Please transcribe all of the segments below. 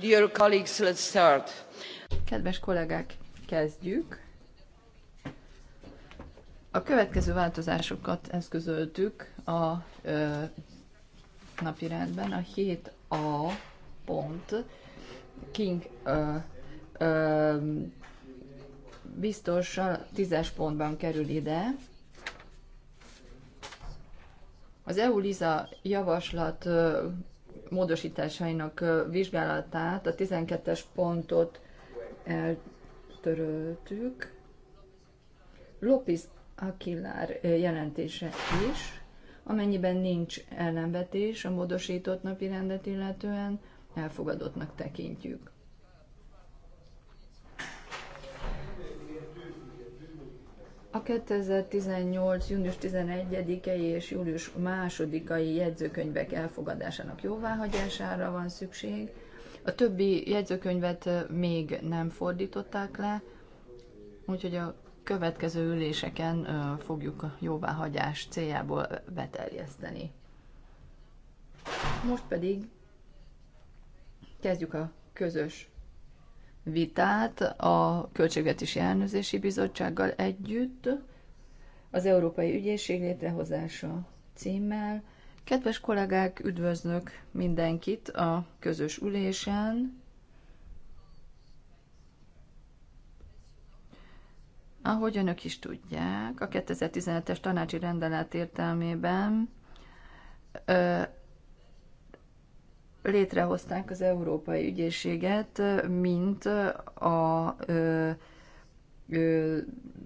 Dear colleagues, let's start. Kedves kollégák, kezdjük. A következő változásokat eszközöltük a ö, napirendben. A 7A pont King ö, ö, biztos a tízes pontban kerül ide. Az EU-LISA javaslat módosításainak vizsgálatát, a 12-es pontot eltöröltük. lopis Aquilar jelentése is, amennyiben nincs ellenvetés a módosított napi rendet illetően, elfogadottnak tekintjük. A 2018. június 11-ei és július 2-ai jegyzőkönyvek elfogadásának jóváhagyására van szükség. A többi jegyzőkönyvet még nem fordították le, úgyhogy a következő üléseken fogjuk a jóváhagyás céljából beterjeszteni. Most pedig kezdjük a közös vitát a Költségvetési Elnőzési Bizottsággal együtt az Európai Ügyészség létrehozása címmel. Kedves kollégák, üdvözlök mindenkit a közös ülésen. Ahogy önök is tudják, a 2017-es tanácsi rendelet értelmében létrehozták az Európai Ügyészséget, mint a ö, ö,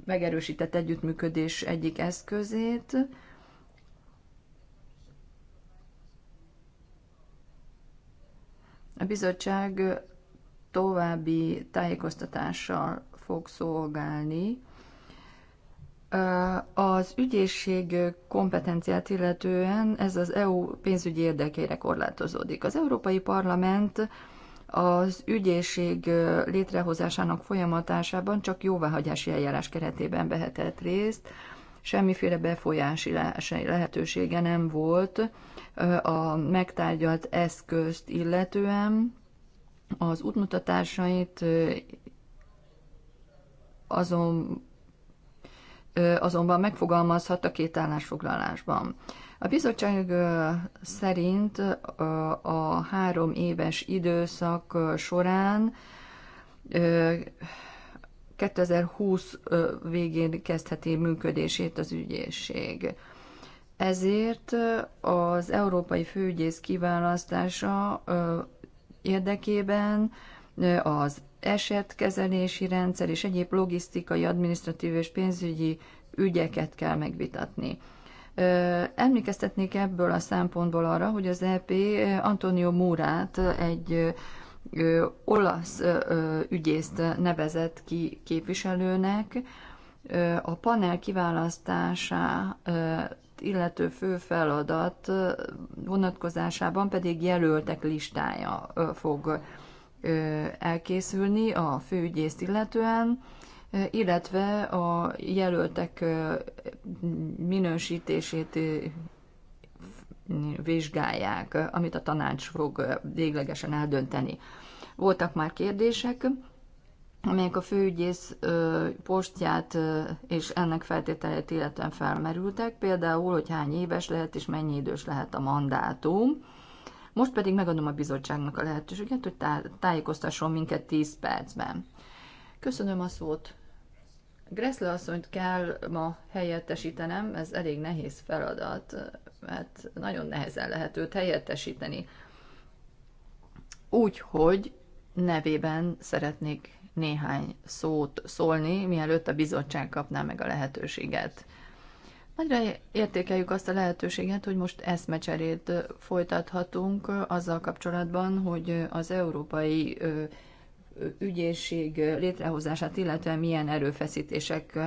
megerősített együttműködés egyik eszközét. A bizottság további tájékoztatással fog szolgálni az ügyészség kompetenciát illetően ez az EU pénzügyi érdekére korlátozódik. Az Európai Parlament az ügyészség létrehozásának folyamatásában csak jóváhagyási eljárás keretében vehetett részt, semmiféle befolyási lehetősége nem volt a megtárgyalt eszközt illetően, az útmutatásait azon azonban megfogalmazhat a két állásfoglalásban. A bizottság szerint a három éves időszak során 2020 végén kezdheti működését az ügyészség. Ezért az európai főügyész kiválasztása érdekében az esetkezelési rendszer és egyéb logisztikai, adminisztratív és pénzügyi ügyeket kell megvitatni. Emlékeztetnék ebből a szempontból arra, hogy az EP Antonio Murát egy olasz ügyészt nevezett ki képviselőnek. A panel kiválasztása illető fő feladat vonatkozásában pedig jelöltek listája fog elkészülni a főügyészt illetően, illetve a jelöltek minősítését vizsgálják, amit a tanács fog véglegesen eldönteni. Voltak már kérdések, amelyek a főügyész postját és ennek feltételét illetően felmerültek, például, hogy hány éves lehet és mennyi idős lehet a mandátum. Most pedig megadom a bizottságnak a lehetőséget, hogy tájékoztasson minket 10 percben. Köszönöm a szót. Gressle asszonyt kell ma helyettesítenem, ez elég nehéz feladat, mert nagyon nehezen lehet őt helyettesíteni. Úgyhogy nevében szeretnék néhány szót szólni, mielőtt a bizottság kapná meg a lehetőséget. Nagyra értékeljük azt a lehetőséget, hogy most eszmecserét folytathatunk azzal kapcsolatban, hogy az európai ügyészség létrehozását, illetve milyen erőfeszítések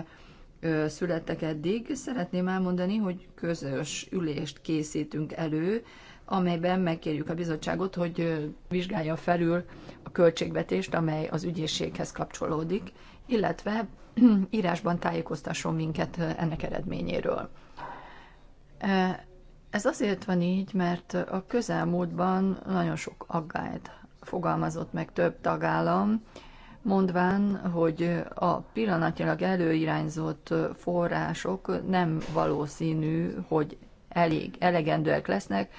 születtek eddig. Szeretném elmondani, hogy közös ülést készítünk elő, amelyben megkérjük a bizottságot, hogy vizsgálja felül a költségvetést, amely az ügyészséghez kapcsolódik, illetve írásban tájékoztasson minket ennek eredményéről. Ez azért van így, mert a közelmúltban nagyon sok aggályt fogalmazott meg több tagállam, mondván, hogy a pillanatilag előirányzott források nem valószínű, hogy elég, elegendőek lesznek,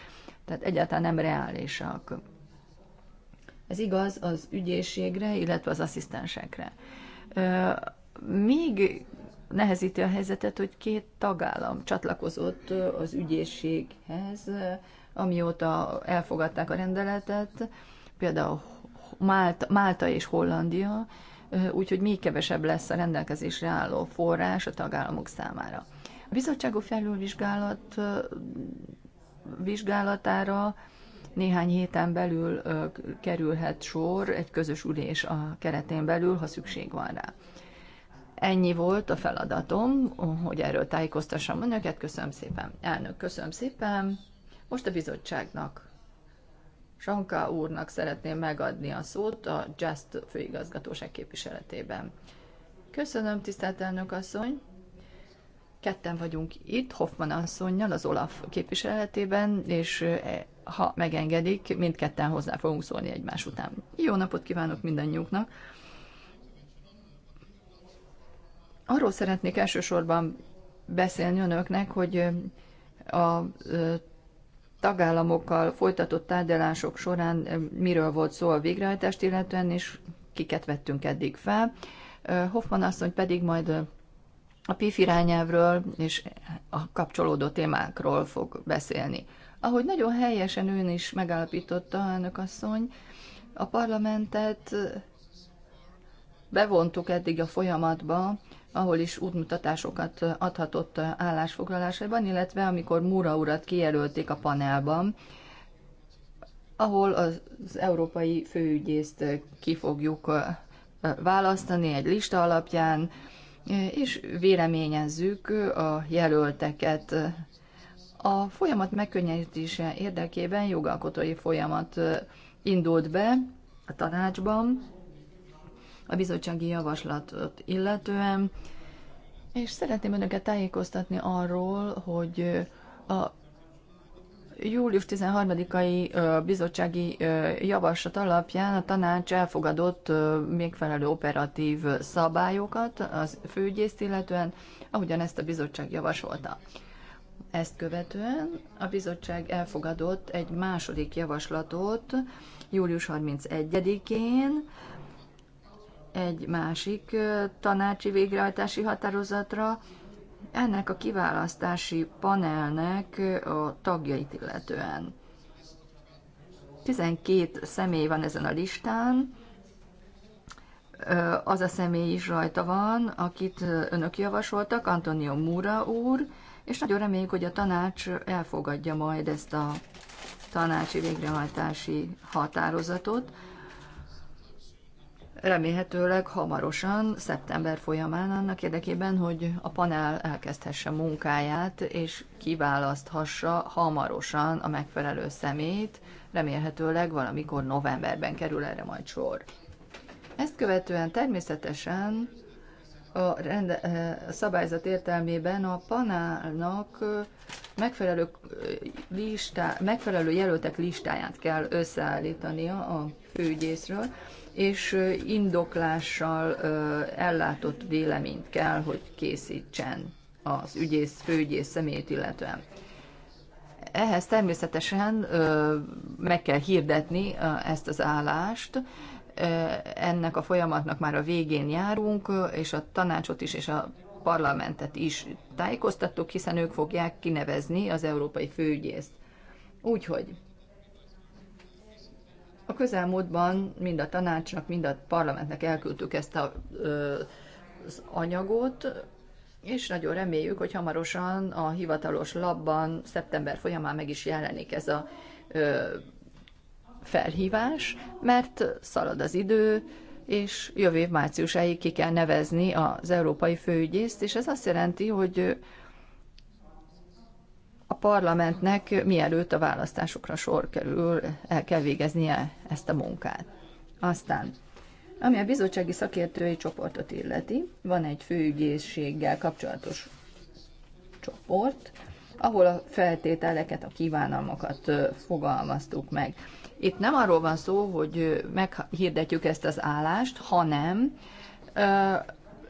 tehát egyáltalán nem reálisak. Ez igaz az ügyészségre, illetve az asszisztensekre még nehezíti a helyzetet, hogy két tagállam csatlakozott az ügyészséghez, amióta elfogadták a rendeletet, például Málta, Málta és Hollandia, úgyhogy még kevesebb lesz a rendelkezésre álló forrás a tagállamok számára. A bizottságú felülvizsgálat vizsgálatára néhány héten belül kerülhet sor egy közös ülés a keretén belül, ha szükség van rá. Ennyi volt a feladatom, hogy erről tájékoztassam önöket. Köszönöm szépen. Elnök, köszönöm szépen. Most a bizottságnak, Sanka úrnak szeretném megadni a szót a Just főigazgatóság képviseletében. Köszönöm, tisztelt elnök asszony. Ketten vagyunk itt, Hoffman asszonynal az Olaf képviseletében, és eh, ha megengedik, mindketten hozzá fogunk szólni egymás után. Jó napot kívánok mindannyiuknak! Arról szeretnék elsősorban beszélni önöknek, hogy a tagállamokkal folytatott tárgyalások során miről volt szó a végrehajtást illetően, és kiket vettünk eddig fel. Hoffman asszony pedig majd a PIF irányelvről és a kapcsolódó témákról fog beszélni. Ahogy nagyon helyesen ön is megállapította, elnök asszony, a parlamentet bevontuk eddig a folyamatba, ahol is útmutatásokat adhatott állásfoglalásában, illetve amikor Múra urat kijelölték a panelban, ahol az európai főügyészt ki fogjuk választani egy lista alapján, és véleményezzük a jelölteket. A folyamat megkönnyítése érdekében jogalkotói folyamat indult be a tanácsban, a bizottsági javaslatot illetően, és szeretném önöket tájékoztatni arról, hogy a július 13-ai bizottsági javaslat alapján a tanács elfogadott megfelelő operatív szabályokat az főgyészt illetően, ahogyan ezt a bizottság javasolta. Ezt követően a bizottság elfogadott egy második javaslatot július 31-én egy másik tanácsi végrehajtási határozatra, ennek a kiválasztási panelnek a tagjait illetően. 12 személy van ezen a listán, az a személy is rajta van, akit önök javasoltak, Antonio Mura úr, és nagyon reméljük, hogy a tanács elfogadja majd ezt a tanácsi végrehajtási határozatot, remélhetőleg hamarosan, szeptember folyamán annak érdekében, hogy a panel elkezdhesse munkáját, és kiválaszthassa hamarosan a megfelelő szemét, remélhetőleg valamikor novemberben kerül erre majd sor. Ezt követően természetesen a, rende, eh, a szabályzat értelmében a panálnak eh, megfelelő, eh, listá, megfelelő jelöltek listáját kell összeállítania a főügyészről, és indoklással ellátott véleményt kell, hogy készítsen az ügyész, főügyész személyét illetően. Ehhez természetesen meg kell hirdetni ezt az állást, ennek a folyamatnak már a végén járunk, és a tanácsot is, és a parlamentet is tájékoztattuk, hiszen ők fogják kinevezni az európai főügyészt. Úgyhogy a közelmúltban mind a tanácsnak, mind a parlamentnek elküldtük ezt a, az anyagot, és nagyon reméljük, hogy hamarosan a hivatalos labban szeptember folyamán meg is jelenik ez a felhívás, mert szalad az idő, és jövő év márciusáig ki kell nevezni az európai főügyészt, és ez azt jelenti, hogy parlamentnek mielőtt a választásokra sor kerül, el kell végeznie ezt a munkát. Aztán, ami a bizottsági szakértői csoportot illeti, van egy főügyészséggel kapcsolatos csoport, ahol a feltételeket, a kívánalmakat fogalmaztuk meg. Itt nem arról van szó, hogy meghirdetjük ezt az állást, hanem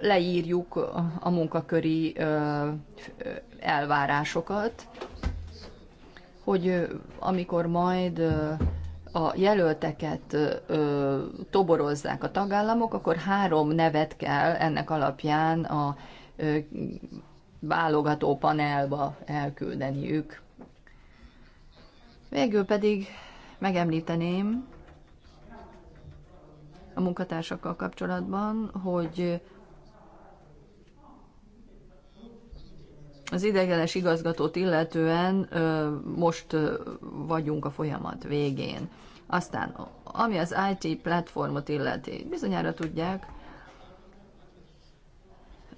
leírjuk a munkaköri elvárásokat, hogy amikor majd a jelölteket toborozzák a tagállamok, akkor három nevet kell ennek alapján a válogató panelba elküldeniük. Végül pedig megemlíteném a munkatársakkal kapcsolatban, hogy Az idegenes igazgatót illetően most vagyunk a folyamat végén. Aztán, ami az IT platformot illeti, bizonyára tudják,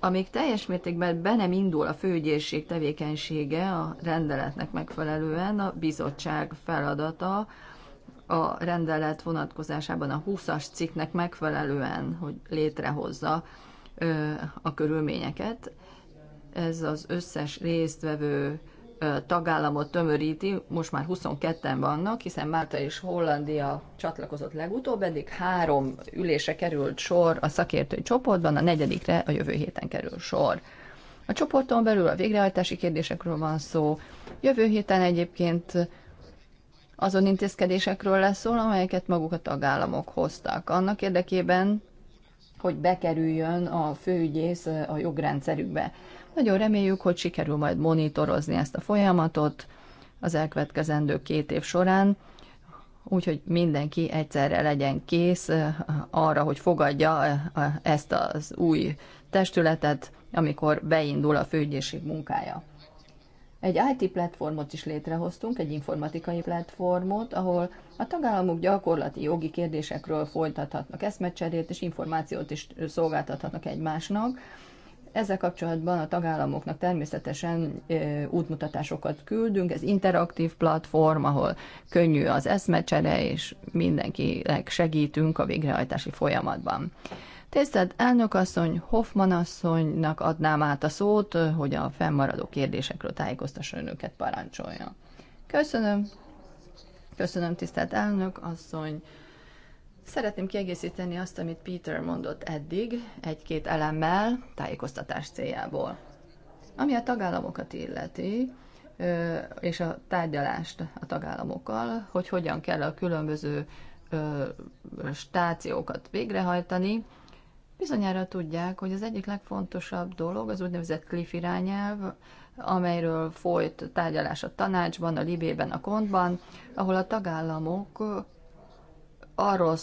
amíg teljes mértékben be nem indul a főügyészség tevékenysége a rendeletnek megfelelően, a bizottság feladata a rendelet vonatkozásában a 20-as cikknek megfelelően, hogy létrehozza a körülményeket ez az összes résztvevő tagállamot tömöríti, most már 22-en vannak, hiszen Márta és Hollandia csatlakozott legutóbb, eddig három ülése került sor a szakértői csoportban, a negyedikre a jövő héten kerül sor. A csoporton belül a végrehajtási kérdésekről van szó. Jövő héten egyébként azon intézkedésekről lesz szó, amelyeket maguk a tagállamok hoztak. Annak érdekében, hogy bekerüljön a főügyész a jogrendszerükbe. Nagyon reméljük, hogy sikerül majd monitorozni ezt a folyamatot az elkövetkezendő két év során, úgyhogy mindenki egyszerre legyen kész eh, arra, hogy fogadja eh, eh, ezt az új testületet, amikor beindul a főügyészség munkája. Egy IT platformot is létrehoztunk, egy informatikai platformot, ahol a tagállamok gyakorlati jogi kérdésekről folytathatnak eszmecserét, és információt is szolgáltathatnak egymásnak ezzel kapcsolatban a tagállamoknak természetesen útmutatásokat küldünk. Ez interaktív platform, ahol könnyű az eszmecsere, és mindenkinek segítünk a végrehajtási folyamatban. Tisztelt elnökasszony, Hoffman asszonynak adnám át a szót, hogy a fennmaradó kérdésekről tájékoztassa önöket parancsolja. Köszönöm. Köszönöm, tisztelt elnök asszony. Szeretném kiegészíteni azt, amit Peter mondott eddig, egy-két elemmel, tájékoztatás céljából. Ami a tagállamokat illeti, és a tárgyalást a tagállamokkal, hogy hogyan kell a különböző stációkat végrehajtani. Bizonyára tudják, hogy az egyik legfontosabb dolog az úgynevezett cliff irányelv, amelyről folyt tárgyalás a tanácsban, a libében, a kontban, ahol a tagállamok arról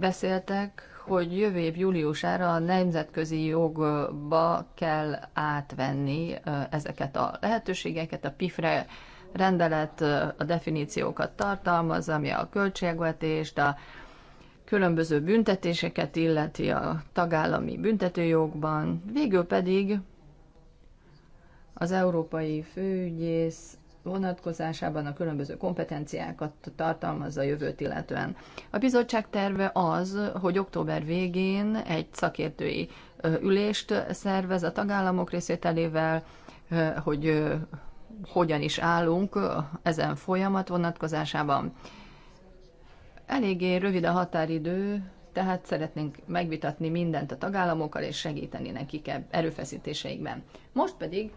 beszéltek, hogy jövő év júliusára a nemzetközi jogba kell átvenni ezeket a lehetőségeket. A PIFRE rendelet a definíciókat tartalmaz, ami a költségvetést, a különböző büntetéseket illeti a tagállami büntetőjogban. Végül pedig az európai főügyész vonatkozásában a különböző kompetenciákat tartalmazza a jövőt illetően. A bizottság terve az, hogy október végén egy szakértői ülést szervez a tagállamok részvételével, hogy hogyan is állunk ezen folyamat vonatkozásában. Eléggé rövid a határidő, tehát szeretnénk megvitatni mindent a tagállamokkal és segíteni nekik erőfeszítéseikben. Most pedig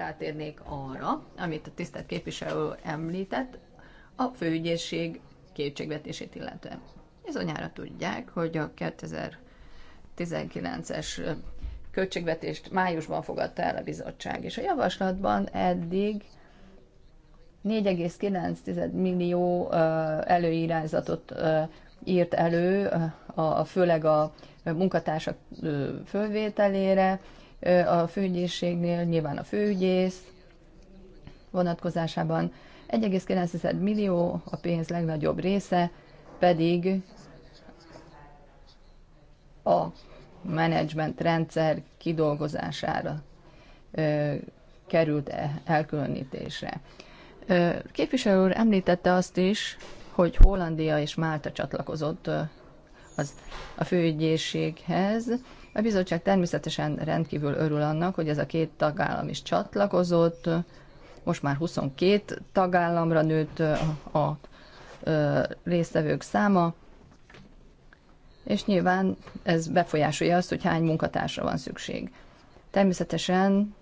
most arra, amit a tisztelt képviselő említett, a főügyészség kétségvetését illetően. Bizonyára tudják, hogy a 2019-es költségvetést májusban fogadta el a bizottság, és a javaslatban eddig 4,9 millió előirányzatot írt elő, a, főleg a munkatársak fölvételére, a főügyészségnél, nyilván a főügyész vonatkozásában. 1,9 millió a pénz legnagyobb része, pedig a menedzsment rendszer kidolgozására ö, került -e elkülönítésre. Ö, képviselő úr említette azt is, hogy Hollandia és Málta csatlakozott az, a főügyészséghez, a bizottság természetesen rendkívül örül annak, hogy ez a két tagállam is csatlakozott, most már 22 tagállamra nőtt a résztvevők száma, és nyilván ez befolyásolja azt, hogy hány munkatársra van szükség. Természetesen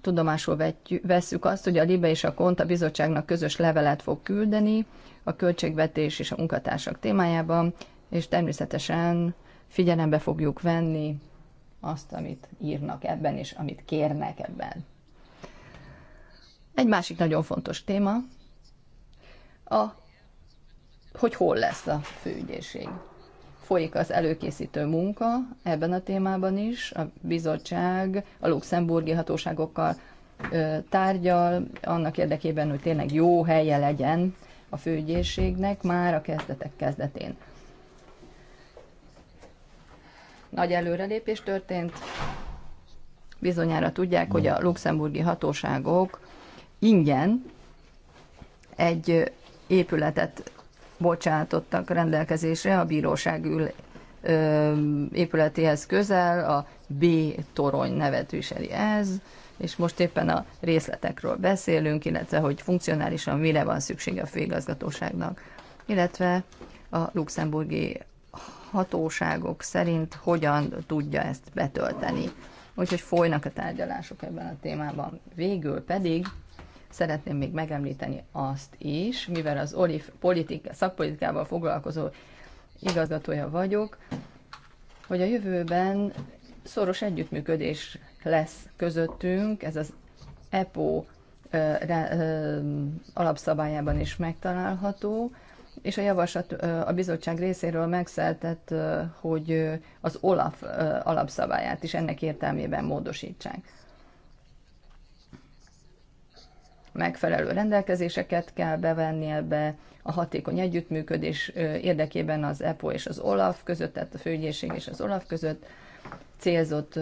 tudomásul vesszük azt, hogy a LIBE és a KONTA bizottságnak közös levelet fog küldeni a költségvetés és a munkatársak témájában, és természetesen figyelembe fogjuk venni azt, amit írnak ebben, és amit kérnek ebben. Egy másik nagyon fontos téma, a, hogy hol lesz a főügyészség. Folyik az előkészítő munka ebben a témában is, a bizottság a luxemburgi hatóságokkal ö, tárgyal, annak érdekében, hogy tényleg jó helye legyen a főügyészségnek már a kezdetek kezdetén. Nagy előrelépés történt. Bizonyára tudják, hogy a mm. luxemburgi hatóságok ingyen egy épületet bocsátottak rendelkezésre a bíróság ül, ö, épületéhez közel, a B torony nevet viseli ez, és most éppen a részletekről beszélünk, illetve hogy funkcionálisan mire van szüksége a főigazgatóságnak, illetve a luxemburgi hatóságok szerint hogyan tudja ezt betölteni. Úgyhogy folynak a tárgyalások ebben a témában. Végül pedig szeretném még megemlíteni azt is, mivel az OLIF politika, szakpolitikával foglalkozó igazgatója vagyok, hogy a jövőben szoros együttműködés lesz közöttünk, ez az EPO alapszabályában is megtalálható, és a javaslat a bizottság részéről megszeltett, hogy az OLAF alapszabályát is ennek értelmében módosítsák. Megfelelő rendelkezéseket kell bevenni ebbe a hatékony együttműködés érdekében az EPO és az OLAF között, tehát a főügyészség és az OLAF között, célzott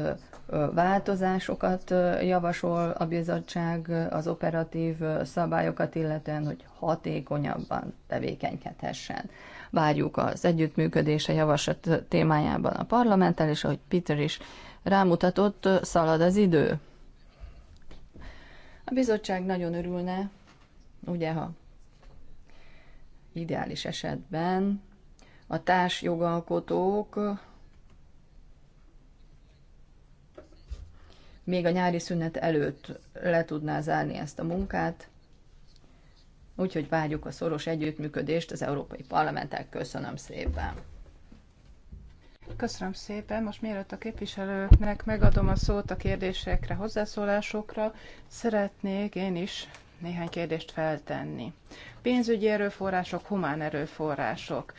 változásokat javasol a bizottság az operatív szabályokat illetően, hogy hatékonyabban tevékenykedhessen. Várjuk az együttműködése javaslat témájában a parlamenttel, és ahogy Peter is rámutatott, szalad az idő. A bizottság nagyon örülne, ugye, ha ideális esetben a társjogalkotók még a nyári szünet előtt le tudná zárni ezt a munkát. Úgyhogy várjuk a szoros együttműködést az Európai Parlamentek. Köszönöm szépen! Köszönöm szépen. Most mielőtt a képviselőknek megadom a szót a kérdésekre, hozzászólásokra, szeretnék én is néhány kérdést feltenni. Pénzügyi erőforrások, humán erőforrások.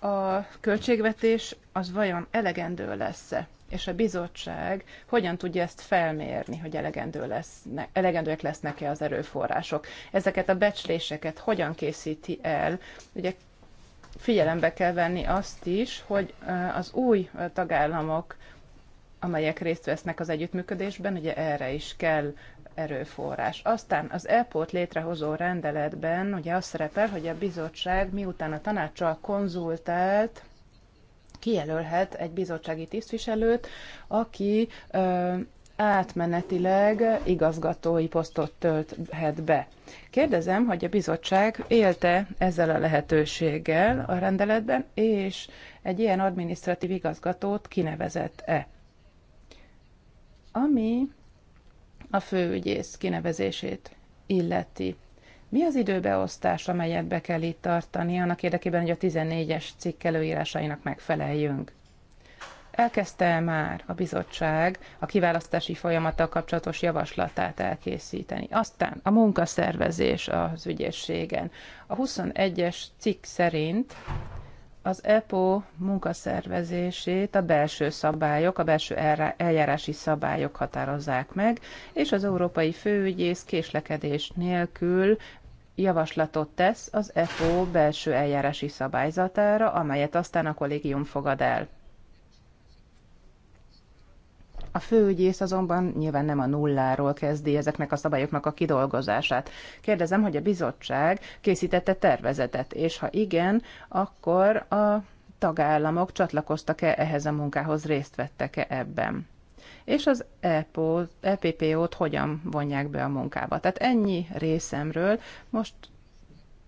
A költségvetés az vajon elegendő lesz-e? és a bizottság hogyan tudja ezt felmérni, hogy elegendő lesznek, elegendőek lesznek-e az erőforrások. Ezeket a becsléseket hogyan készíti el? Ugye figyelembe kell venni azt is, hogy eh, az új eh, tagállamok, amelyek részt vesznek az együttműködésben, ugye erre is kell erőforrás. Aztán az EPO-t létrehozó rendeletben ugye az szerepel, hogy a bizottság miután a tanácssal konzultált, kijelölhet egy bizottsági tisztviselőt, aki átmenetileg igazgatói posztot tölthet be. Kérdezem, hogy a bizottság élte ezzel a lehetőséggel a rendeletben, és egy ilyen adminisztratív igazgatót kinevezett-e? Ami a főügyész kinevezését illeti. Mi az időbeosztás, amelyet be kell itt tartani, annak érdekében, hogy a 14-es cikk előírásainak megfeleljünk? Elkezdte már a bizottság a kiválasztási folyamattal kapcsolatos javaslatát elkészíteni. Aztán a munkaszervezés az ügyészségen. A 21-es cikk szerint az EPO munkaszervezését a belső szabályok, a belső eljárási szabályok határozzák meg, és az európai főügyész késlekedés nélkül javaslatot tesz az FO belső eljárási szabályzatára, amelyet aztán a kollégium fogad el. A főügyész azonban nyilván nem a nulláról kezdi ezeknek a szabályoknak a kidolgozását. Kérdezem, hogy a bizottság készítette tervezetet, és ha igen, akkor a tagállamok csatlakoztak-e ehhez a munkához, részt vettek-e ebben? és az EPPO-t e hogyan vonják be a munkába. Tehát ennyi részemről, most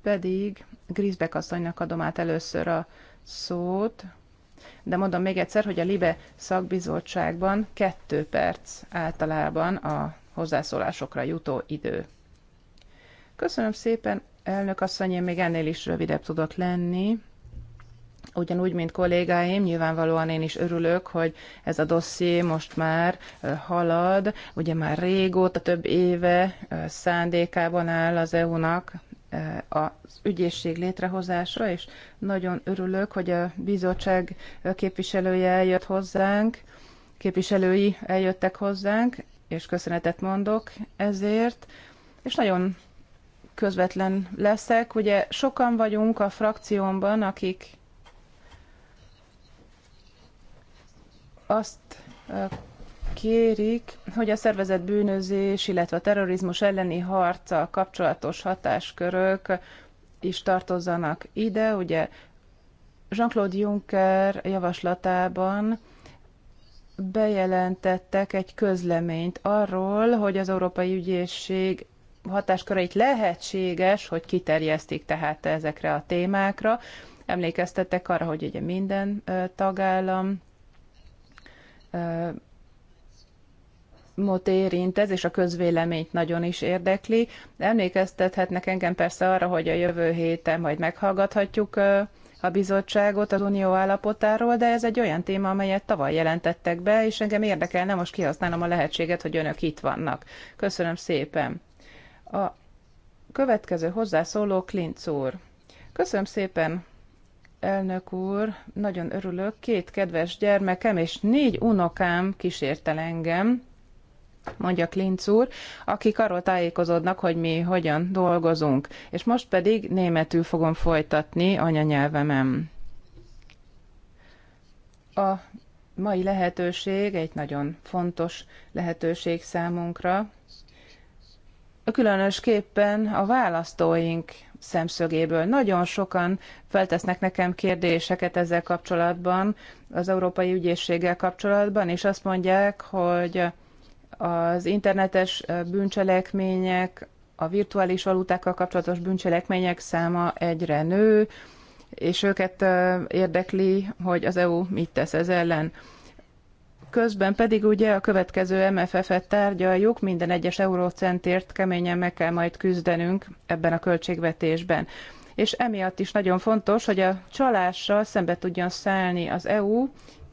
pedig Grisbek asszonynak adom át először a szót, de mondom még egyszer, hogy a LIBE szakbizottságban kettő perc általában a hozzászólásokra jutó idő. Köszönöm szépen, elnök asszony, én még ennél is rövidebb tudok lenni. Ugyanúgy, mint kollégáim, nyilvánvalóan én is örülök, hogy ez a dosszié most már halad. Ugye már régóta, több éve szándékában áll az EU-nak az ügyészség létrehozásra, és nagyon örülök, hogy a bizottság képviselője eljött hozzánk, képviselői eljöttek hozzánk, és köszönetet mondok ezért, és nagyon közvetlen leszek. Ugye sokan vagyunk a frakciómban, akik azt kérik, hogy a szervezett bűnözés, illetve a terrorizmus elleni harca kapcsolatos hatáskörök is tartozzanak ide. Ugye Jean-Claude Juncker javaslatában bejelentettek egy közleményt arról, hogy az Európai Ügyészség hatásköreit lehetséges, hogy kiterjesztik tehát ezekre a témákra. Emlékeztettek arra, hogy ugye minden tagállam mot érint ez, és a közvéleményt nagyon is érdekli. Emlékeztethetnek engem persze arra, hogy a jövő héten majd meghallgathatjuk a bizottságot az unió állapotáról, de ez egy olyan téma, amelyet tavaly jelentettek be, és engem érdekelne, most kihasználom a lehetséget, hogy önök itt vannak. Köszönöm szépen. A következő hozzászóló Klinc úr. Köszönöm szépen, Elnök úr, nagyon örülök. Két kedves gyermekem és négy unokám kísértel engem, mondja Klinc úr, akik arról tájékozódnak, hogy mi hogyan dolgozunk. És most pedig németül fogom folytatni anyanyelvemem. A mai lehetőség egy nagyon fontos lehetőség számunkra, különösképpen a választóink szemszögéből. Nagyon sokan feltesznek nekem kérdéseket ezzel kapcsolatban, az Európai Ügyészséggel kapcsolatban, és azt mondják, hogy az internetes bűncselekmények, a virtuális valutákkal kapcsolatos bűncselekmények száma egyre nő, és őket érdekli, hogy az EU mit tesz ez ellen. Közben pedig ugye a következő MFF-et tárgyaljuk, minden egyes eurócentért keményen meg kell majd küzdenünk ebben a költségvetésben. És emiatt is nagyon fontos, hogy a csalással szembe tudjon szállni az EU,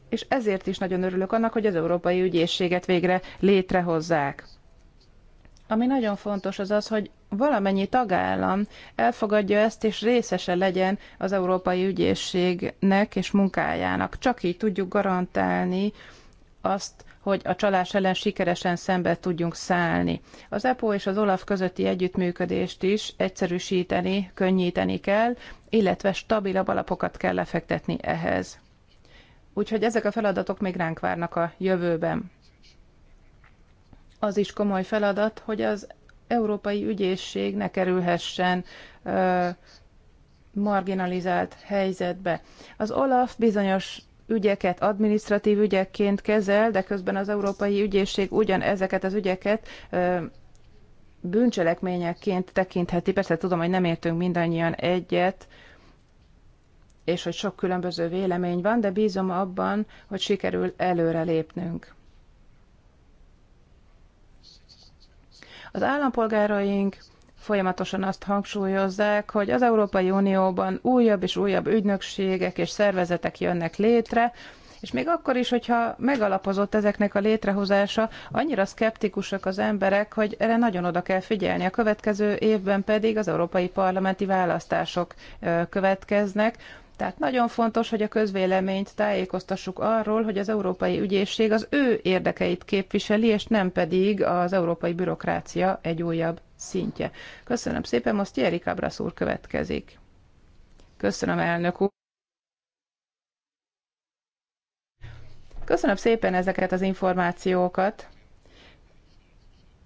és ezért is nagyon örülök annak, hogy az Európai Ügyészséget végre létrehozzák. Ami nagyon fontos az az, hogy valamennyi tagállam elfogadja ezt, és részese legyen az Európai Ügyészségnek és munkájának. Csak így tudjuk garantálni azt, hogy a csalás ellen sikeresen szembe tudjunk szállni. Az EPO és az OLAF közötti együttműködést is egyszerűsíteni, könnyíteni kell, illetve stabilabb alapokat kell lefektetni ehhez. Úgyhogy ezek a feladatok még ránk várnak a jövőben. Az is komoly feladat, hogy az európai ügyészség ne kerülhessen ö, marginalizált helyzetbe. Az OLAF bizonyos ügyeket administratív ügyekként kezel, de közben az Európai Ügyészség ugyan ezeket az ügyeket bűncselekményekként tekintheti. Persze tudom, hogy nem értünk mindannyian egyet, és hogy sok különböző vélemény van, de bízom abban, hogy sikerül előrelépnünk. Az állampolgáraink folyamatosan azt hangsúlyozzák, hogy az Európai Unióban újabb és újabb ügynökségek és szervezetek jönnek létre, és még akkor is, hogyha megalapozott ezeknek a létrehozása, annyira szkeptikusak az emberek, hogy erre nagyon oda kell figyelni. A következő évben pedig az európai parlamenti választások következnek, tehát nagyon fontos, hogy a közvéleményt tájékoztassuk arról, hogy az Európai Ügyészség az ő érdekeit képviseli, és nem pedig az európai bürokrácia egy újabb szintje. Köszönöm szépen, most Jeri Kabrasz úr következik. Köszönöm, elnök úr. Köszönöm szépen ezeket az információkat.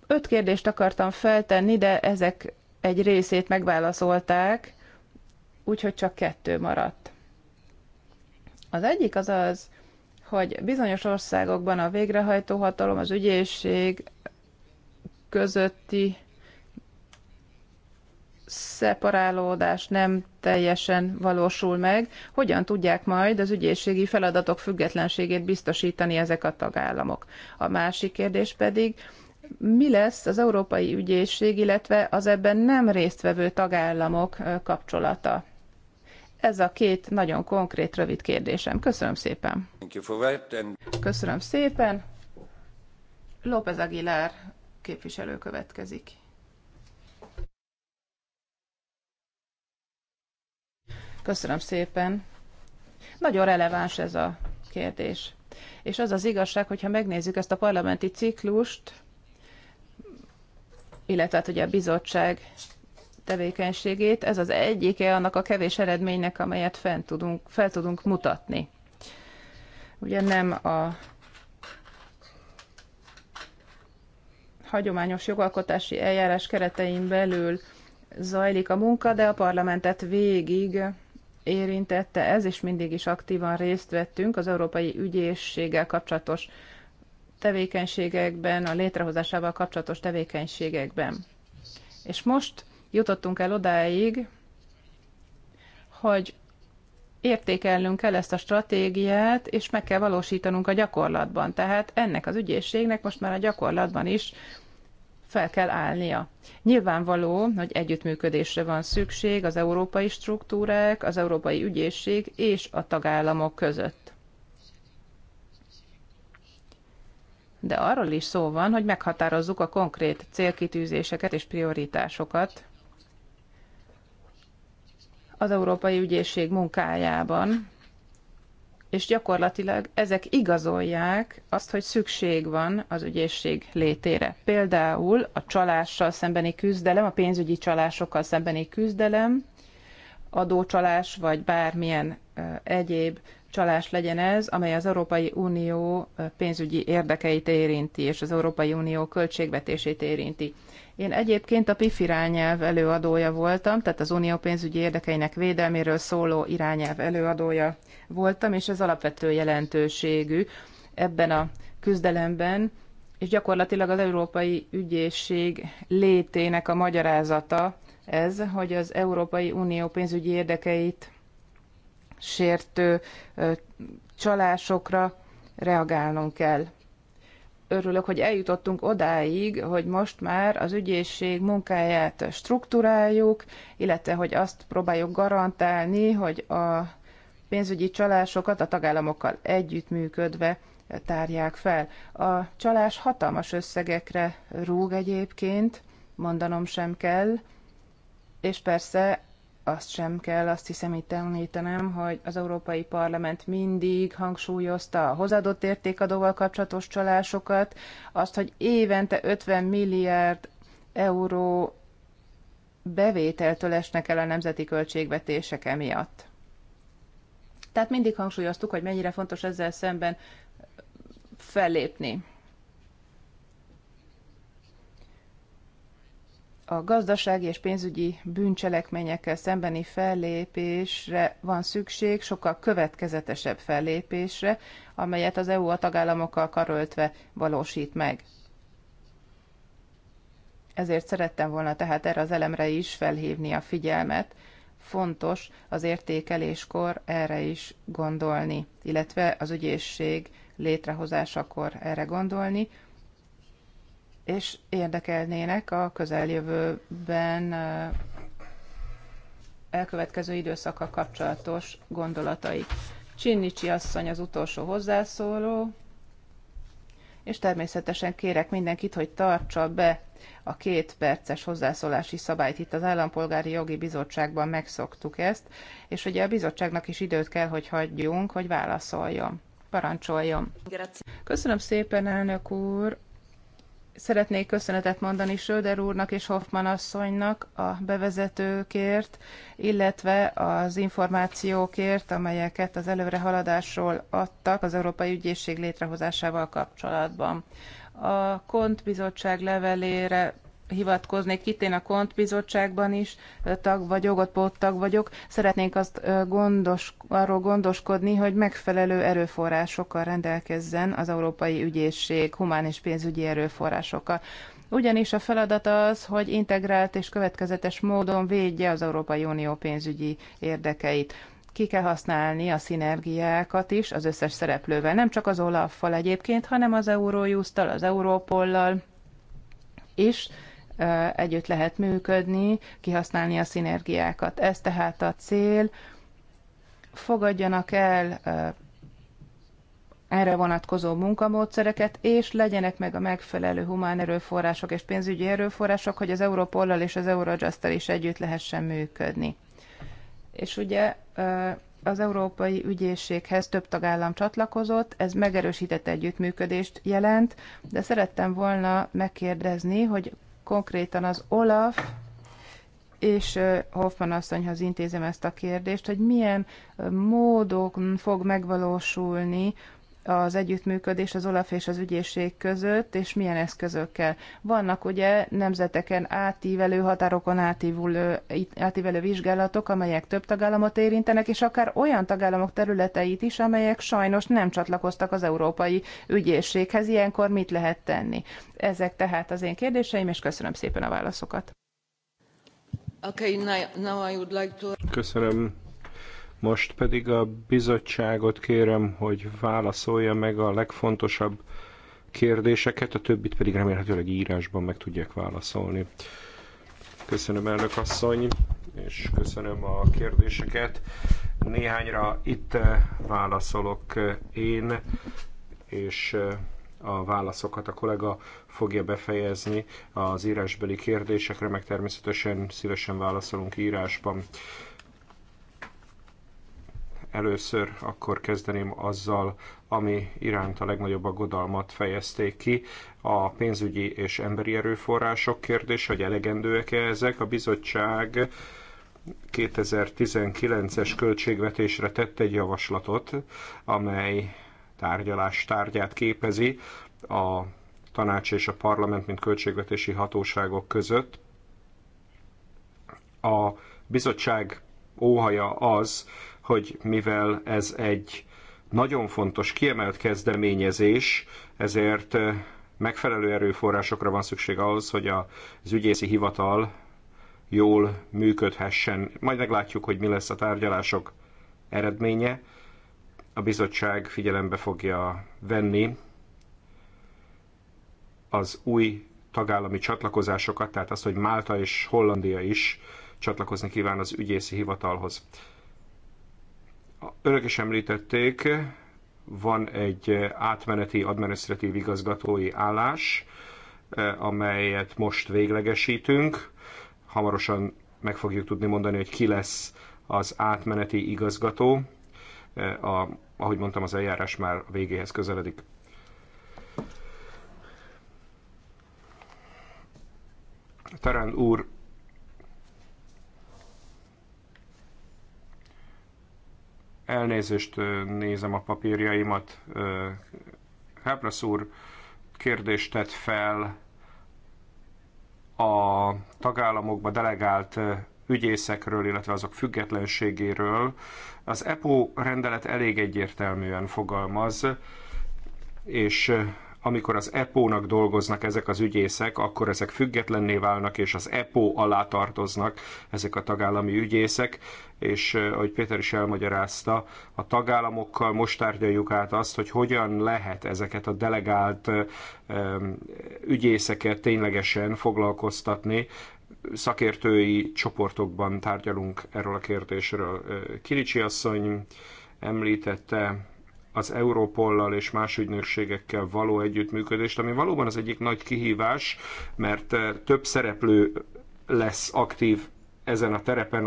Öt kérdést akartam feltenni, de ezek egy részét megválaszolták, úgyhogy csak kettő maradt. Az egyik az az, hogy bizonyos országokban a végrehajtó hatalom, az ügyészség közötti szeparálódás nem teljesen valósul meg, hogyan tudják majd az ügyészségi feladatok függetlenségét biztosítani ezek a tagállamok. A másik kérdés pedig, mi lesz az Európai Ügyészség, illetve az ebben nem résztvevő tagállamok kapcsolata? Ez a két nagyon konkrét, rövid kérdésem. Köszönöm szépen. Köszönöm szépen. López Aguilar képviselő következik. Köszönöm szépen. Nagyon releváns ez a kérdés. És az az igazság, hogyha megnézzük ezt a parlamenti ciklust, illetve hát ugye a bizottság tevékenységét, ez az egyike annak a kevés eredménynek, amelyet fent tudunk, fel tudunk mutatni. Ugye nem a hagyományos jogalkotási eljárás keretein belül zajlik a munka, de a parlamentet végig érintette ez, és mindig is aktívan részt vettünk az Európai Ügyészséggel kapcsolatos tevékenységekben, a létrehozásával kapcsolatos tevékenységekben. És most jutottunk el odáig, hogy értékelnünk kell ezt a stratégiát, és meg kell valósítanunk a gyakorlatban. Tehát ennek az ügyészségnek most már a gyakorlatban is fel kell állnia. Nyilvánvaló, hogy együttműködésre van szükség az európai struktúrák, az európai ügyészség és a tagállamok között. De arról is szó van, hogy meghatározzuk a konkrét célkitűzéseket és prioritásokat az Európai Ügyészség munkájában, és gyakorlatilag ezek igazolják azt, hogy szükség van az ügyészség létére. Például a csalással szembeni küzdelem, a pénzügyi csalásokkal szembeni küzdelem, adócsalás vagy bármilyen egyéb csalás legyen ez, amely az Európai Unió pénzügyi érdekeit érinti, és az Európai Unió költségvetését érinti. Én egyébként a PIF irányelv előadója voltam, tehát az unió pénzügyi érdekeinek védelméről szóló irányelv előadója voltam, és ez alapvető jelentőségű ebben a küzdelemben, és gyakorlatilag az Európai Ügyészség létének a magyarázata ez, hogy az Európai Unió pénzügyi érdekeit sértő csalásokra reagálnunk kell örülök, hogy eljutottunk odáig, hogy most már az ügyészség munkáját struktúráljuk, illetve hogy azt próbáljuk garantálni, hogy a pénzügyi csalásokat a tagállamokkal együttműködve tárják fel. A csalás hatalmas összegekre rúg egyébként, mondanom sem kell, és persze azt sem kell, azt hiszem itt említenem, hogy az Európai Parlament mindig hangsúlyozta a hozadott értékadóval kapcsolatos csalásokat, azt, hogy évente 50 milliárd euró bevételtől esnek el a nemzeti költségvetések emiatt. Tehát mindig hangsúlyoztuk, hogy mennyire fontos ezzel szemben fellépni. a gazdasági és pénzügyi bűncselekményekkel szembeni fellépésre van szükség, sokkal következetesebb fellépésre, amelyet az EU a tagállamokkal karöltve valósít meg. Ezért szerettem volna tehát erre az elemre is felhívni a figyelmet. Fontos az értékeléskor erre is gondolni, illetve az ügyészség létrehozásakor erre gondolni, és érdekelnének a közeljövőben elkövetkező időszaka kapcsolatos gondolatai. Csinnicsi asszony az utolsó hozzászóló, és természetesen kérek mindenkit, hogy tartsa be a két perces hozzászólási szabályt. Itt az Állampolgári Jogi Bizottságban megszoktuk ezt, és ugye a bizottságnak is időt kell, hogy hagyjunk, hogy válaszoljon. Parancsoljon. Köszönöm szépen, elnök úr! Szeretnék köszönetet mondani Söder úrnak és Hoffman asszonynak a bevezetőkért, illetve az információkért, amelyeket az előre haladásról adtak az Európai Ügyészség létrehozásával kapcsolatban. A Kont bizottság levelére hivatkoznék, itt én a kontbizottságban is tag vagyok, ott póttag vagyok. Szeretnénk azt gondos, arról gondoskodni, hogy megfelelő erőforrásokkal rendelkezzen az Európai Ügyészség humán és pénzügyi erőforrásokkal. Ugyanis a feladat az, hogy integrált és következetes módon védje az Európai Unió pénzügyi érdekeit ki kell használni a szinergiákat is az összes szereplővel, nem csak az olaf egyébként, hanem az Eurojust-tal, az Európollal is, együtt lehet működni, kihasználni a szinergiákat. Ez tehát a cél. Fogadjanak el erre vonatkozó munkamódszereket, és legyenek meg a megfelelő humán erőforrások és pénzügyi erőforrások, hogy az Európollal és az eurojust is együtt lehessen működni. És ugye az Európai Ügyészséghez több tagállam csatlakozott, ez megerősített együttműködést jelent, de szerettem volna megkérdezni, hogy konkrétan az Olaf és Hoffman asszonyhoz intézem ezt a kérdést, hogy milyen módon fog megvalósulni az együttműködés az OLAF és az ügyészség között, és milyen eszközökkel. Vannak ugye nemzeteken átívelő, határokon átívulő, átívelő vizsgálatok, amelyek több tagállamot érintenek, és akár olyan tagállamok területeit is, amelyek sajnos nem csatlakoztak az európai ügyészséghez. Ilyenkor mit lehet tenni? Ezek tehát az én kérdéseim, és köszönöm szépen a válaszokat. Okay, now I would like to... Köszönöm most pedig a bizottságot kérem, hogy válaszolja meg a legfontosabb kérdéseket, a többit pedig remélhetőleg írásban meg tudják válaszolni. Köszönöm elnök asszony, és köszönöm a kérdéseket. Néhányra itt eh, válaszolok eh, én, és eh, a válaszokat a kollega fogja befejezni az írásbeli kérdésekre, meg természetesen szívesen válaszolunk írásban. Először akkor kezdeném azzal, ami iránt a legnagyobb aggodalmat fejezték ki, a pénzügyi és emberi erőforrások kérdés, hogy elegendőek-e ezek. A bizottság 2019-es költségvetésre tett egy javaslatot, amely tárgyalás tárgyát képezi a tanács és a parlament, mint költségvetési hatóságok között. A bizottság óhaja az, hogy mivel ez egy nagyon fontos, kiemelt kezdeményezés, ezért eh, megfelelő erőforrásokra van szükség ahhoz, hogy az ügyészi hivatal jól működhessen. Majd meglátjuk, hogy mi lesz a tárgyalások eredménye. A bizottság figyelembe fogja venni az új tagállami csatlakozásokat, tehát azt, hogy Málta és Hollandia is csatlakozni kíván az ügyészi hivatalhoz. Önök is említették, van egy átmeneti adminisztratív igazgatói állás, eh, amelyet most véglegesítünk. Hamarosan meg fogjuk tudni mondani, hogy ki lesz az átmeneti igazgató. Eh, a, ahogy mondtam, az eljárás már végéhez közeledik. Terán úr Elnézést nézem a papírjaimat. Hebrasz úr kérdést tett fel a tagállamokba delegált ügyészekről, illetve azok függetlenségéről. Az EPO rendelet elég egyértelműen fogalmaz, és amikor az EPO-nak dolgoznak ezek az ügyészek, akkor ezek függetlenné válnak, és az EPO alá tartoznak ezek a tagállami ügyészek, és ahogy Péter is elmagyarázta, a tagállamokkal most tárgyaljuk át azt, hogy hogyan lehet ezeket a delegált ügyészeket ténylegesen foglalkoztatni, szakértői csoportokban tárgyalunk erről a kérdésről. Kiricsi asszony említette az Európollal és más ügynökségekkel való együttműködést, ami valóban az egyik nagy kihívás, mert eh, több szereplő lesz aktív ezen a terepen,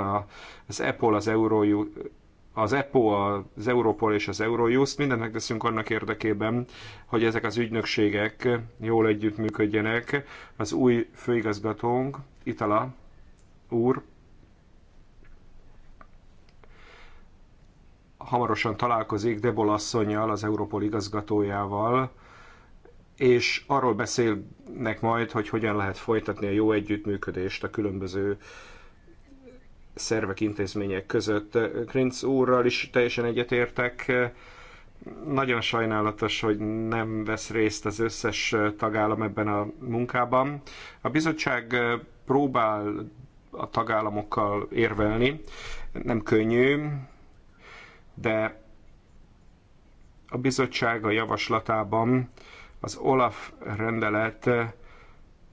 az EPOL, az Euró, az EPO, az Europol és az Eurojust, mindent megteszünk annak érdekében, hogy ezek az ügynökségek jól együttműködjenek. Az új főigazgatónk, Itala úr, hamarosan találkozik Debol asszonyjal, az Európol igazgatójával, és arról beszélnek majd, hogy hogyan lehet folytatni a jó együttműködést a különböző szervek, intézmények között. Krinc úrral is teljesen egyetértek. Nagyon sajnálatos, hogy nem vesz részt az összes tagállam ebben a munkában. A bizottság próbál a tagállamokkal érvelni, nem könnyű, de a bizottság a javaslatában az OLAF rendelet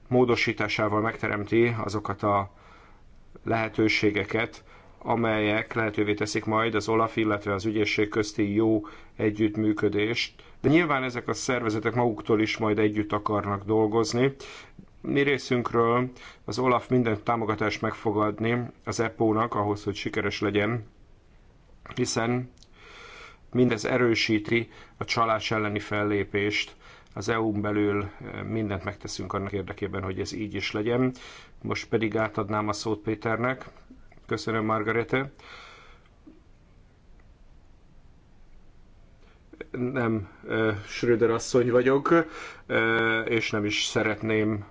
módosításával megteremti azokat a lehetőségeket, amelyek lehetővé teszik majd az OLAF, illetve az ügyészség közti jó együttműködést. De nyilván ezek a szervezetek maguktól is majd együtt akarnak dolgozni. Mi részünkről az OLAF minden támogatást megfogadni az EPO-nak ahhoz, hogy sikeres legyen, hiszen Mindez erősíti a csalás elleni fellépést. Az EU-n belül eh, mindent megteszünk annak érdekében, hogy ez így is legyen. Most pedig átadnám a szót Péternek. Köszönöm, Margarete. nem eh, Schröder asszony vagyok, eh, és nem is szeretném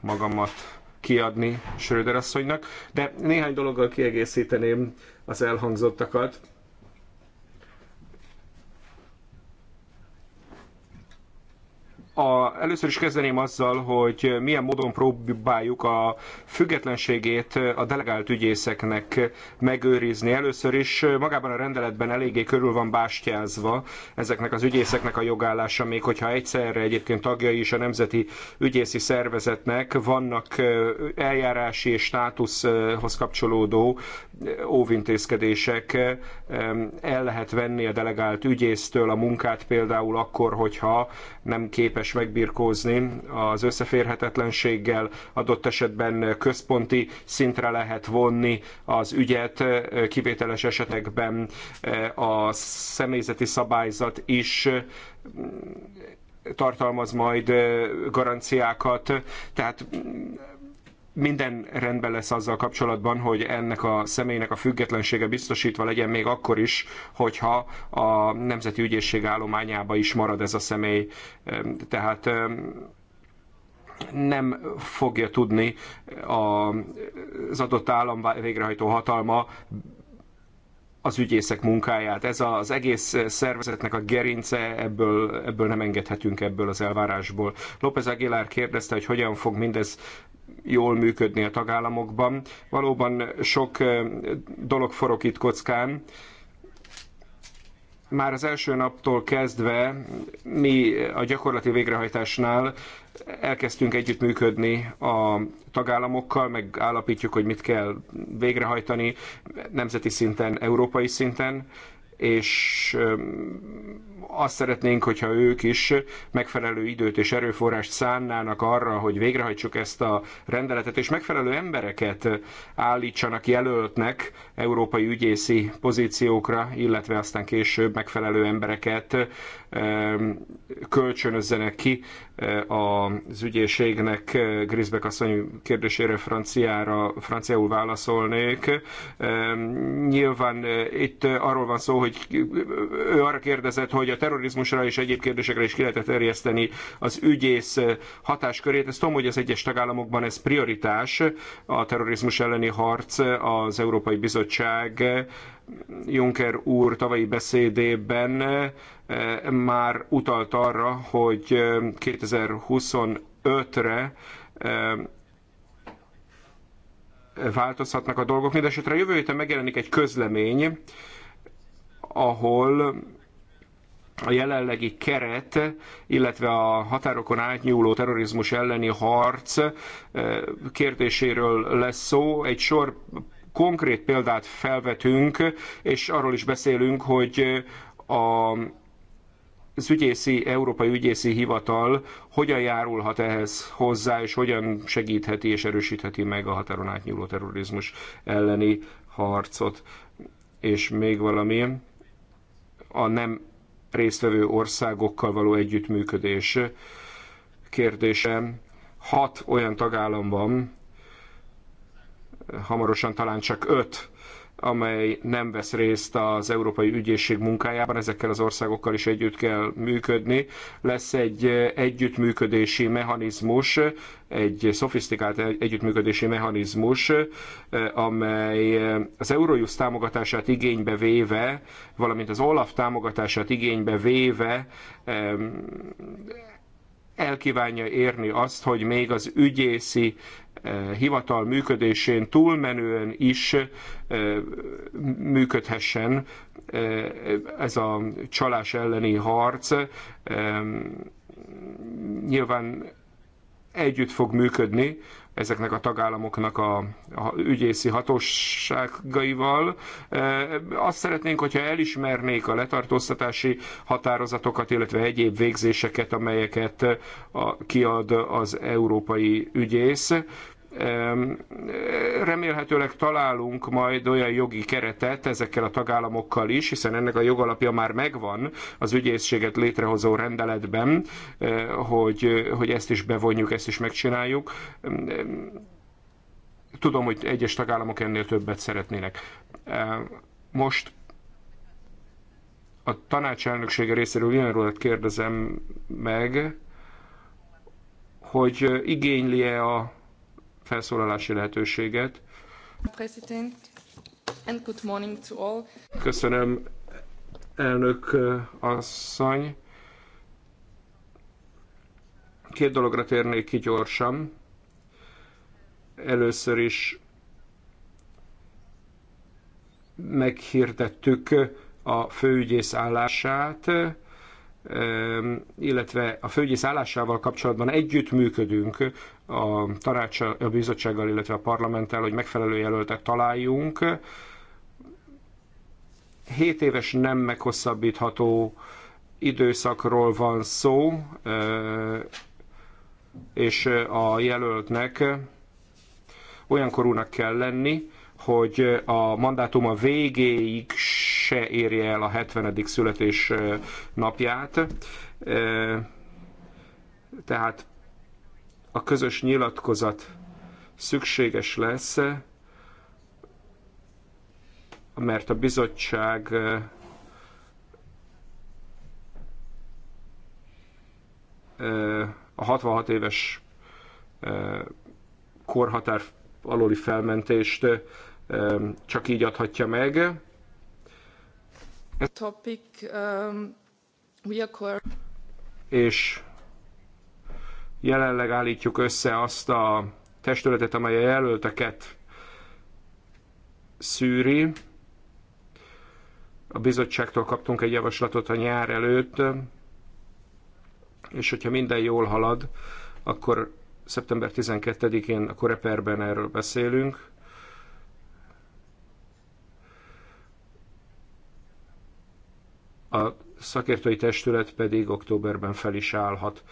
magamat kiadni Schröder asszonynak, de néhány dologgal kiegészíteném az elhangzottakat. A, először is kezdeném azzal, hogy milyen módon próbáljuk a függetlenségét a delegált ügyészeknek megőrizni. Először is magában a rendeletben eléggé körül van bástyázva ezeknek az ügyészeknek a jogállása, még hogyha egyszerre egyébként tagjai is a Nemzeti Ügyészi Szervezetnek vannak eljárási és státuszhoz kapcsolódó óvintézkedések. El lehet venni a delegált ügyésztől a munkát például akkor, hogyha nem képes képes megbirkózni az összeférhetetlenséggel, adott esetben központi szintre lehet vonni az ügyet, kivételes esetekben eh, a személyzeti szabályzat is mm, tartalmaz majd eh, garanciákat, tehát mm, minden rendben lesz azzal kapcsolatban, hogy ennek a személynek a függetlensége biztosítva legyen még akkor is, hogyha a Nemzeti Ügyészség állományába is marad ez a személy. Tehát nem fogja tudni az adott állam végrehajtó hatalma az ügyészek munkáját. Ez az egész szervezetnek a gerince, ebből, ebből nem engedhetünk ebből az elvárásból. López Aguilar kérdezte, hogy hogyan fog mindez jól működni a tagállamokban. Valóban sok dolog forog itt kockán. Már az első naptól kezdve mi a gyakorlati végrehajtásnál elkezdtünk együttműködni a tagállamokkal, megállapítjuk, hogy mit kell végrehajtani nemzeti szinten, európai szinten és azt szeretnénk, hogyha ők is megfelelő időt és erőforrást szánnának arra, hogy végrehajtsuk ezt a rendeletet, és megfelelő embereket állítsanak jelöltnek európai ügyészi pozíciókra, illetve aztán később megfelelő embereket kölcsönözzenek ki az ügyészségnek. Grisbeck asszony kérdésére franciára, franciául válaszolnék. Nyilván itt arról van szó, hogy hogy ő arra kérdezett, hogy a terrorizmusra és egyéb kérdésekre is ki lehetett terjeszteni az ügyész hatáskörét. Ezt tudom, hogy az egyes tagállamokban ez prioritás, a terrorizmus elleni harc, az Európai Bizottság Juncker úr tavalyi beszédében eh, már utalt arra, hogy 2025-re eh, eh, változhatnak a dolgok. Mindenesetre a jövő héten megjelenik egy közlemény, ahol a jelenlegi keret, illetve a határokon átnyúló terrorizmus elleni harc eh, kérdéséről lesz szó. Egy sor konkrét példát felvetünk, és arról is beszélünk, hogy a az ügyészi, Európai Ügyészi Hivatal hogyan járulhat ehhez hozzá, és hogyan segítheti és erősítheti meg a határon átnyúló terrorizmus elleni harcot. És még valami a nem résztvevő országokkal való együttműködés kérdése. Hat olyan tagállam van, hamarosan talán csak öt, amely nem vesz részt az Európai Ügyészség munkájában, ezekkel az országokkal is együtt kell működni. Lesz egy együttműködési mechanizmus, egy szofisztikált együttműködési mechanizmus, amely az Eurojust támogatását igénybe véve, valamint az Olaf támogatását igénybe véve elkívánja érni azt, hogy még az ügyészi Eh, hivatal működésén túlmenően is eh, működhessen eh, ez a csalás elleni harc. Nyilván együtt fog működni ezeknek a tagállamoknak a, a ügyészi hatóságaival. E, azt szeretnénk, hogyha elismernék a letartóztatási határozatokat, illetve egyéb végzéseket, amelyeket a, kiad az európai ügyész, Remélhetőleg találunk majd olyan jogi keretet ezekkel a tagállamokkal is, hiszen ennek a jogalapja már megvan az ügyészséget létrehozó rendeletben, eh, hogy, hogy ezt is bevonjuk, ezt is megcsináljuk. Tudom, hogy egyes tagállamok ennél többet szeretnének. Most a tanácselnöksége részéről ilyenről kérdezem meg, hogy igényli-e a felszólalási lehetőséget. Köszönöm, elnök asszony. Két dologra térnék ki gyorsan. Először is meghirdettük a főügyész állását, illetve a főügyész állásával kapcsolatban együttműködünk a tanács, a bizottsággal, illetve a parlamenttel, hogy megfelelő jelöltet találjunk. 7 éves nem meghosszabbítható időszakról van szó, és a jelöltnek olyan korúnak kell lenni, hogy a mandátuma végéig se érje el a 70. születés napját. Tehát a közös nyilatkozat szükséges lesz, mert a bizottság eh, a 66 éves eh, korhatár alóli felmentést eh, csak így adhatja meg. Topic, um, we are... És Jelenleg állítjuk össze azt a testületet, amely a jelölteket szűri. A bizottságtól kaptunk egy javaslatot a nyár előtt, és hogyha minden jól halad, akkor szeptember 12-én a Koreperben erről beszélünk. A szakértői testület pedig októberben fel is állhat.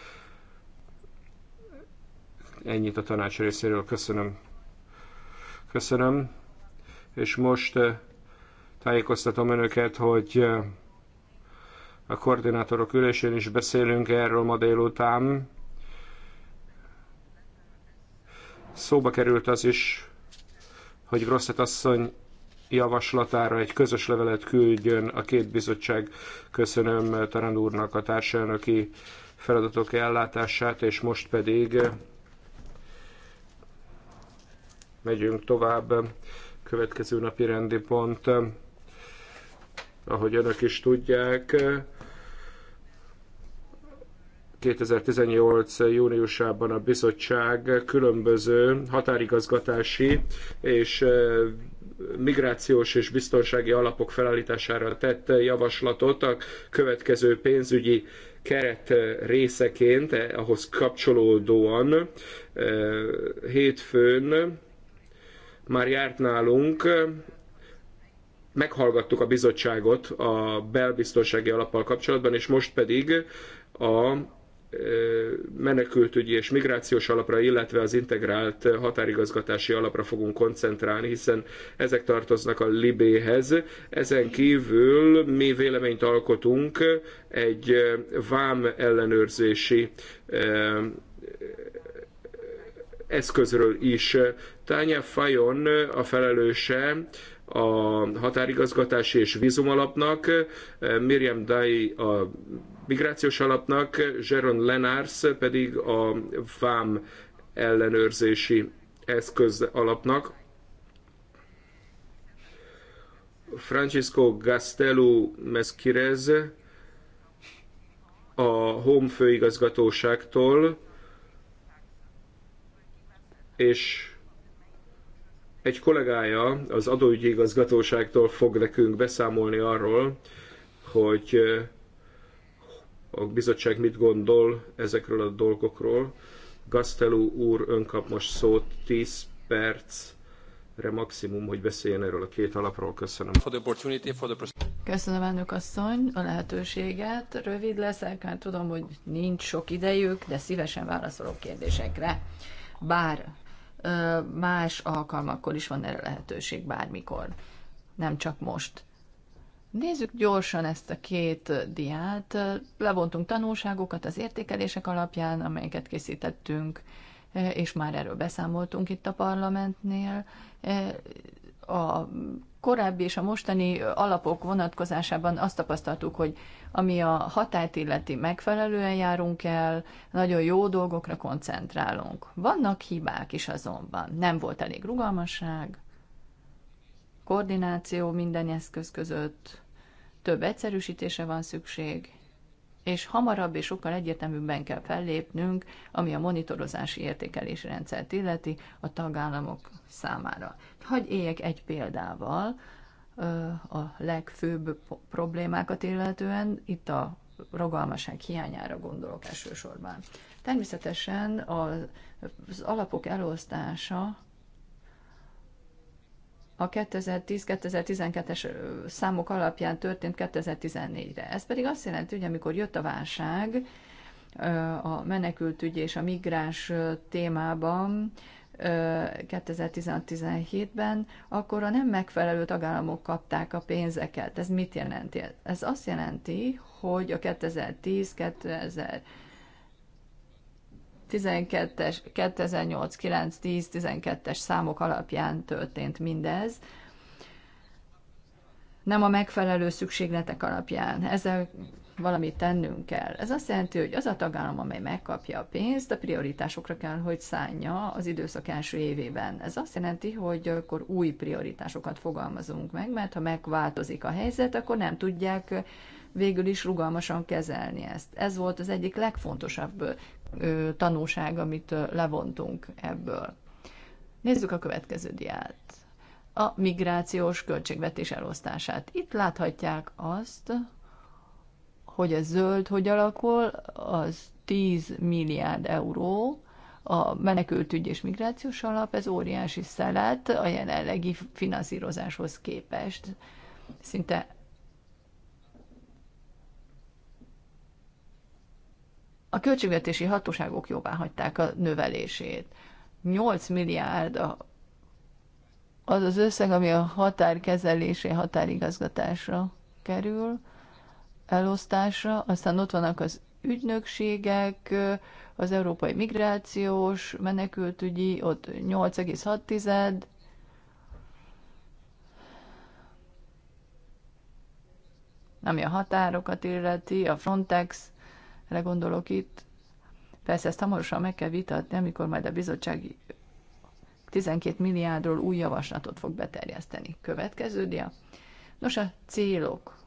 Ennyit a tanács részéről. Köszönöm. Köszönöm. És most eh, tájékoztatom önöket, hogy eh, a koordinátorok ülésén is beszélünk erről ma délután. Szóba került az is, hogy Grosszett asszony javaslatára egy közös levelet küldjön a két bizottság. Köszönöm eh, Tarand úrnak a társelnöki feladatok ellátását, és most pedig Megyünk tovább. Következő napi rendi pont, ahogy önök is tudják, 2018. júniusában a bizottság különböző határigazgatási és migrációs és biztonsági alapok felállítására tett javaslatot a következő pénzügyi keret részeként, eh, ahhoz kapcsolódóan eh, hétfőn már járt nálunk, meghallgattuk a bizottságot a belbiztonsági alappal kapcsolatban, és most pedig a menekültügyi és migrációs alapra, illetve az integrált határigazgatási alapra fogunk koncentrálni, hiszen ezek tartoznak a Libéhez. Ezen kívül mi véleményt alkotunk egy vám ellenőrzési eszközről is tánya Fajon a felelőse a határigazgatási és vízum alapnak Miriam Dai a migrációs alapnak, Jeron Lenars pedig a vám ellenőrzési eszköz alapnak. Francisco Gastelu Mesquirez a Home főigazgatóságtól, és egy kollégája az adóügyi igazgatóságtól fog nekünk beszámolni arról, hogy a bizottság mit gondol ezekről a dolgokról. Gastelu úr önkap most szót 10 percre maximum, hogy beszéljen erről a két alapról. Köszönöm. Köszönöm, elnök asszony, a lehetőséget. Rövid leszek, mert hát tudom, hogy nincs sok idejük, de szívesen válaszolok kérdésekre. Bár más alkalmakkor is van erre lehetőség bármikor, nem csak most. Nézzük gyorsan ezt a két diát. Levontunk tanulságokat az értékelések alapján, amelyeket készítettünk, és már erről beszámoltunk itt a parlamentnél. A korábbi és a mostani alapok vonatkozásában azt tapasztaltuk, hogy ami a hatályt illeti megfelelően járunk el, nagyon jó dolgokra koncentrálunk. Vannak hibák is azonban. Nem volt elég rugalmasság, koordináció minden eszköz között, több egyszerűsítése van szükség, és hamarabb és sokkal egyértelműbben kell fellépnünk, ami a monitorozási értékelési rendszert illeti a tagállamok számára. Hagy éljek egy példával, a legfőbb problémákat illetően, itt a rogalmaság hiányára gondolok elsősorban. Természetesen az alapok elosztása a 2010-2012-es számok alapján történt 2014-re. Ez pedig azt jelenti, hogy amikor jött a válság, a menekültügy és a migráns témában 2016-17-ben, akkor a nem megfelelő tagállamok kapták a pénzeket. Ez mit jelenti? Ez azt jelenti, hogy a 2010 2012, es 2008, 9, 10, 12-es számok alapján történt mindez, nem a megfelelő szükségletek alapján. Ezzel valamit tennünk kell. Ez azt jelenti, hogy az a tagállam, amely megkapja a pénzt, a prioritásokra kell, hogy szánja az időszak első évében. Ez azt jelenti, hogy akkor új prioritásokat fogalmazunk meg, mert ha megváltozik a helyzet, akkor nem tudják végül is rugalmasan kezelni ezt. Ez volt az egyik legfontosabb tanulság, amit levontunk ebből. Nézzük a következő diát. A migrációs költségvetés elosztását. Itt láthatják azt, hogy a zöld hogy alakul, az 10 milliárd euró, a menekültügy és migrációs alap, ez óriási szelet a jelenlegi finanszírozáshoz képest. Szinte a költségvetési hatóságok jóvá hagyták a növelését. 8 milliárd az az összeg, ami a határkezelésé, határigazgatásra kerül, elosztásra, aztán ott vannak az ügynökségek, az Európai Migrációs Menekültügyi, ott 8,6, ami a határokat illeti, a Frontex-re gondolok itt. Persze ezt hamarosan meg kell vitatni, amikor majd a bizottság 12 milliárdról új javaslatot fog beterjeszteni. Következő dia. Nos, a célok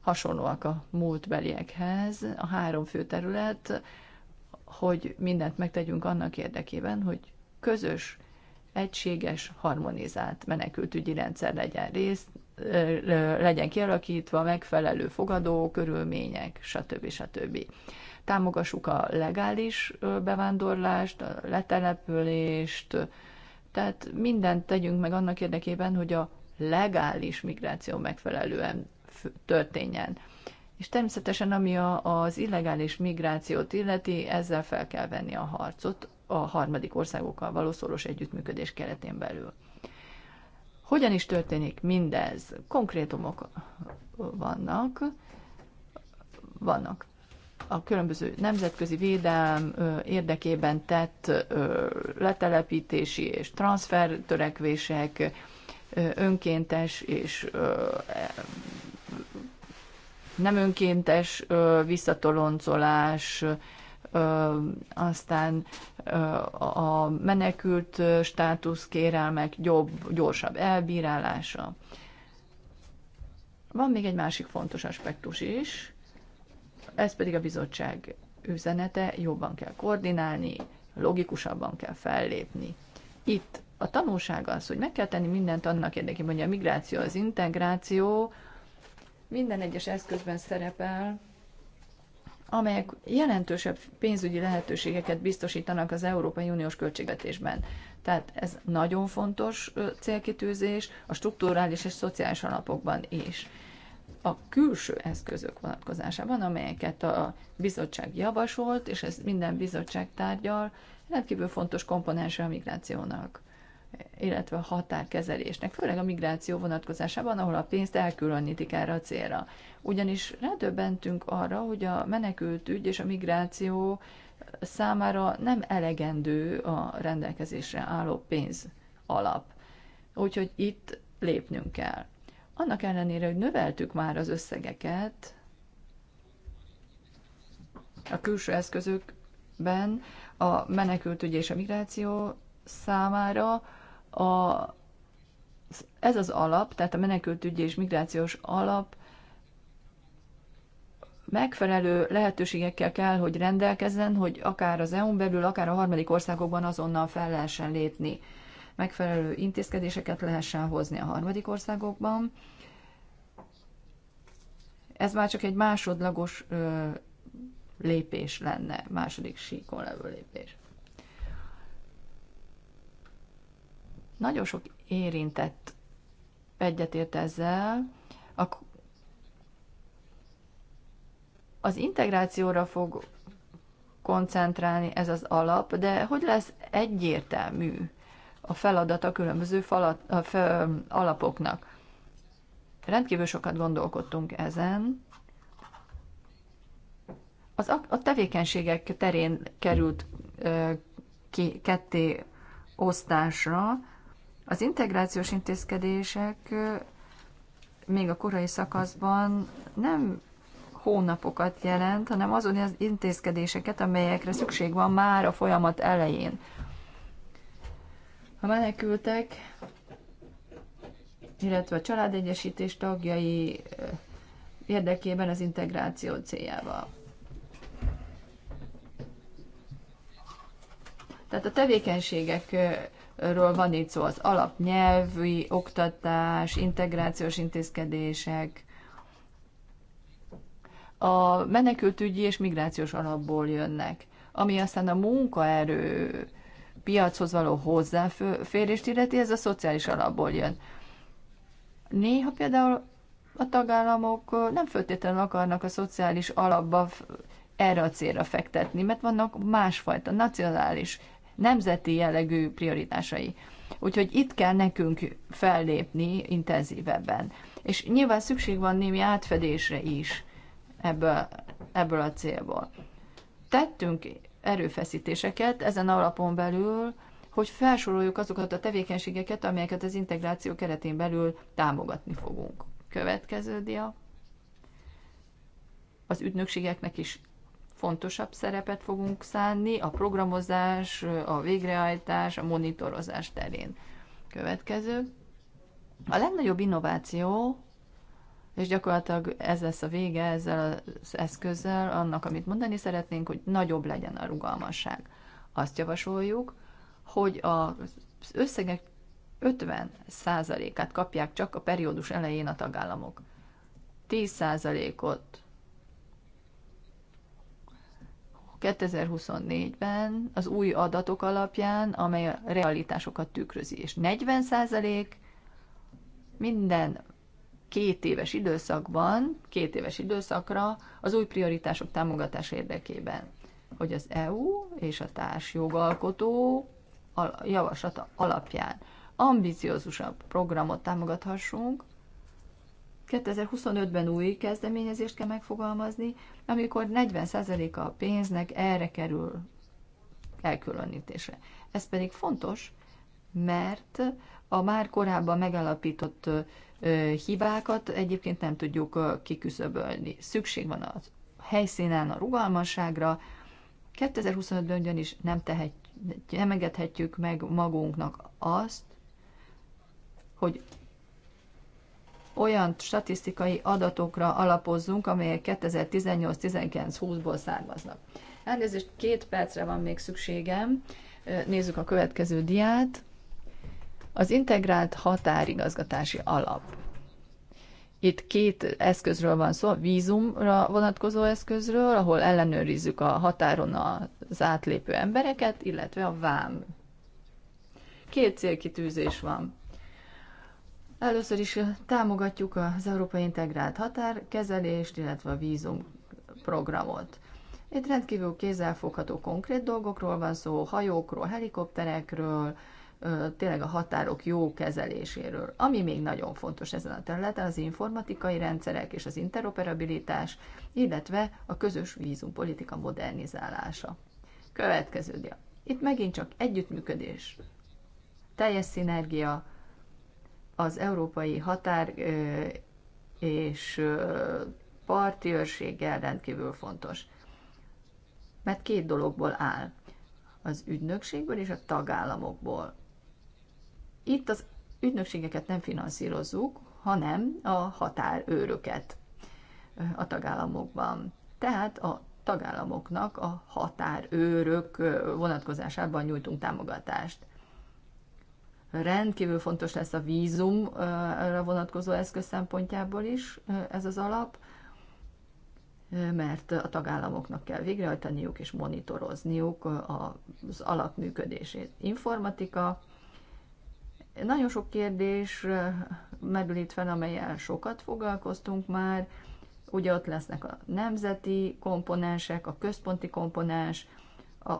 hasonlóak a múltbeliekhez. A három fő terület, hogy mindent megtegyünk annak érdekében, hogy közös, egységes, harmonizált menekültügyi rendszer legyen rész, legyen kialakítva, megfelelő fogadó körülmények, stb. stb. Támogassuk a legális bevándorlást, a letelepülést, tehát mindent tegyünk meg annak érdekében, hogy a legális migráció megfelelően történjen. És természetesen, ami a, az illegális migrációt illeti, ezzel fel kell venni a harcot a harmadik országokkal való szoros együttműködés keretén belül. Hogyan is történik mindez? Konkrétumok vannak, vannak a különböző nemzetközi védelm érdekében tett letelepítési és transfer törekvések, önkéntes és nem önkéntes visszatoloncolás, aztán a menekült státusz kérelmek jobb, gyorsabb elbírálása. Van még egy másik fontos aspektus is, ez pedig a bizottság üzenete, jobban kell koordinálni, logikusabban kell fellépni. Itt a tanulság az, hogy meg kell tenni mindent annak érdekében, hogy a migráció, az integráció, minden egyes eszközben szerepel, amelyek jelentősebb pénzügyi lehetőségeket biztosítanak az Európai Uniós költségvetésben. Tehát ez nagyon fontos célkitűzés a strukturális és szociális alapokban is. A külső eszközök vonatkozásában, amelyeket a bizottság javasolt, és ez minden bizottság tárgyal, rendkívül fontos komponense a migrációnak illetve a határkezelésnek, főleg a migráció vonatkozásában, ahol a pénzt elkülönítik erre a célra. Ugyanis rádöbbentünk arra, hogy a menekültügy és a migráció számára nem elegendő a rendelkezésre álló pénz alap. Úgyhogy itt lépnünk kell. Annak ellenére, hogy növeltük már az összegeket a külső eszközökben, a menekültügy és a migráció számára, a, ez az alap, tehát a menekültügyi és migrációs alap megfelelő lehetőségekkel kell, hogy rendelkezzen, hogy akár az EU-n belül, akár a harmadik országokban azonnal fel lehessen lépni. Megfelelő intézkedéseket lehessen hozni a harmadik országokban. Ez már csak egy másodlagos ö, lépés lenne, második síkon levő lépés. Nagyon sok érintett egyetért ezzel. A, az integrációra fog koncentrálni ez az alap, de hogy lesz egyértelmű a feladat a különböző falat, a fe, alapoknak? Rendkívül sokat gondolkodtunk ezen. Az a, a tevékenységek terén került ö, ki, ketté osztásra, az integrációs intézkedések még a korai szakaszban nem hónapokat jelent, hanem azon az intézkedéseket, amelyekre szükség van már a folyamat elején. A menekültek, illetve a családegyesítés tagjai érdekében az integráció céljával. Tehát a tevékenységek ről van itt szó, az alapnyelvi, oktatás, integrációs intézkedések, a menekültügyi és migrációs alapból jönnek, ami aztán a munkaerő piachoz való hozzáférést illeti, ez a szociális alapból jön. Néha például a tagállamok nem feltétlenül akarnak a szociális alapba erre a célra fektetni, mert vannak másfajta nacionális nemzeti jellegű prioritásai. Úgyhogy itt kell nekünk fellépni intenzívebben. És nyilván szükség van némi átfedésre is ebből, ebből a célból. Tettünk erőfeszítéseket ezen alapon belül, hogy felsoroljuk azokat a tevékenységeket, amelyeket az integráció keretén belül támogatni fogunk. Következő dia. Az ügynökségeknek is fontosabb szerepet fogunk szánni a programozás, a végrehajtás, a monitorozás terén. Következő. A legnagyobb innováció, és gyakorlatilag ez lesz a vége ezzel az eszközzel, annak, amit mondani szeretnénk, hogy nagyobb legyen a rugalmasság. Azt javasoljuk, hogy az összegek 50%-át kapják csak a periódus elején a tagállamok. 10%-ot 2024-ben az új adatok alapján, amely a realitásokat tükrözi, és 40% minden két éves időszakban, két éves időszakra az új prioritások támogatása érdekében, hogy az EU és a társ jogalkotó javaslata alapján ambiciózusabb programot támogathassunk, 2025-ben új kezdeményezést kell megfogalmazni, amikor 40%-a a pénznek erre kerül elkülönítésre. Ez pedig fontos, mert a már korábban megalapított hibákat egyébként nem tudjuk kiküszöbölni. Szükség van a helyszínen a rugalmasságra. 2025-ben ugyanis nem, tehet, nem engedhetjük meg magunknak azt, hogy olyan statisztikai adatokra alapozzunk, amelyek 2018-19-20-ból származnak. Elnézést, két percre van még szükségem. Nézzük a következő diát. Az integrált határigazgatási alap. Itt két eszközről van szó, a vízumra vonatkozó eszközről, ahol ellenőrizzük a határon az átlépő embereket, illetve a vám. Két célkitűzés van. Először is támogatjuk az Európai Integrált Határkezelést, illetve a vízum programot. Itt rendkívül kézzelfogható konkrét dolgokról van szó, hajókról, helikopterekről, tényleg a határok jó kezeléséről. Ami még nagyon fontos ezen a területen, az informatikai rendszerek és az interoperabilitás, illetve a közös vízumpolitika modernizálása. Következő dia. Itt megint csak együttműködés, teljes szinergia, az európai határ és parti őrséggel rendkívül fontos. Mert két dologból áll. Az ügynökségből és a tagállamokból. Itt az ügynökségeket nem finanszírozzuk, hanem a határőröket a tagállamokban. Tehát a tagállamoknak a határőrök vonatkozásában nyújtunk támogatást rendkívül fontos lesz a vízumra vonatkozó eszköz szempontjából is ez az alap, mert a tagállamoknak kell végrehajtaniuk és monitorozniuk az működését. Informatika, nagyon sok kérdés merül itt fel, amelyel sokat foglalkoztunk már, ugye ott lesznek a nemzeti komponensek, a központi komponens, a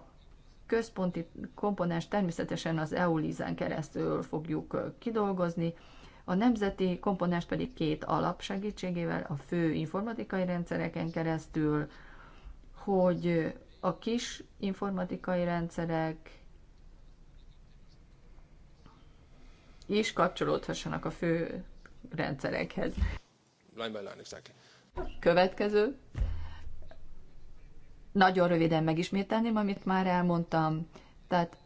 központi komponens természetesen az EULIZÁN keresztül fogjuk kidolgozni, a nemzeti komponens pedig két alap segítségével, a fő informatikai rendszereken keresztül, hogy a kis informatikai rendszerek is kapcsolódhassanak a fő rendszerekhez. Line by line, exactly. Következő. Nagyon röviden megismételném, amit már elmondtam. Tehát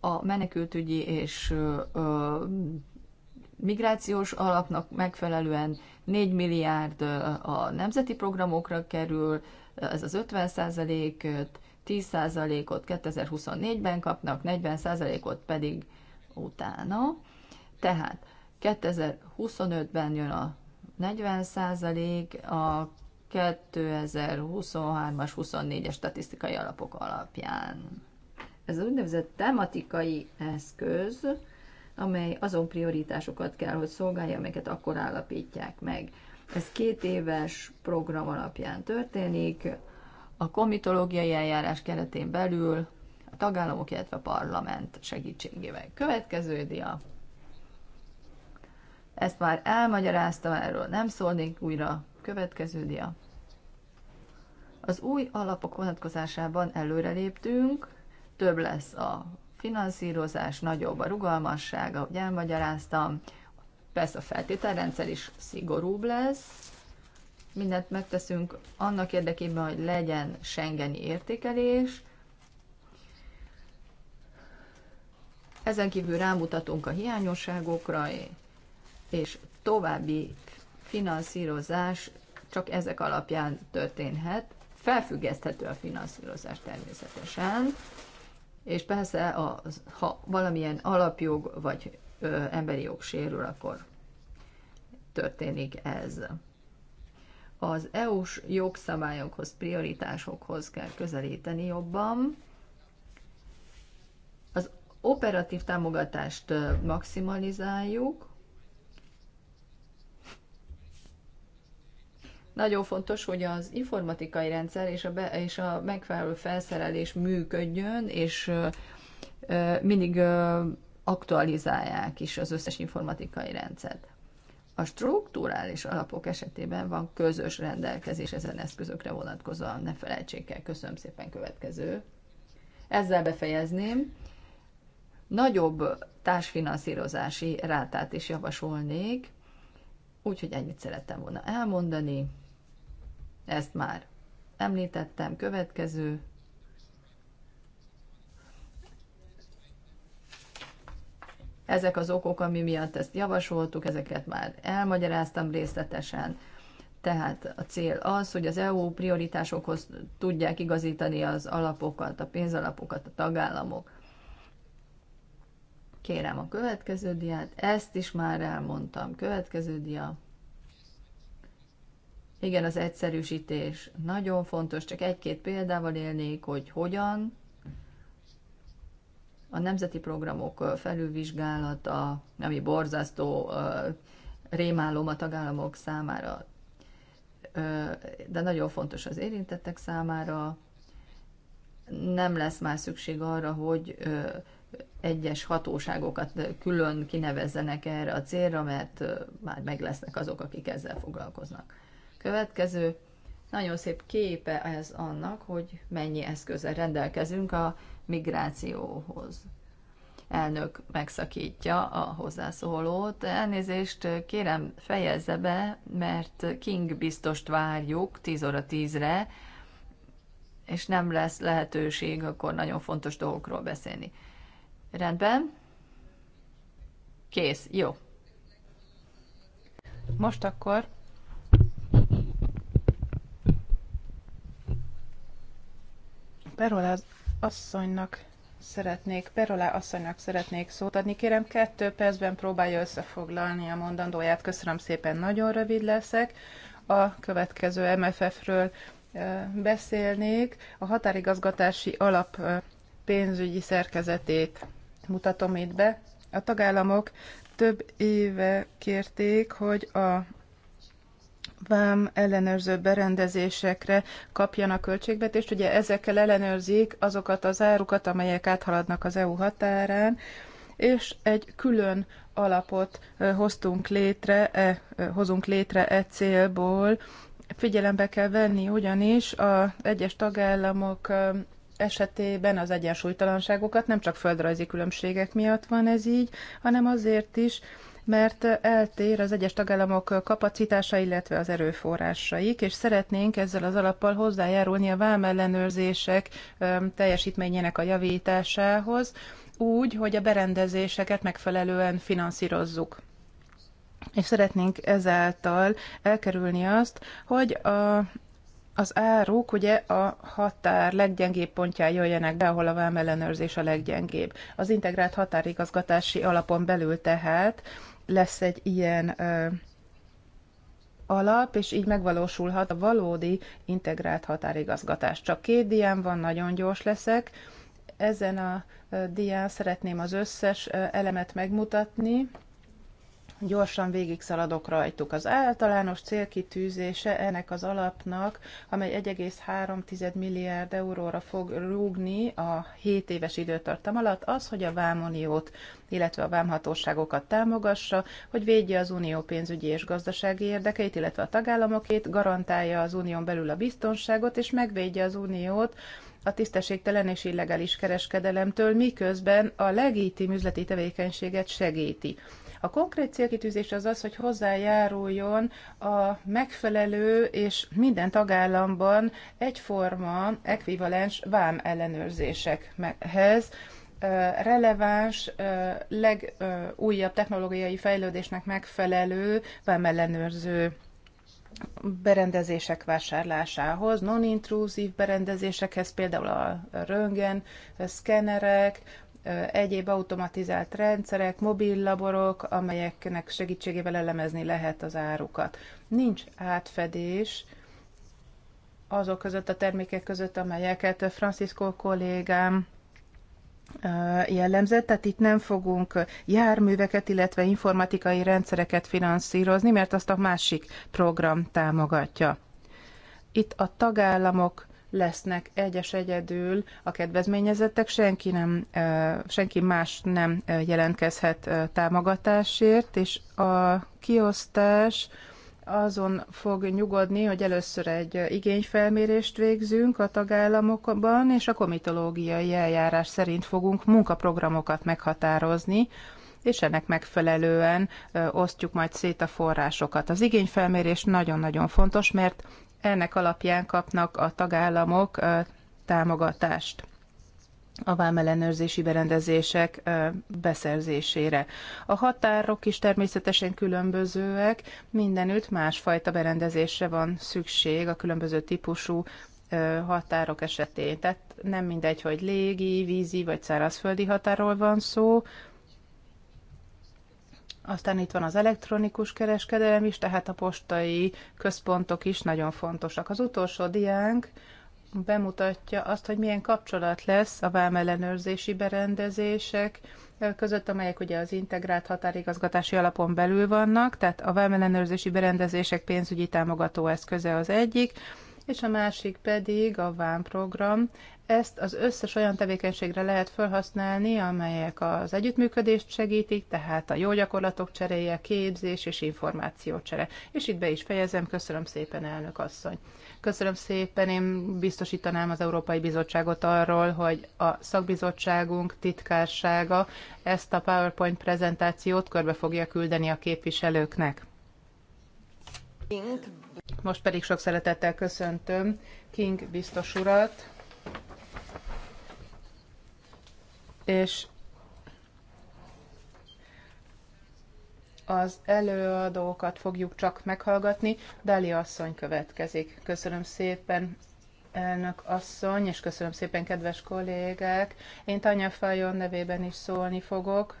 a menekültügyi és ö, migrációs alapnak megfelelően 4 milliárd a nemzeti programokra kerül, ez az 50 ot 10 százalékot 2024-ben kapnak, 40 százalékot pedig utána. Tehát 2025-ben jön a 40 százalék, a 2023-as, 24-es statisztikai alapok alapján. Ez az úgynevezett tematikai eszköz, amely azon prioritásokat kell, hogy szolgálja, amelyeket akkor állapítják meg. Ez két éves program alapján történik, a komitológiai eljárás keretén belül a tagállamok, illetve a parlament segítségével. Következő dia. Ezt már elmagyaráztam, erről nem szólnék újra, Következő dia. Az új alapok vonatkozásában előreléptünk, több lesz a finanszírozás, nagyobb a rugalmasság, ahogy elmagyaráztam, persze a feltételrendszer is szigorúbb lesz, mindent megteszünk annak érdekében, hogy legyen Schengeni értékelés. Ezen kívül rámutatunk a hiányosságokra, és további finanszírozás csak ezek alapján történhet. Felfüggeszthető a finanszírozás természetesen, és persze, a, ha valamilyen alapjog vagy ö, emberi jog sérül, akkor történik ez. Az EU-s jogszabályokhoz, prioritásokhoz kell közelíteni jobban. Az operatív támogatást maximalizáljuk, Nagyon fontos, hogy az informatikai rendszer és a, be, és a megfelelő felszerelés működjön, és mindig aktualizálják is az összes informatikai rendszert. A struktúrális alapok esetében van közös rendelkezés ezen eszközökre vonatkozóan, ne felejtsék el. Köszönöm szépen, következő. Ezzel befejezném. Nagyobb társfinanszírozási rátát is javasolnék, úgyhogy ennyit szerettem volna elmondani. Ezt már említettem. Következő. Ezek az okok, ami miatt ezt javasoltuk, ezeket már elmagyaráztam részletesen. Tehát a cél az, hogy az EU prioritásokhoz tudják igazítani az alapokat, a pénzalapokat a tagállamok. Kérem a következő diát, ezt is már elmondtam. Következő diát. Igen, az egyszerűsítés nagyon fontos, csak egy-két példával élnék, hogy hogyan a nemzeti programok felülvizsgálata, ami borzasztó rémálom a tagállamok számára, de nagyon fontos az érintettek számára, nem lesz már szükség arra, hogy egyes hatóságokat külön kinevezzenek erre a célra, mert már meg lesznek azok, akik ezzel foglalkoznak. Következő nagyon szép képe ez annak, hogy mennyi eszközzel rendelkezünk a migrációhoz. Elnök megszakítja a hozzászólót. Elnézést kérem fejezze be, mert King biztost várjuk 10 óra 10-re, és nem lesz lehetőség akkor nagyon fontos dolgokról beszélni. Rendben? Kész, jó. Most akkor Perola asszonynak szeretnék, Perola asszonynak szeretnék szót adni. Kérem, kettő percben próbálja összefoglalni a mondandóját. Köszönöm szépen, nagyon rövid leszek. A következő MFF-ről beszélnék. A határigazgatási alap pénzügyi szerkezetét mutatom itt be. A tagállamok több éve kérték, hogy a vám ellenőrző berendezésekre kapjanak költségvetést. Ugye ezekkel ellenőrzik azokat az árukat, amelyek áthaladnak az EU határán, és egy külön alapot hoztunk létre, e, hozunk létre e célból. Figyelembe kell venni ugyanis az egyes tagállamok esetében az egyensúlytalanságokat nem csak földrajzi különbségek miatt van ez így, hanem azért is, mert eltér az egyes tagállamok kapacitása, illetve az erőforrásaik, és szeretnénk ezzel az alappal hozzájárulni a vámellenőrzések teljesítményének a javításához, úgy, hogy a berendezéseket megfelelően finanszírozzuk. És szeretnénk ezáltal elkerülni azt, hogy a az áruk ugye a határ leggyengébb pontján jöjjenek be, ahol a vámellenőrzés a leggyengébb. Az integrált határigazgatási alapon belül tehát lesz egy ilyen ö, alap, és így megvalósulhat a valódi integrált határigazgatás. Csak két dián van, nagyon gyors leszek. Ezen a dián szeretném az összes elemet megmutatni, gyorsan végigszaladok rajtuk. Az általános célkitűzése ennek az alapnak, amely 1,3 milliárd euróra fog rúgni a 7 éves időtartam alatt, az, hogy a vámuniót, illetve a vámhatóságokat támogassa, hogy védje az unió pénzügyi és gazdasági érdekeit, illetve a tagállamokét, garantálja az unión belül a biztonságot, és megvédje az uniót a tisztességtelen és illegális kereskedelemtől, miközben a legitim üzleti tevékenységet segíti. A konkrét célkitűzés az az, hogy hozzájáruljon a megfelelő és minden tagállamban egyforma, ekvivalens vám ellenőrzésekhez, releváns, legújabb technológiai fejlődésnek megfelelő vámellenőrző berendezések vásárlásához, non intrusív berendezésekhez, például a röntgen, szkenerek, egyéb automatizált rendszerek, mobil laborok, amelyeknek segítségével elemezni lehet az árukat. Nincs átfedés azok között a termékek között, amelyeket Francisco kollégám jellemzett, tehát itt nem fogunk járműveket, illetve informatikai rendszereket finanszírozni, mert azt a másik program támogatja. Itt a tagállamok lesznek egyes egyedül a kedvezményezettek, senki, nem, senki más nem jelentkezhet támogatásért, és a kiosztás azon fog nyugodni, hogy először egy igényfelmérést végzünk a tagállamokban, és a komitológiai eljárás szerint fogunk munkaprogramokat meghatározni, és ennek megfelelően osztjuk majd szét a forrásokat. Az igényfelmérés nagyon-nagyon fontos, mert ennek alapján kapnak a tagállamok támogatást a vámellenőrzési berendezések beszerzésére. A határok is természetesen különbözőek, mindenütt másfajta berendezésre van szükség a különböző típusú határok esetén. Tehát nem mindegy, hogy légi, vízi vagy szárazföldi határól van szó, aztán itt van az elektronikus kereskedelem is, tehát a postai központok is nagyon fontosak. Az utolsó diánk bemutatja azt, hogy milyen kapcsolat lesz a vámellenőrzési berendezések eh, között, amelyek ugye az integrált határigazgatási alapon belül vannak, tehát a vámellenőrzési berendezések pénzügyi támogató eszköze az egyik, és a másik pedig a vámprogram, ezt az összes olyan tevékenységre lehet felhasználni, amelyek az együttműködést segítik, tehát a jó gyakorlatok cseréje, képzés és információcsere. És itt be is fejezem, köszönöm szépen, elnök asszony. Köszönöm szépen, én biztosítanám az Európai Bizottságot arról, hogy a szakbizottságunk titkársága ezt a PowerPoint prezentációt körbe fogja küldeni a képviselőknek. Most pedig sok szeretettel köszöntöm King biztos urat és az előadókat fogjuk csak meghallgatni. Dali asszony következik. Köszönöm szépen, elnök asszony, és köszönöm szépen, kedves kollégák. Én Tanya Fajon nevében is szólni fogok,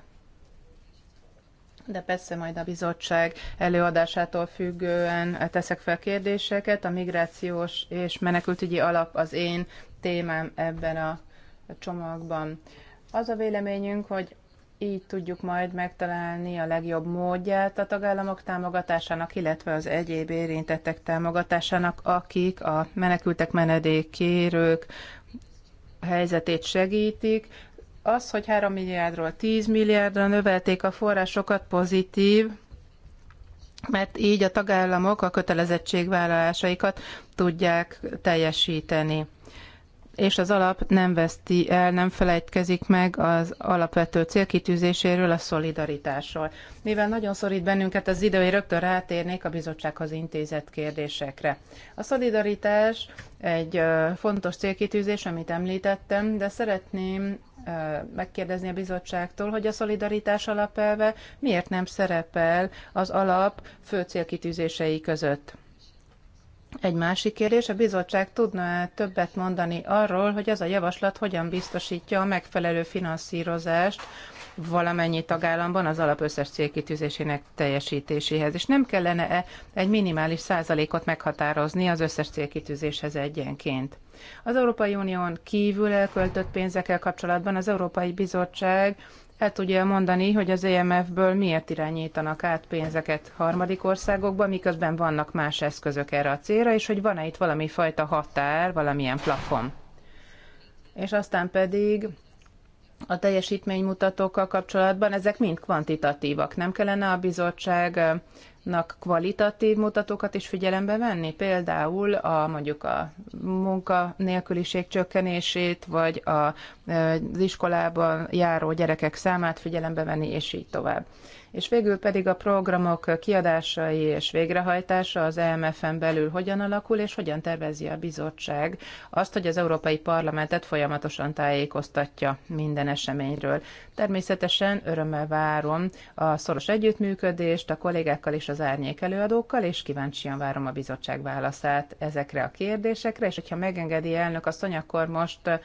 de persze majd a bizottság előadásától függően teszek fel kérdéseket. A migrációs és menekültügyi alap az én témám ebben a csomagban. Az a véleményünk, hogy így tudjuk majd megtalálni a legjobb módját a tagállamok támogatásának, illetve az egyéb érintettek támogatásának, akik a menekültek menedékkérők helyzetét segítik. Az, hogy 3 milliárdról 10 milliárdra növelték a forrásokat pozitív, mert így a tagállamok a kötelezettségvállalásaikat tudják teljesíteni és az alap nem veszti el, nem felejtkezik meg az alapvető célkitűzéséről, a szolidaritásról. Mivel nagyon szorít bennünket az idő, hogy rögtön rátérnék a bizottsághoz intézett kérdésekre. A szolidaritás egy fontos célkitűzés, amit említettem, de szeretném megkérdezni a bizottságtól, hogy a szolidaritás alapelve miért nem szerepel az alap fő célkitűzései között egy másik kérdés, a bizottság tudna -e többet mondani arról, hogy ez a javaslat hogyan biztosítja a megfelelő finanszírozást valamennyi tagállamban az alapösszes célkitűzésének teljesítéséhez, és nem kellene-e egy minimális százalékot meghatározni az összes célkitűzéshez egyenként. Az Európai Unión kívül elköltött pénzekkel kapcsolatban az Európai Bizottság el tudja mondani, hogy az EMF-ből miért irányítanak át pénzeket harmadik országokba, miközben vannak más eszközök erre a célra, és hogy van-e itt valami fajta határ, valamilyen plafon. És aztán pedig a teljesítménymutatókkal kapcsolatban ezek mind kvantitatívak. Nem kellene a bizottság nak kvalitatív mutatókat is figyelembe venni? Például a mondjuk a munkanélküliség csökkenését, vagy a, az iskolában járó gyerekek számát figyelembe venni, és így tovább. És végül pedig a programok kiadásai és végrehajtása az EMF-en belül hogyan alakul, és hogyan tervezi a bizottság azt, hogy az Európai Parlamentet folyamatosan tájékoztatja minden eseményről. Természetesen örömmel várom a szoros együttműködést a kollégákkal és az árnyék előadókkal, és kíváncsian várom a bizottság válaszát ezekre a kérdésekre, és hogyha megengedi elnök asszony, akkor most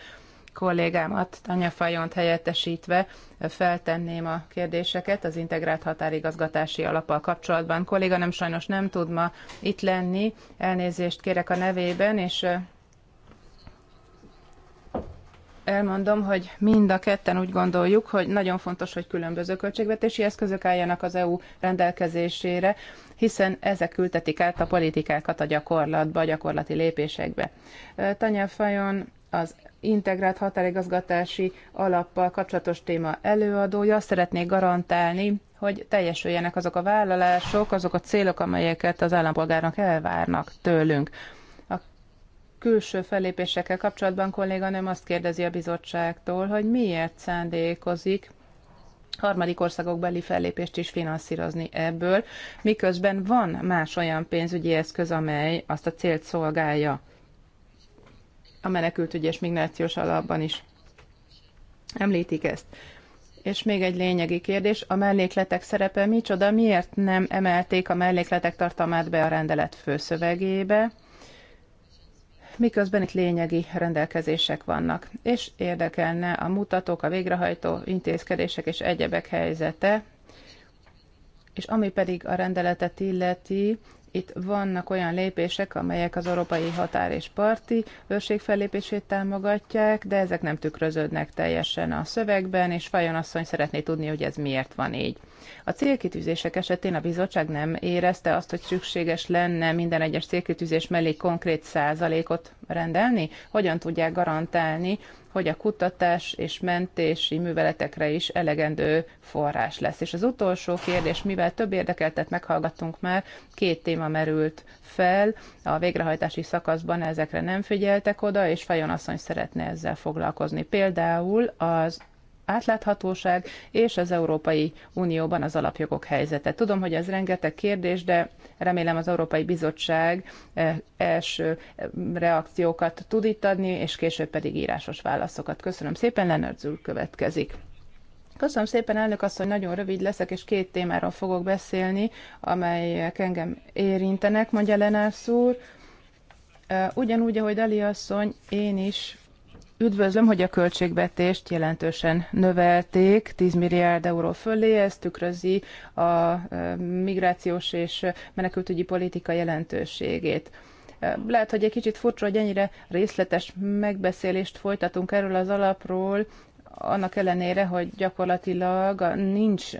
kollégámat, Tanya Fajont helyettesítve feltenném a kérdéseket az integrált határigazgatási alappal kapcsolatban. Kolléga nem sajnos nem tud ma itt lenni, elnézést kérek a nevében, és elmondom, hogy mind a ketten úgy gondoljuk, hogy nagyon fontos, hogy különböző költségvetési eszközök álljanak az EU rendelkezésére, hiszen ezek ültetik át a politikákat a gyakorlatba, a gyakorlati lépésekbe. Tanya Fajon az integrált határigazgatási alappal kapcsolatos téma előadója. Azt szeretnék garantálni, hogy teljesüljenek azok a vállalások, azok a célok, amelyeket az állampolgárnak elvárnak tőlünk. A külső fellépésekkel kapcsolatban kolléganőm azt kérdezi a bizottságtól, hogy miért szándékozik harmadik országok beli fellépést is finanszírozni ebből, miközben van más olyan pénzügyi eszköz, amely azt a célt szolgálja a menekültügyi és migrációs alapban is említik ezt. És még egy lényegi kérdés, a mellékletek szerepe micsoda, miért nem emelték a mellékletek tartalmát be a rendelet főszövegébe, miközben itt lényegi rendelkezések vannak, és érdekelne a mutatók, a végrehajtó intézkedések és egyebek helyzete, és ami pedig a rendeletet illeti, itt vannak olyan lépések, amelyek az európai határ és parti őrség fellépését támogatják, de ezek nem tükröződnek teljesen a szövegben, és Fajon asszony szeretné tudni, hogy ez miért van így. A célkitűzések esetén a bizottság nem érezte azt, hogy szükséges lenne minden egyes célkitűzés mellé konkrét százalékot rendelni? Hogyan tudják garantálni, hogy a kutatás és mentési műveletekre is elegendő forrás lesz. És az utolsó kérdés, mivel több érdekeltet meghallgattunk már, két téma merült fel, a végrehajtási szakaszban ezekre nem figyeltek oda, és Fajon asszony szeretne ezzel foglalkozni. Például az átláthatóság és az Európai Unióban az alapjogok helyzete. Tudom, hogy ez rengeteg kérdés, de remélem az Európai Bizottság eh, első eh, reakciókat tud itt adni, és később pedig írásos válaszokat. Köszönöm szépen, Lennart következik. Köszönöm szépen, elnök asszony, nagyon rövid leszek, és két témáról fogok beszélni, amelyek engem érintenek, mondja Lenász úr. Eh, ugyanúgy, ahogy Dali asszony, én is Üdvözlöm, hogy a költségvetést jelentősen növelték, 10 milliárd euró fölé, ez tükrözi a migrációs és menekültügyi politika jelentőségét. Lehet, hogy egy kicsit furcsa, hogy ennyire részletes megbeszélést folytatunk erről az alapról, annak ellenére, hogy gyakorlatilag nincs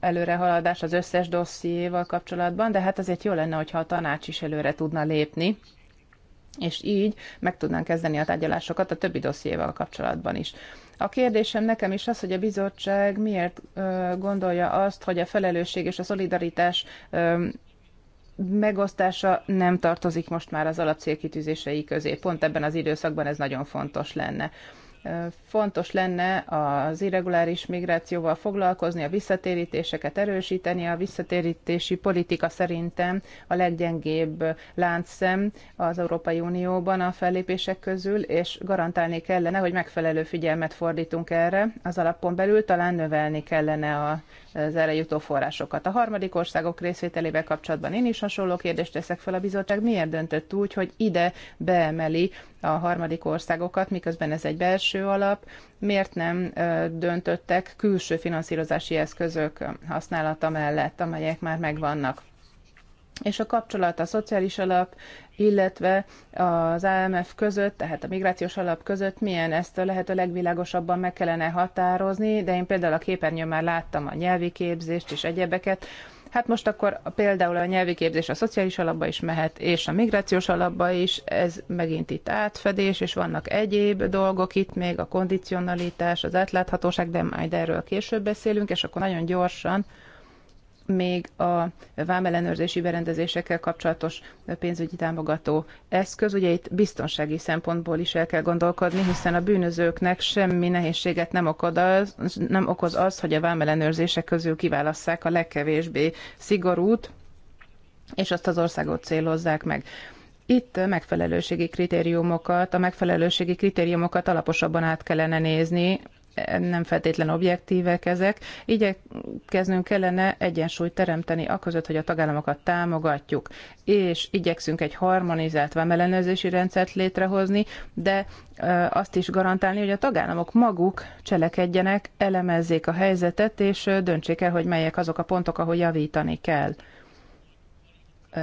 előrehaladás az összes dossziéval kapcsolatban, de hát azért jó lenne, hogyha a tanács is előre tudna lépni és így meg tudnánk kezdeni a tárgyalásokat a többi dossziéval kapcsolatban is. A kérdésem nekem is az, hogy a bizottság miért gondolja azt, hogy a felelősség és a szolidaritás megosztása nem tartozik most már az alapcélkitűzései közé. Pont ebben az időszakban ez nagyon fontos lenne fontos lenne az irreguláris migrációval foglalkozni, a visszatérítéseket erősíteni, a visszatérítési politika szerintem a leggyengébb láncszem az Európai Unióban a fellépések közül, és garantálni kellene, hogy megfelelő figyelmet fordítunk erre az alapon belül, talán növelni kellene a az erre jutó forrásokat. A harmadik országok részvételével kapcsolatban én is hasonló kérdést teszek fel a bizottság. Miért döntött úgy, hogy ide beemeli a harmadik országokat, miközben ez egy belső alap? Miért nem döntöttek külső finanszírozási eszközök használata mellett, amelyek már megvannak? és a kapcsolat a szociális alap, illetve az AMF között, tehát a migrációs alap között milyen ezt a lehető legvilágosabban meg kellene határozni, de én például a képernyőn már láttam a nyelvi képzést és egyebeket, Hát most akkor például a nyelvi képzés a szociális alapba is mehet, és a migrációs alapba is, ez megint itt átfedés, és vannak egyéb dolgok itt még, a kondicionalitás, az átláthatóság, de majd erről később beszélünk, és akkor nagyon gyorsan még a vámellenőrzési berendezésekkel kapcsolatos pénzügyi támogató eszköz. Ugye itt biztonsági szempontból is el kell gondolkodni, hiszen a bűnözőknek semmi nehézséget nem, okod az, nem okoz az, hogy a vámellenőrzések közül kiválasszák a legkevésbé szigorút, és azt az országot célozzák meg. Itt megfelelőségi kritériumokat, a megfelelőségi kritériumokat alaposabban át kellene nézni, nem feltétlen objektívek ezek. Igyekeznünk kellene egyensúlyt teremteni aközött, hogy a tagállamokat támogatjuk, és igyekszünk egy harmonizált vámellenőrzési rendszert létrehozni, de azt is garantálni, hogy a tagállamok maguk cselekedjenek, elemezzék a helyzetet, és döntsék el, hogy melyek azok a pontok, ahol javítani kell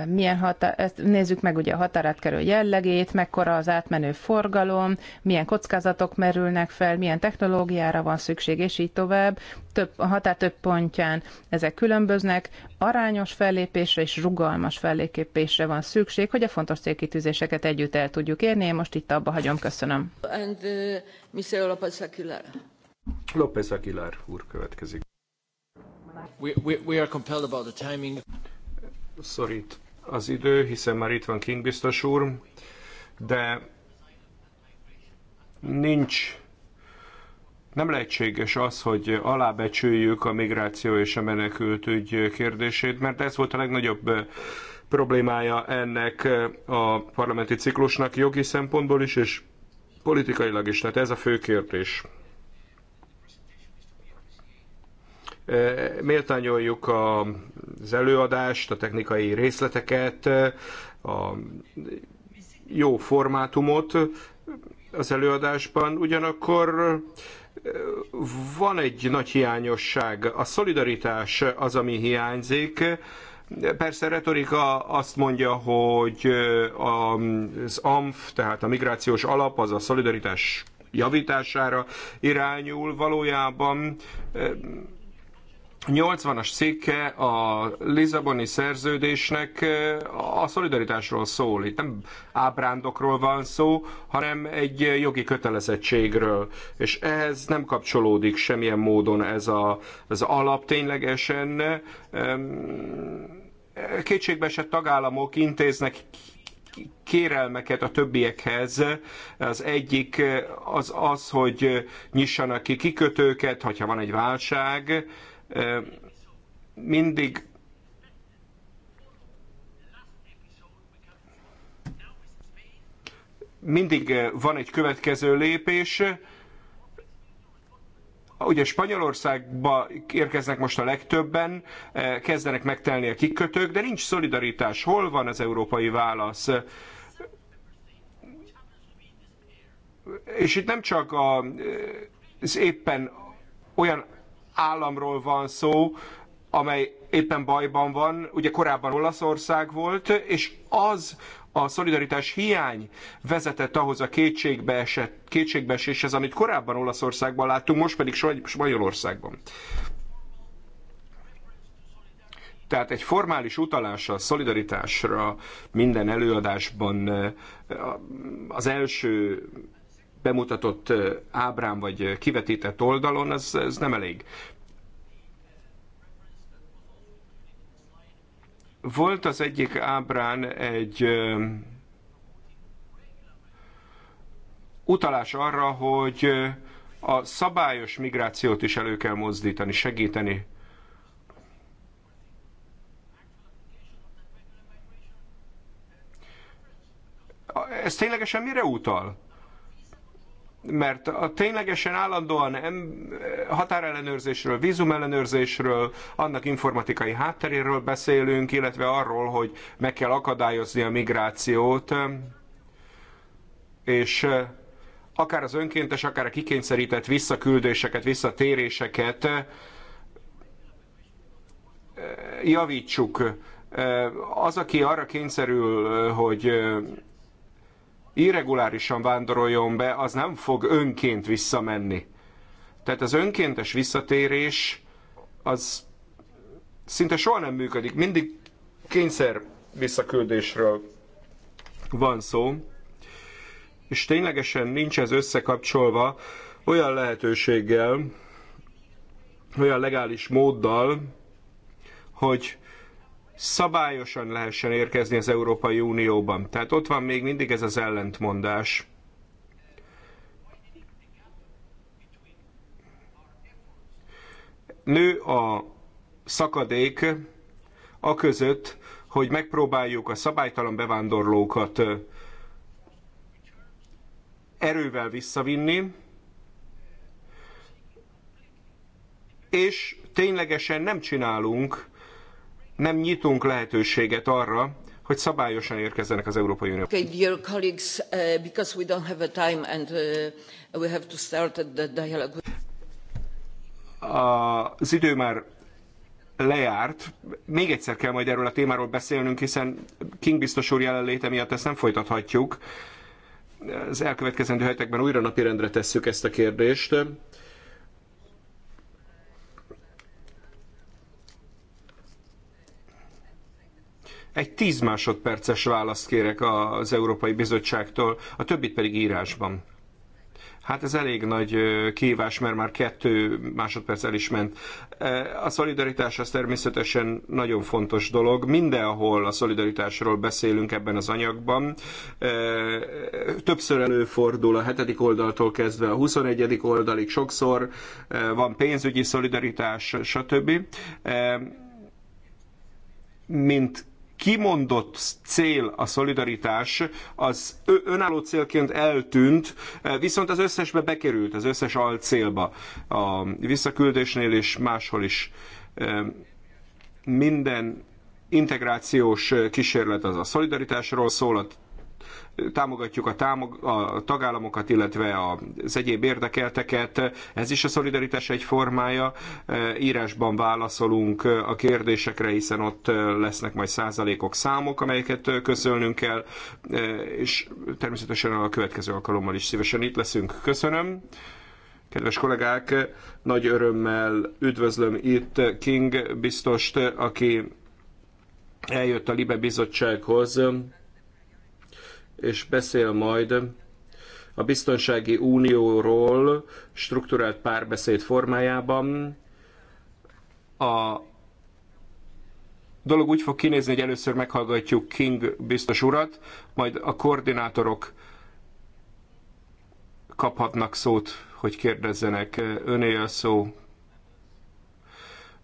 milyen hata, ezt nézzük meg ugye a határátkerő jellegét, mekkora az átmenő forgalom, milyen kockázatok merülnek fel, milyen technológiára van szükség, és így tovább. Több, a határ több pontján ezek különböznek. Arányos fellépésre és rugalmas fellépésre van szükség, hogy a fontos célkitűzéseket együtt el tudjuk érni. Én most itt abba hagyom, köszönöm. And, uh, López Aguilar. úr következik. We, we, we are compelled about the timing Sorry az idő, hiszen már itt van King biztos úr, de nincs, nem lehetséges az, hogy alábecsüljük a migráció és a menekültügy kérdését, mert ez volt a legnagyobb problémája ennek a parlamenti ciklusnak jogi szempontból is, és politikailag is. Tehát ez a fő kérdés. Méltányoljuk az előadást, a technikai részleteket, a jó formátumot az előadásban, ugyanakkor van egy nagy hiányosság. A szolidaritás az, ami hiányzik. Persze a retorika azt mondja, hogy az AMF, tehát a migrációs alap, az a szolidaritás javítására irányul. Valójában 80-as cikke a Lizaboni szerződésnek a szolidaritásról szól. Itt nem ábrándokról van szó, hanem egy jogi kötelezettségről. És ehhez nem kapcsolódik semmilyen módon ez a, az alap ténylegesen. Kétségbe esett tagállamok intéznek kérelmeket a többiekhez. Az egyik az az, hogy nyissanak ki kikötőket, hogyha van egy válság mindig mindig van egy következő lépés, ugye Spanyolországba érkeznek most a legtöbben, kezdenek megtelni a kikötők, de nincs szolidaritás. Hol van az európai válasz? És itt nem csak a, az éppen olyan államról van szó, amely éppen bajban van, ugye korábban Olaszország volt, és az a szolidaritás hiány vezetett ahhoz a kétségbeesett, kétségbeeséshez, amit korábban Olaszországban láttunk, most pedig Spanyolországban. Tehát egy formális utalás a szolidaritásra minden előadásban eh, az első bemutatott ábrán vagy kivetített oldalon, az, ez nem elég. Volt az egyik ábrán egy utalás arra, hogy a szabályos migrációt is elő kell mozdítani, segíteni. Ez ténylegesen mire utal? mert a ténylegesen állandóan határellenőrzésről, vízumellenőrzésről, annak informatikai hátteréről beszélünk, illetve arról, hogy meg kell akadályozni a migrációt, és akár az önkéntes, akár a kikényszerített visszaküldéseket, visszatéréseket javítsuk. Az, aki arra kényszerül, hogy irregulárisan vándoroljon be, az nem fog önként visszamenni. Tehát az önkéntes visszatérés az szinte soha nem működik. Mindig kényszer visszaküldésről van szó, és ténylegesen nincs ez összekapcsolva olyan lehetőséggel, olyan legális móddal, hogy szabályosan lehessen érkezni az Európai Unióban. Tehát ott van még mindig ez az ellentmondás. Nő a szakadék a között, hogy megpróbáljuk a szabálytalan bevándorlókat erővel visszavinni, és ténylegesen nem csinálunk nem nyitunk lehetőséget arra, hogy szabályosan érkezzenek az Európai Unió. Okay, dear colleagues, uh, because we don't have a time and uh, we have to start the dialogue. Az idő már lejárt. Még egyszer kell majd erről a témáról beszélnünk, hiszen King biztos úr jelenléte miatt ezt nem folytathatjuk. Az elkövetkezendő hetekben újra napirendre tesszük ezt a kérdést. Egy 10 másodperces választ kérek az Európai Bizottságtól, a többit pedig írásban. Hát ez elég nagy kívás, mert már kettő másodperc el is ment. A szolidaritás az természetesen nagyon fontos dolog. Mindenhol a szolidaritásról beszélünk ebben az anyagban. Többször előfordul a hetedik oldaltól kezdve a 21. oldalig sokszor. Van pénzügyi szolidaritás, stb. Mint kimondott cél a szolidaritás, az önálló célként eltűnt, eh, viszont az összesbe bekerült, az összes alcélba, a visszaküldésnél és máshol is. Eh, minden integrációs eh, kísérlet az a szolidaritásról szól, a támogatjuk a, támog, a tagállamokat, illetve az egyéb érdekelteket. Ez is a szolidaritás egy formája. Írásban válaszolunk a kérdésekre, hiszen ott lesznek majd százalékok, számok, amelyeket köszönünk kell, és természetesen a következő alkalommal is szívesen itt leszünk. Köszönöm. Kedves kollégák, nagy örömmel üdvözlöm itt King biztost, aki eljött a Libe bizottsághoz és beszél majd a biztonsági unióról strukturált párbeszéd formájában. A dolog úgy fog kinézni, hogy először meghallgatjuk King biztos urat, majd a koordinátorok kaphatnak szót, hogy kérdezzenek. Öné a szó.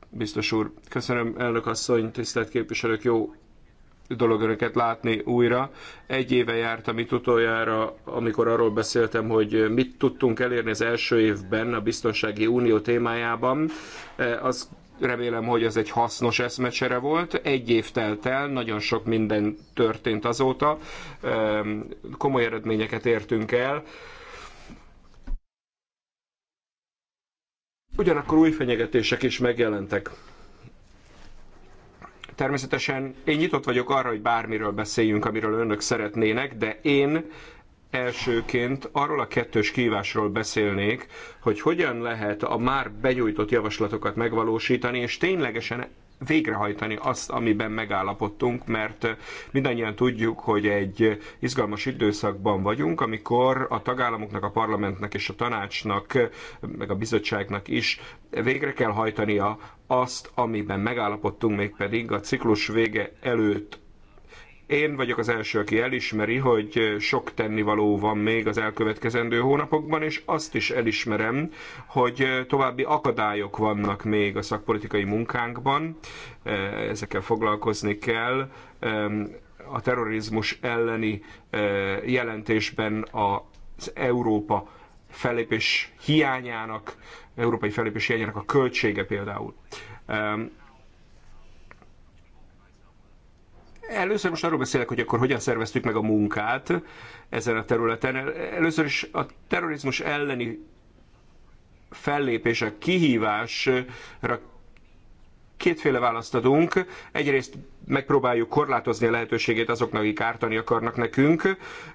Biztos úr, köszönöm, elnök asszony, tisztelt képviselők, jó dolog önöket látni újra. Egy éve jártam itt utoljára, amikor arról beszéltem, hogy mit tudtunk elérni az első évben a Biztonsági Unió témájában. Eh, az remélem, hogy ez egy hasznos eszmecsere volt. Egy év telt el, nagyon sok minden történt azóta. Komoly eredményeket értünk el. Ugyanakkor új fenyegetések is megjelentek. Természetesen én nyitott vagyok arra, hogy bármiről beszéljünk, amiről önök szeretnének, de én elsőként arról a kettős kívásról beszélnék, hogy hogyan lehet a már benyújtott javaslatokat megvalósítani, és ténylegesen végrehajtani azt, amiben megállapodtunk, mert mindannyian tudjuk, hogy egy izgalmas időszakban vagyunk, amikor a tagállamoknak, a parlamentnek és a tanácsnak, meg a bizottságnak is végre kell hajtania azt, amiben megállapodtunk még pedig a ciklus vége előtt én vagyok az első, aki elismeri, hogy sok tennivaló van még az elkövetkezendő hónapokban, és azt is elismerem, hogy további akadályok vannak még a szakpolitikai munkánkban, ezekkel foglalkozni kell. A terrorizmus elleni jelentésben az Európa fellépés hiányának, európai fellépés hiányának a költsége például. Ehm, először most arról beszélek, hogy akkor hogyan szerveztük meg a munkát ezen a területen. Először is a terrorizmus elleni fellépés, a kihívásra kétféle választ adunk. Egyrészt megpróbáljuk korlátozni a lehetőségét azoknak, akik ártani akarnak nekünk,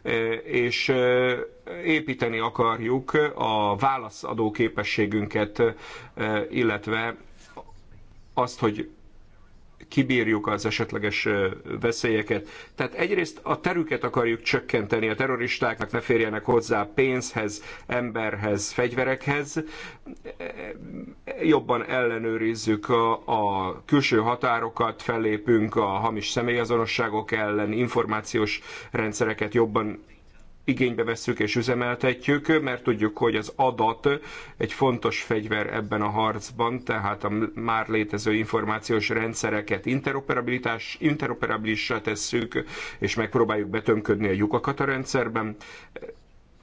e, és e, építeni akarjuk a válaszadó képességünket, e, illetve azt, hogy kibírjuk az esetleges veszélyeket. Tehát egyrészt a terüket akarjuk csökkenteni, a terroristáknak ne férjenek hozzá pénzhez, emberhez, fegyverekhez. Jobban ellenőrizzük a, a külső határokat, fellépünk a hamis személyazonosságok ellen, információs rendszereket jobban igénybe vesszük és üzemeltetjük, mert tudjuk, hogy az adat egy fontos fegyver ebben a harcban, tehát a már létező információs rendszereket interoperabilitás, interoperabilissá tesszük, és megpróbáljuk betömködni a lyukakat a rendszerben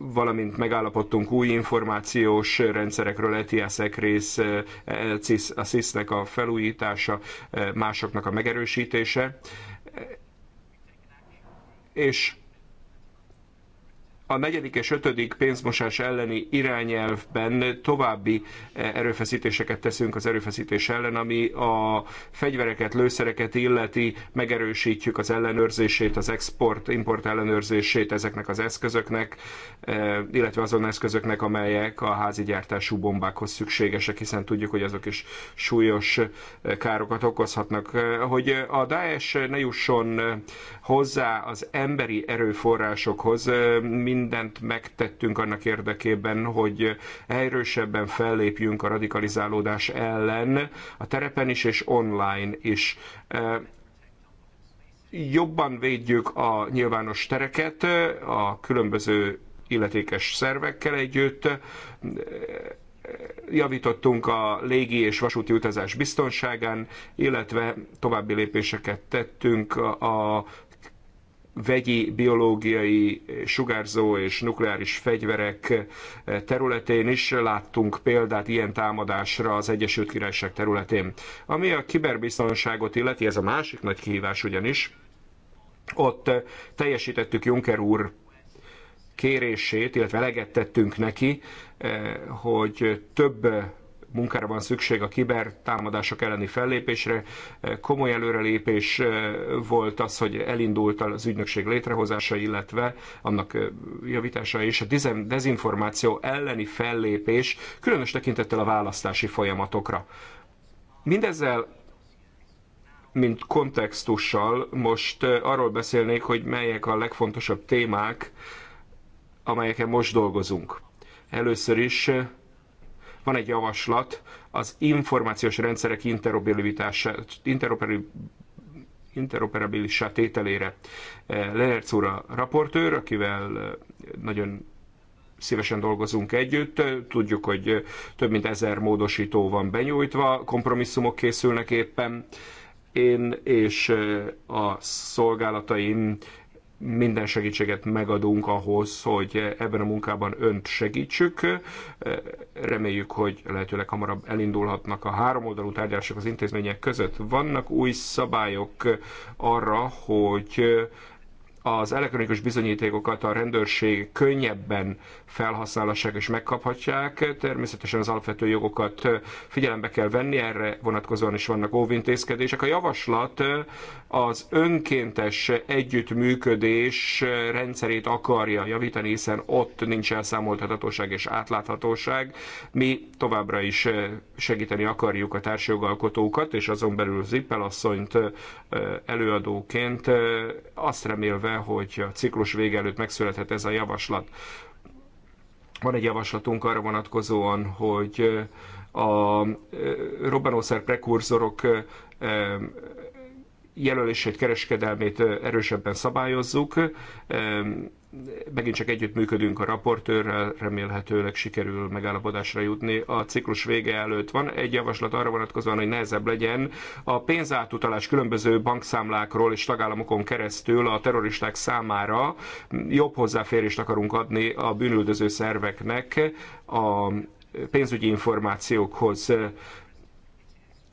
valamint megállapodtunk új információs rendszerekről, etias rész, e a cisz a felújítása, másoknak a megerősítése. És a negyedik és ötödik pénzmosás elleni irányelvben további eh, erőfeszítéseket teszünk az erőfeszítés ellen, ami a fegyvereket, lőszereket illeti, megerősítjük az ellenőrzését, az export-import ellenőrzését ezeknek az eszközöknek, eh, illetve azon eszközöknek, amelyek a házi gyártású bombákhoz szükségesek, hiszen tudjuk, hogy azok is súlyos eh, károkat okozhatnak. Hogy a Daesh ne jusson hozzá az emberi erőforrásokhoz, mind mindent megtettünk annak érdekében, hogy erősebben fellépjünk a radikalizálódás ellen, a terepen is és online is jobban védjük a nyilvános tereket a különböző illetékes szervekkel együtt, javítottunk a légi és vasúti utazás biztonságán, illetve további lépéseket tettünk a vegyi, biológiai, sugárzó és nukleáris fegyverek eh, területén is láttunk példát ilyen támadásra az Egyesült Királyság területén. Ami a kiberbiztonságot illeti, ez a másik nagy kihívás ugyanis, ott eh, teljesítettük Juncker úr kérését, illetve eleget tettünk neki, eh, hogy több munkára van szükség a támadások elleni fellépésre. Komoly előrelépés volt az, hogy elindult az ügynökség létrehozása, illetve annak javítása és a dezinformáció elleni fellépés, különös tekintettel a választási folyamatokra. Mindezzel mint kontextussal most arról beszélnék, hogy melyek a legfontosabb témák, amelyeken most dolgozunk. Először is van egy javaslat az információs rendszerek interoperabilissá tételére. Eh, Lenertz úr a raportőr, akivel eh, nagyon szívesen dolgozunk együtt. Eh, tudjuk, hogy több mint ezer módosító van benyújtva, kompromisszumok készülnek éppen. Én és a szolgálataim minden segítséget megadunk ahhoz, hogy ebben a munkában önt segítsük. Reméljük, hogy lehetőleg hamarabb elindulhatnak a három oldalú tárgyalások az intézmények között. Vannak új szabályok arra, hogy az elektronikus bizonyítékokat a rendőrség könnyebben felhasználhassák és megkaphatják. Természetesen az alapvető jogokat figyelembe kell venni, erre vonatkozóan is vannak óvintézkedések. A javaslat az önkéntes együttműködés rendszerét akarja javítani, hiszen ott nincs elszámolthatatóság és átláthatóság. Mi továbbra is segíteni akarjuk a társjogalkotókat, és azon belül Zippel asszonyt előadóként, azt remélve, hogy a ciklus vége előtt megszülethet ez a javaslat. Van egy javaslatunk arra vonatkozóan, hogy a robbanószer prekurzorok jelölését, kereskedelmét erősebben szabályozzuk. Megint csak együttműködünk a raportőrrel, remélhetőleg sikerül megállapodásra jutni. A ciklus vége előtt van egy javaslat arra vonatkozóan, hogy nehezebb legyen a pénzátutalás különböző bankszámlákról és tagállamokon keresztül a terroristák számára jobb hozzáférést akarunk adni a bűnüldöző szerveknek a pénzügyi információkhoz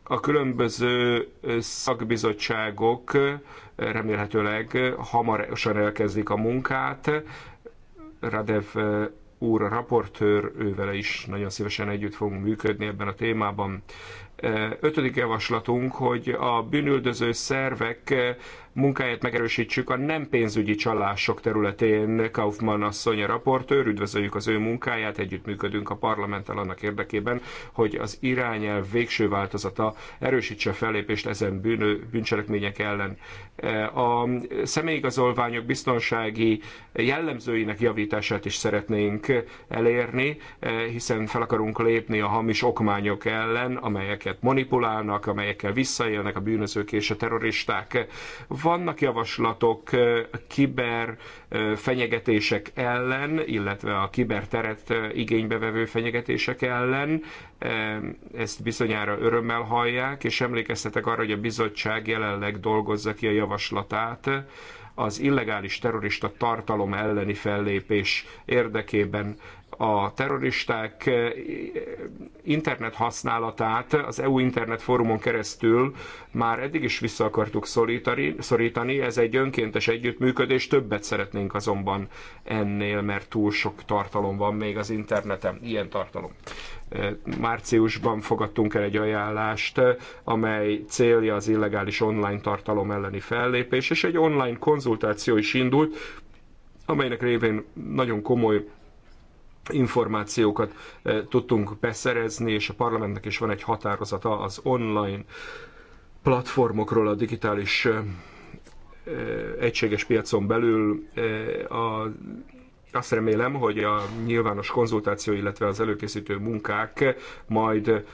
a különböző szakbizottságok remélhetőleg hamarosan elkezdik a munkát. Radev úr a raportőr, ővele is nagyon szívesen együtt fogunk működni ebben a témában ötödik javaslatunk, hogy a bűnüldöző szervek munkáját megerősítsük a nem pénzügyi csalások területén. Kaufmann asszony a raportőr, üdvözöljük az ő munkáját, együttműködünk a parlamenttel annak érdekében, hogy az irányelv végső változata erősítse a fellépést ezen bűnő, bűncselekmények ellen. A személyigazolványok biztonsági jellemzőinek javítását is szeretnénk elérni, hiszen fel akarunk lépni a hamis okmányok ellen, amelyek amelyeket manipulálnak, amelyekkel visszaélnek a bűnözők és a terroristák. Vannak javaslatok eh, kiber eh, fenyegetések ellen, illetve a kiberteret eh, igénybevevő fenyegetések ellen. Ezt bizonyára örömmel hallják, és emlékeztetek arra, hogy a bizottság jelenleg dolgozza ki a javaslatát, az illegális terrorista tartalom elleni fellépés érdekében a terroristák eh, internet használatát az EU internet fórumon keresztül már eddig is vissza akartuk szorítani, szorítani. Ez egy önkéntes együttműködés, többet szeretnénk azonban ennél, mert túl sok tartalom van még az interneten, ilyen tartalom. Eh, márciusban fogadtunk el egy ajánlást, eh, amely célja az illegális online tartalom elleni fellépés, és egy online konzultáció is indult, amelynek révén nagyon komoly információkat eh, tudtunk beszerezni, és a parlamentnek is van egy határozata az online platformokról, a digitális eh, eh, egységes piacon belül. A, azt remélem, hogy a nyilvános konzultáció, illetve az előkészítő munkák majd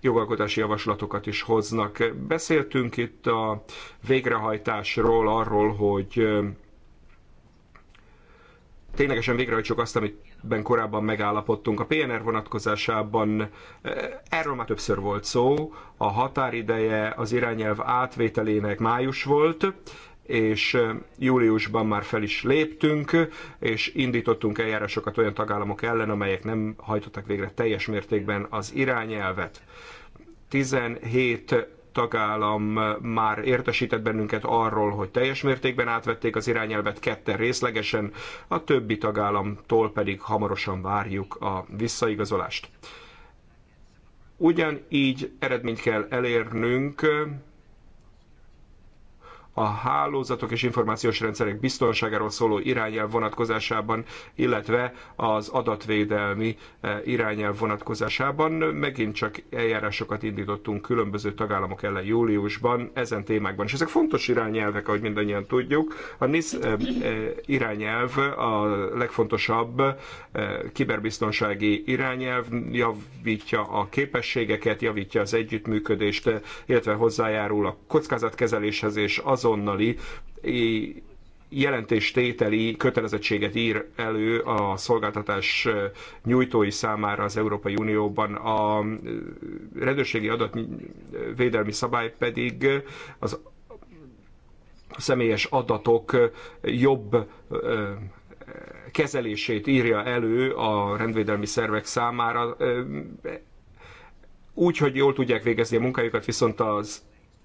jogalkotási javaslatokat is hoznak. Beszéltünk itt a végrehajtásról, arról, hogy ténylegesen végrehajtsuk azt, amit ben korábban megállapodtunk. A PNR vonatkozásában eh, erről már többször volt szó, a határideje az irányelv átvételének május volt, és eh, júliusban már fel is léptünk, és indítottunk eljárásokat olyan tagállamok ellen, amelyek nem hajtottak végre teljes mértékben az irányelvet. 17 tagállam már értesített bennünket arról, hogy teljes mértékben átvették az irányelvet ketten részlegesen, a többi tagállamtól pedig hamarosan várjuk a visszaigazolást. Ugyanígy eredményt kell elérnünk a hálózatok és információs rendszerek biztonságáról szóló irányelv vonatkozásában, illetve az adatvédelmi e, irányelv vonatkozásában. Megint csak eljárásokat indítottunk különböző tagállamok ellen júliusban ezen témákban. És ezek fontos irányelvek, ahogy mindannyian tudjuk. A NISZ e, e, irányelv a legfontosabb kiberbiztonsági irányelv, javítja a képességeket, javítja az együttműködést, illetve hozzájárul a kockázatkezeléshez és az azonnali jelentéstételi kötelezettséget ír elő a szolgáltatás nyújtói számára az Európai Unióban. A rendőrségi adatvédelmi szabály pedig az személyes adatok jobb kezelését írja elő a rendvédelmi szervek számára úgy, hogy jól tudják végezni a munkájukat, viszont az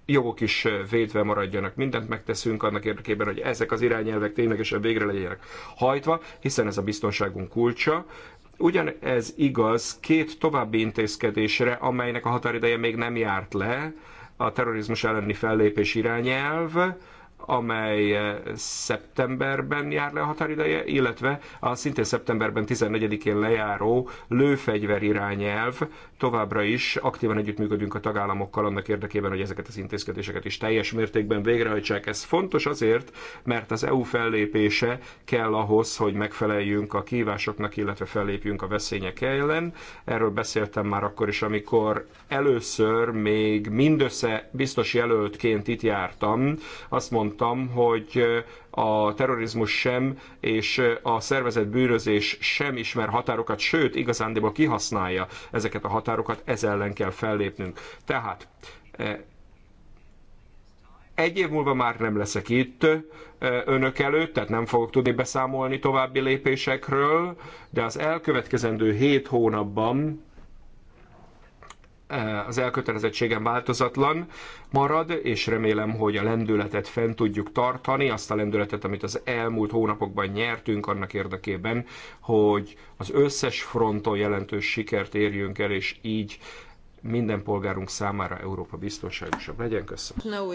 jogok is védve maradjanak. Mindent megteszünk annak érdekében, hogy ezek az irányelvek ténylegesen végre legyenek hajtva, hiszen ez a biztonságunk kulcsa. Ugyanez igaz két további intézkedésre, amelynek a határideje még nem járt le, a terrorizmus elleni fellépés irányelv, amely szeptemberben jár le a határideje, illetve a szintén szeptemberben 14-én lejáró lőfegyver irányelv, továbbra is aktívan együttműködünk a tagállamokkal annak érdekében, hogy ezeket az intézkedéseket is teljes mértékben végrehajtsák. Ez fontos azért, mert az EU fellépése kell ahhoz, hogy megfeleljünk a kívásoknak, illetve fellépjünk a veszélyek ellen. Erről beszéltem már akkor is, amikor először még mindössze biztos jelöltként itt jártam. Azt mondtam, hogy a terrorizmus sem, és a szervezett bűnözés sem ismer határokat, sőt, igazándiból kihasználja ezeket a határokat, ez ellen kell fellépnünk. Tehát e, egy év múlva már nem leszek itt e, önök előtt, tehát nem fogok tudni beszámolni további lépésekről, de az elkövetkezendő hét hónapban az elkötelezettségem változatlan marad, és remélem, hogy a lendületet fent tudjuk tartani, azt a lendületet, amit az elmúlt hónapokban nyertünk annak érdekében, hogy az összes fronton jelentős sikert érjünk el, és így minden polgárunk számára Európa biztonságosabb legyen. Köszönöm. Uh,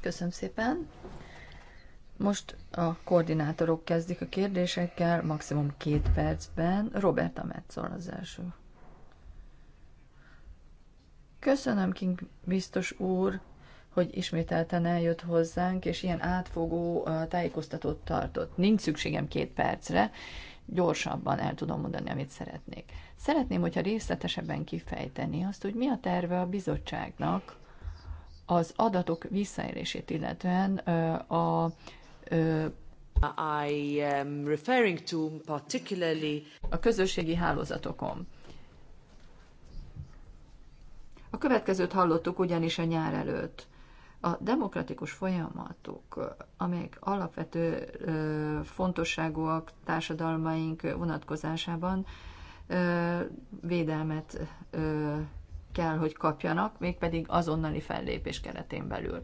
Köszönöm szépen. Most a koordinátorok kezdik a kérdésekkel, maximum két percben. Roberta Metzol az első. Köszönöm, King biztos úr, hogy ismételten eljött hozzánk, és ilyen átfogó tájékoztatót tartott. Nincs szükségem két percre, gyorsabban el tudom mondani, amit szeretnék. Szeretném, hogyha részletesebben kifejteni azt, hogy mi a terve a bizottságnak az adatok visszaérését illetően a, a I am referring to particularly a közösségi hálózatokon. A következőt hallottuk ugyanis a nyár előtt. A demokratikus folyamatok, amelyek alapvető fontosságúak társadalmaink vonatkozásában, védelmet kell, hogy kapjanak, mégpedig azonnali fellépés keretén belül.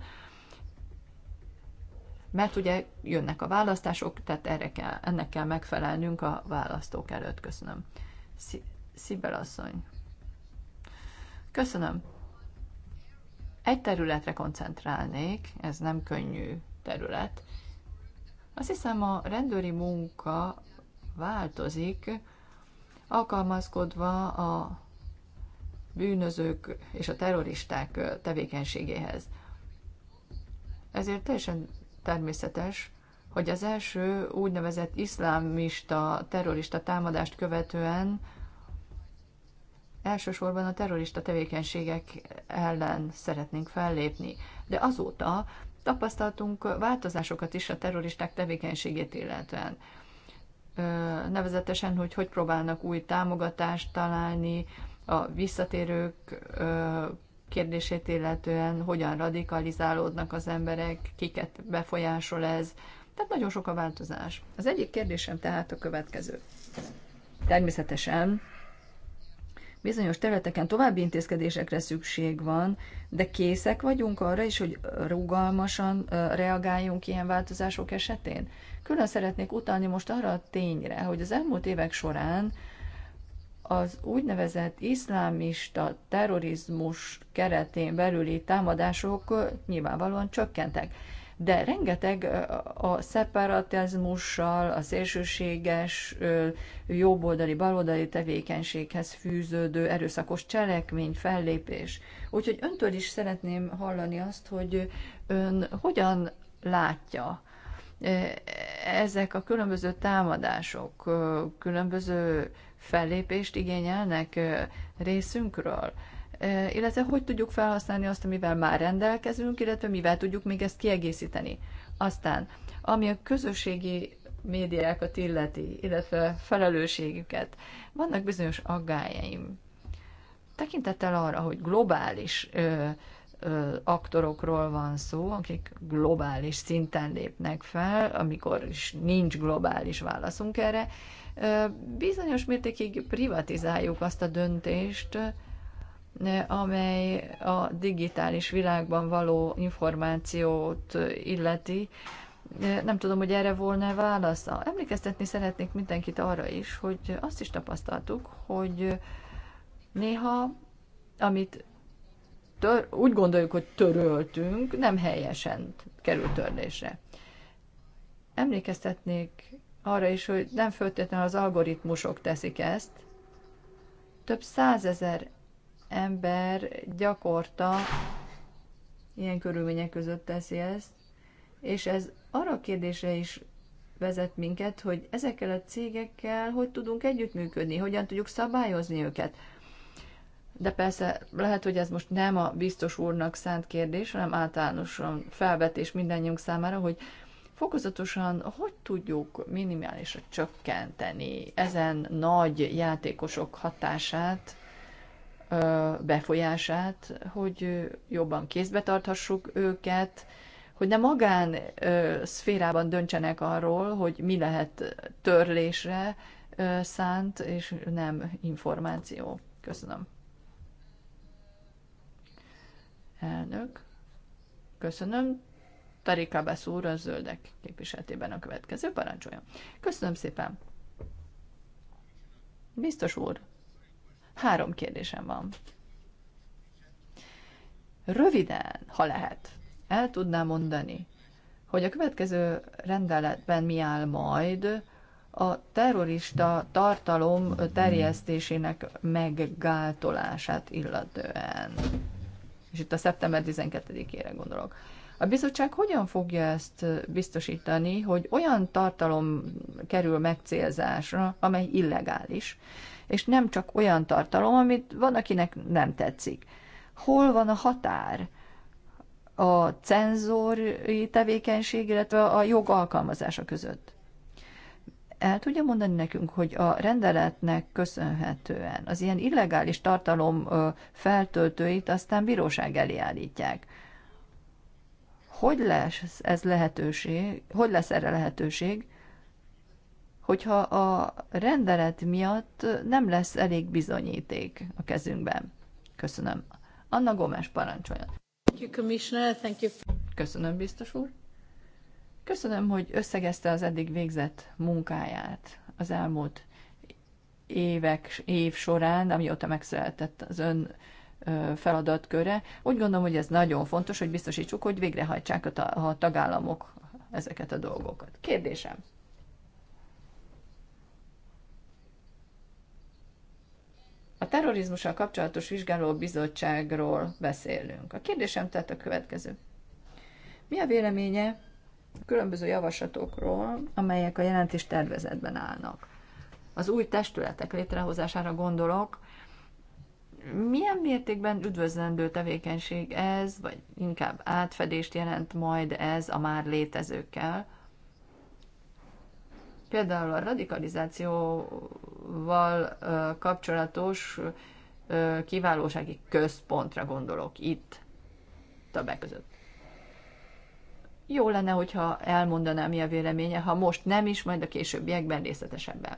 Mert ugye jönnek a választások, tehát erre kell, ennek kell megfelelnünk a választók előtt. Köszönöm. Szibel asszony. Köszönöm. Egy területre koncentrálnék, ez nem könnyű terület. Azt hiszem a rendőri munka változik, alkalmazkodva a bűnözők és a terroristák tevékenységéhez. Ezért teljesen természetes, hogy az első úgynevezett iszlámista terrorista támadást követően elsősorban a terrorista tevékenységek ellen szeretnénk fellépni. De azóta tapasztaltunk változásokat is a terroristák tevékenységét illetően. Nevezetesen, hogy hogy próbálnak új támogatást találni, a visszatérők kérdését illetően, hogyan radikalizálódnak az emberek, kiket befolyásol ez. Tehát nagyon sok a változás. Az egyik kérdésem tehát a következő. Természetesen Bizonyos területeken további intézkedésekre szükség van, de készek vagyunk arra is, hogy rugalmasan reagáljunk ilyen változások esetén. Külön szeretnék utalni most arra a tényre, hogy az elmúlt évek során az úgynevezett iszlámista terrorizmus keretén belüli támadások nyilvánvalóan csökkentek de rengeteg a szeparatizmussal, a szélsőséges jobboldali, baloldali tevékenységhez fűződő erőszakos cselekmény, fellépés. Úgyhogy öntől is szeretném hallani azt, hogy ön hogyan látja ezek a különböző támadások, különböző fellépést igényelnek részünkről illetve hogy tudjuk felhasználni azt, amivel már rendelkezünk, illetve mivel tudjuk még ezt kiegészíteni. Aztán, ami a közösségi médiákat illeti, illetve felelősségüket, vannak bizonyos aggájaim. Tekintettel arra, hogy globális ö, ö, aktorokról van szó, akik globális szinten lépnek fel, amikor is nincs globális válaszunk erre, ö, bizonyos mértékig privatizáljuk azt a döntést, amely a digitális világban való információt illeti. Nem tudom, hogy erre volna válasza. Emlékeztetni szeretnék mindenkit arra is, hogy azt is tapasztaltuk, hogy néha, amit tör, úgy gondoljuk, hogy töröltünk, nem helyesen kerül törlésre. Emlékeztetnék arra is, hogy nem föltétlenül az algoritmusok teszik ezt. Több százezer ember gyakorta ilyen körülmények között teszi ezt, és ez arra a kérdésre is vezet minket, hogy ezekkel a cégekkel hogy tudunk együttműködni, hogyan tudjuk szabályozni őket. De persze lehet, hogy ez most nem a biztos úrnak szánt kérdés, hanem általánosan felvetés mindannyiunk számára, hogy fokozatosan hogy tudjuk minimálisra csökkenteni ezen nagy játékosok hatását befolyását, hogy jobban kézbe tarthassuk őket, hogy ne magán szférában döntsenek arról, hogy mi lehet törlésre szánt, és nem információ. Köszönöm. Elnök. Köszönöm. Tarika Beszúr a zöldek képviseletében a következő parancsolja. Köszönöm szépen. Biztos úr, Három kérdésem van. Röviden, ha lehet, el tudná mondani, hogy a következő rendeletben mi áll majd a terrorista tartalom terjesztésének meggátolását illetően. És itt a szeptember 12-ére gondolok. A bizottság hogyan fogja ezt biztosítani, hogy olyan tartalom kerül megcélzásra, amely illegális, és nem csak olyan tartalom, amit van, akinek nem tetszik. Hol van a határ a cenzori tevékenység, illetve a jog alkalmazása között? El tudja mondani nekünk, hogy a rendeletnek köszönhetően az ilyen illegális tartalom feltöltőit aztán bíróság elé állítják hogy lesz ez lehetőség, hogy lesz erre lehetőség, hogyha a rendelet miatt nem lesz elég bizonyíték a kezünkben. Köszönöm. Anna Gomes parancsoljon. Köszönöm, biztos úr. Köszönöm, hogy összegezte az eddig végzett munkáját az elmúlt évek, év során, amióta megszületett az ön feladatköre. Úgy gondolom, hogy ez nagyon fontos, hogy biztosítsuk, hogy végrehajtsák a tagállamok ezeket a dolgokat. Kérdésem. A terrorizmussal kapcsolatos vizsgáló bizottságról beszélünk. A kérdésem tehát a következő. Mi a véleménye a különböző javaslatokról, amelyek a jelentés tervezetben állnak? Az új testületek létrehozására gondolok. Milyen mértékben üdvözlendő tevékenység ez, vagy inkább átfedést jelent majd ez a már létezőkkel? Például a radikalizációval kapcsolatos kiválósági központra gondolok itt többek között. Jó lenne, hogyha elmondaná, mi a véleménye, ha most nem is, majd a későbbiekben részletesebben.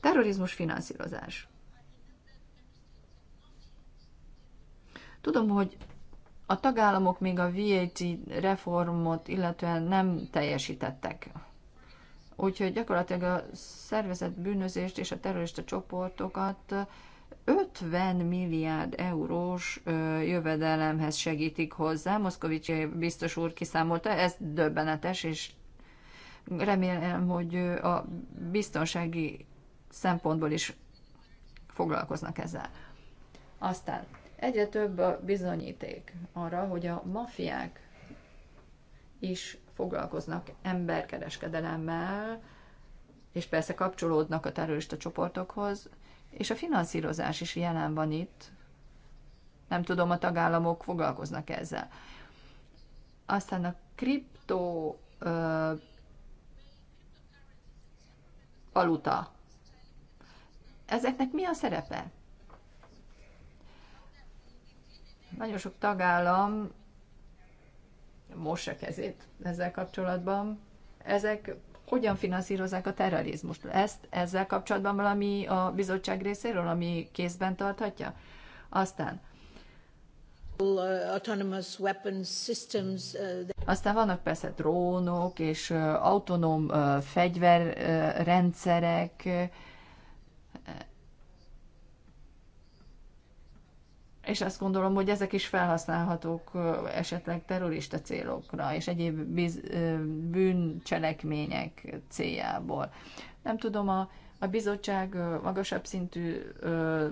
Terrorizmus finanszírozás. Tudom, hogy a tagállamok még a VAT reformot illetően nem teljesítettek Úgyhogy gyakorlatilag a szervezett bűnözést és a terrorista csoportokat 50 milliárd eurós jövedelemhez segítik hozzá. Moszkovics biztos úr kiszámolta, ez döbbenetes, és remélem, hogy a biztonsági szempontból is foglalkoznak ezzel. Aztán egyre több a bizonyíték arra, hogy a mafiák is foglalkoznak emberkereskedelemmel, és persze kapcsolódnak a terrorista csoportokhoz, és a finanszírozás is jelen van itt. Nem tudom, a tagállamok foglalkoznak -e ezzel. Aztán a kripto ö, valuta. Ezeknek mi a szerepe? Nagyon sok tagállam mossa kezét ezzel kapcsolatban. Ezek hogyan finanszírozzák a terrorizmust? Ezt ezzel kapcsolatban valami a bizottság részéről, ami kézben tarthatja? Aztán uh, aztán vannak persze drónok és uh, autonóm uh, fegyverrendszerek, és azt gondolom, hogy ezek is felhasználhatók esetleg terrorista célokra és egyéb biz, bűncselekmények céljából. Nem tudom, a, a bizottság magasabb szintű ö,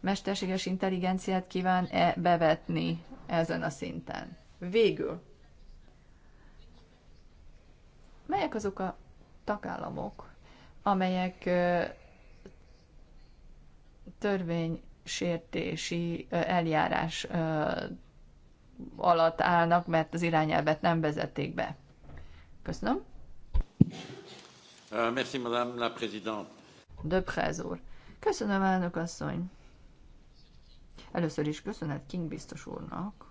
mesterséges intelligenciát kíván -e bevetni ezen a szinten. Végül, melyek azok a tagállamok, amelyek törvény sértési eljárás alatt állnak, mert az irányelvet nem vezették be. Köszönöm. Merci, Madame la Présidente. Döbház úr. Köszönöm, elnök asszony. Először is köszönet King biztos úrnak.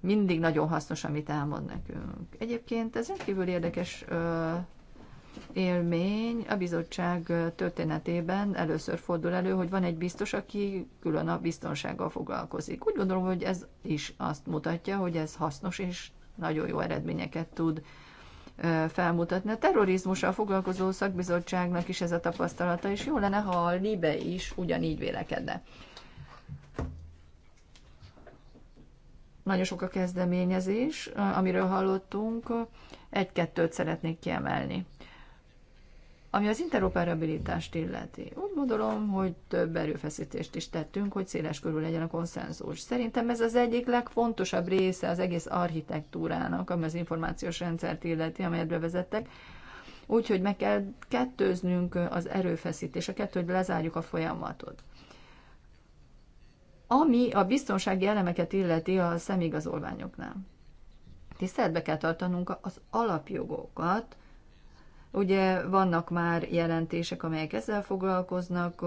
Mindig nagyon hasznos, amit elmond nekünk. Egyébként ez rendkívül érdekes élmény a bizottság történetében először fordul elő, hogy van egy biztos, aki külön a biztonsággal foglalkozik. Úgy gondolom, hogy ez is azt mutatja, hogy ez hasznos és nagyon jó eredményeket tud felmutatni. A terrorizmussal foglalkozó szakbizottságnak is ez a tapasztalata, és jó lenne, ha a LIBE is ugyanígy vélekedne. Nagyon sok a kezdeményezés, amiről hallottunk, egy-kettőt szeretnék kiemelni. Ami az interoperabilitást illeti, úgy gondolom, hogy több erőfeszítést is tettünk, hogy széles körül legyen a konszenzus. Szerintem ez az egyik legfontosabb része az egész architektúrának, ami az információs rendszert illeti, amelyet bevezettek. Úgyhogy meg kell kettőznünk az erőfeszítéseket, hogy lezárjuk a folyamatot. Ami a biztonsági elemeket illeti a szemigazolványoknál. Tiszteletbe kell tartanunk az alapjogokat, Ugye vannak már jelentések, amelyek ezzel foglalkoznak,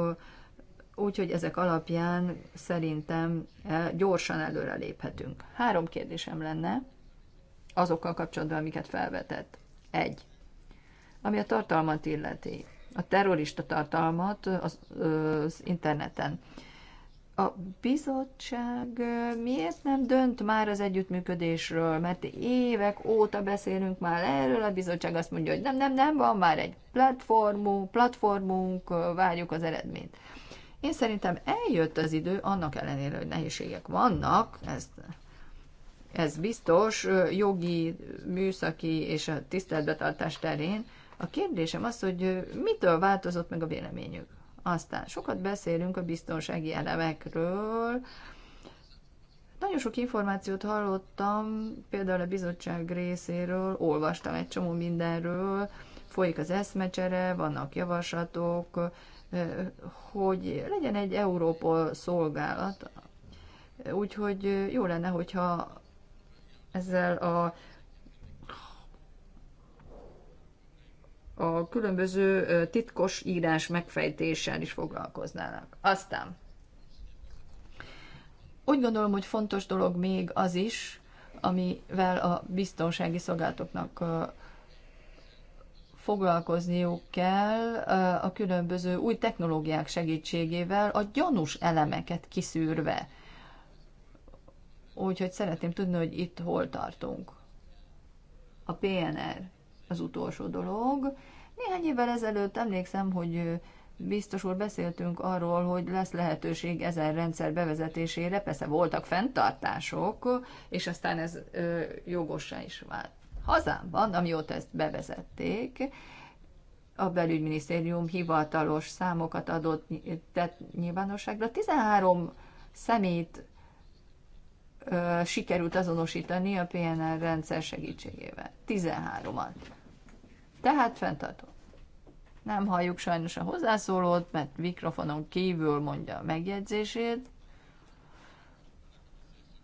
úgyhogy ezek alapján szerintem e, gyorsan előre léphetünk. Három kérdésem lenne azokkal kapcsolatban, amiket felvetett. Egy. Ami a tartalmat illeti. A terrorista tartalmat az, az interneten a bizottság miért nem dönt már az együttműködésről? Mert évek óta beszélünk már erről, a bizottság azt mondja, hogy nem, nem, nem, van már egy platformunk, platformunk, várjuk az eredményt. Én szerintem eljött az idő, annak ellenére, hogy nehézségek vannak, ez, ez biztos, jogi, műszaki és a tiszteletbetartás terén. A kérdésem az, hogy mitől változott meg a véleményük? Aztán sokat beszélünk a biztonsági elemekről. Nagyon sok információt hallottam, például a bizottság részéről, olvastam egy csomó mindenről, folyik az eszmecsere, vannak javaslatok, hogy legyen egy Európol szolgálat. Úgyhogy jó lenne, hogyha ezzel a a különböző titkos írás megfejtéssel is foglalkoznának. Aztán úgy gondolom, hogy fontos dolog még az is, amivel a biztonsági szolgálatoknak foglalkozniuk kell a különböző új technológiák segítségével, a gyanús elemeket kiszűrve. Úgyhogy szeretném tudni, hogy itt hol tartunk. A PNR az utolsó dolog. Néhány évvel ezelőtt emlékszem, hogy biztos úr beszéltünk arról, hogy lesz lehetőség ezen rendszer bevezetésére, persze voltak fenntartások, és aztán ez ö, is vált. Hazámban, amióta ezt bevezették, a belügyminisztérium hivatalos számokat adott tett nyilvánosságra. 13 szemét ö, sikerült azonosítani a PNR rendszer segítségével. 13-at. Tehát fenntartó. Nem halljuk sajnos a hozzászólót, mert mikrofonon kívül mondja a megjegyzését.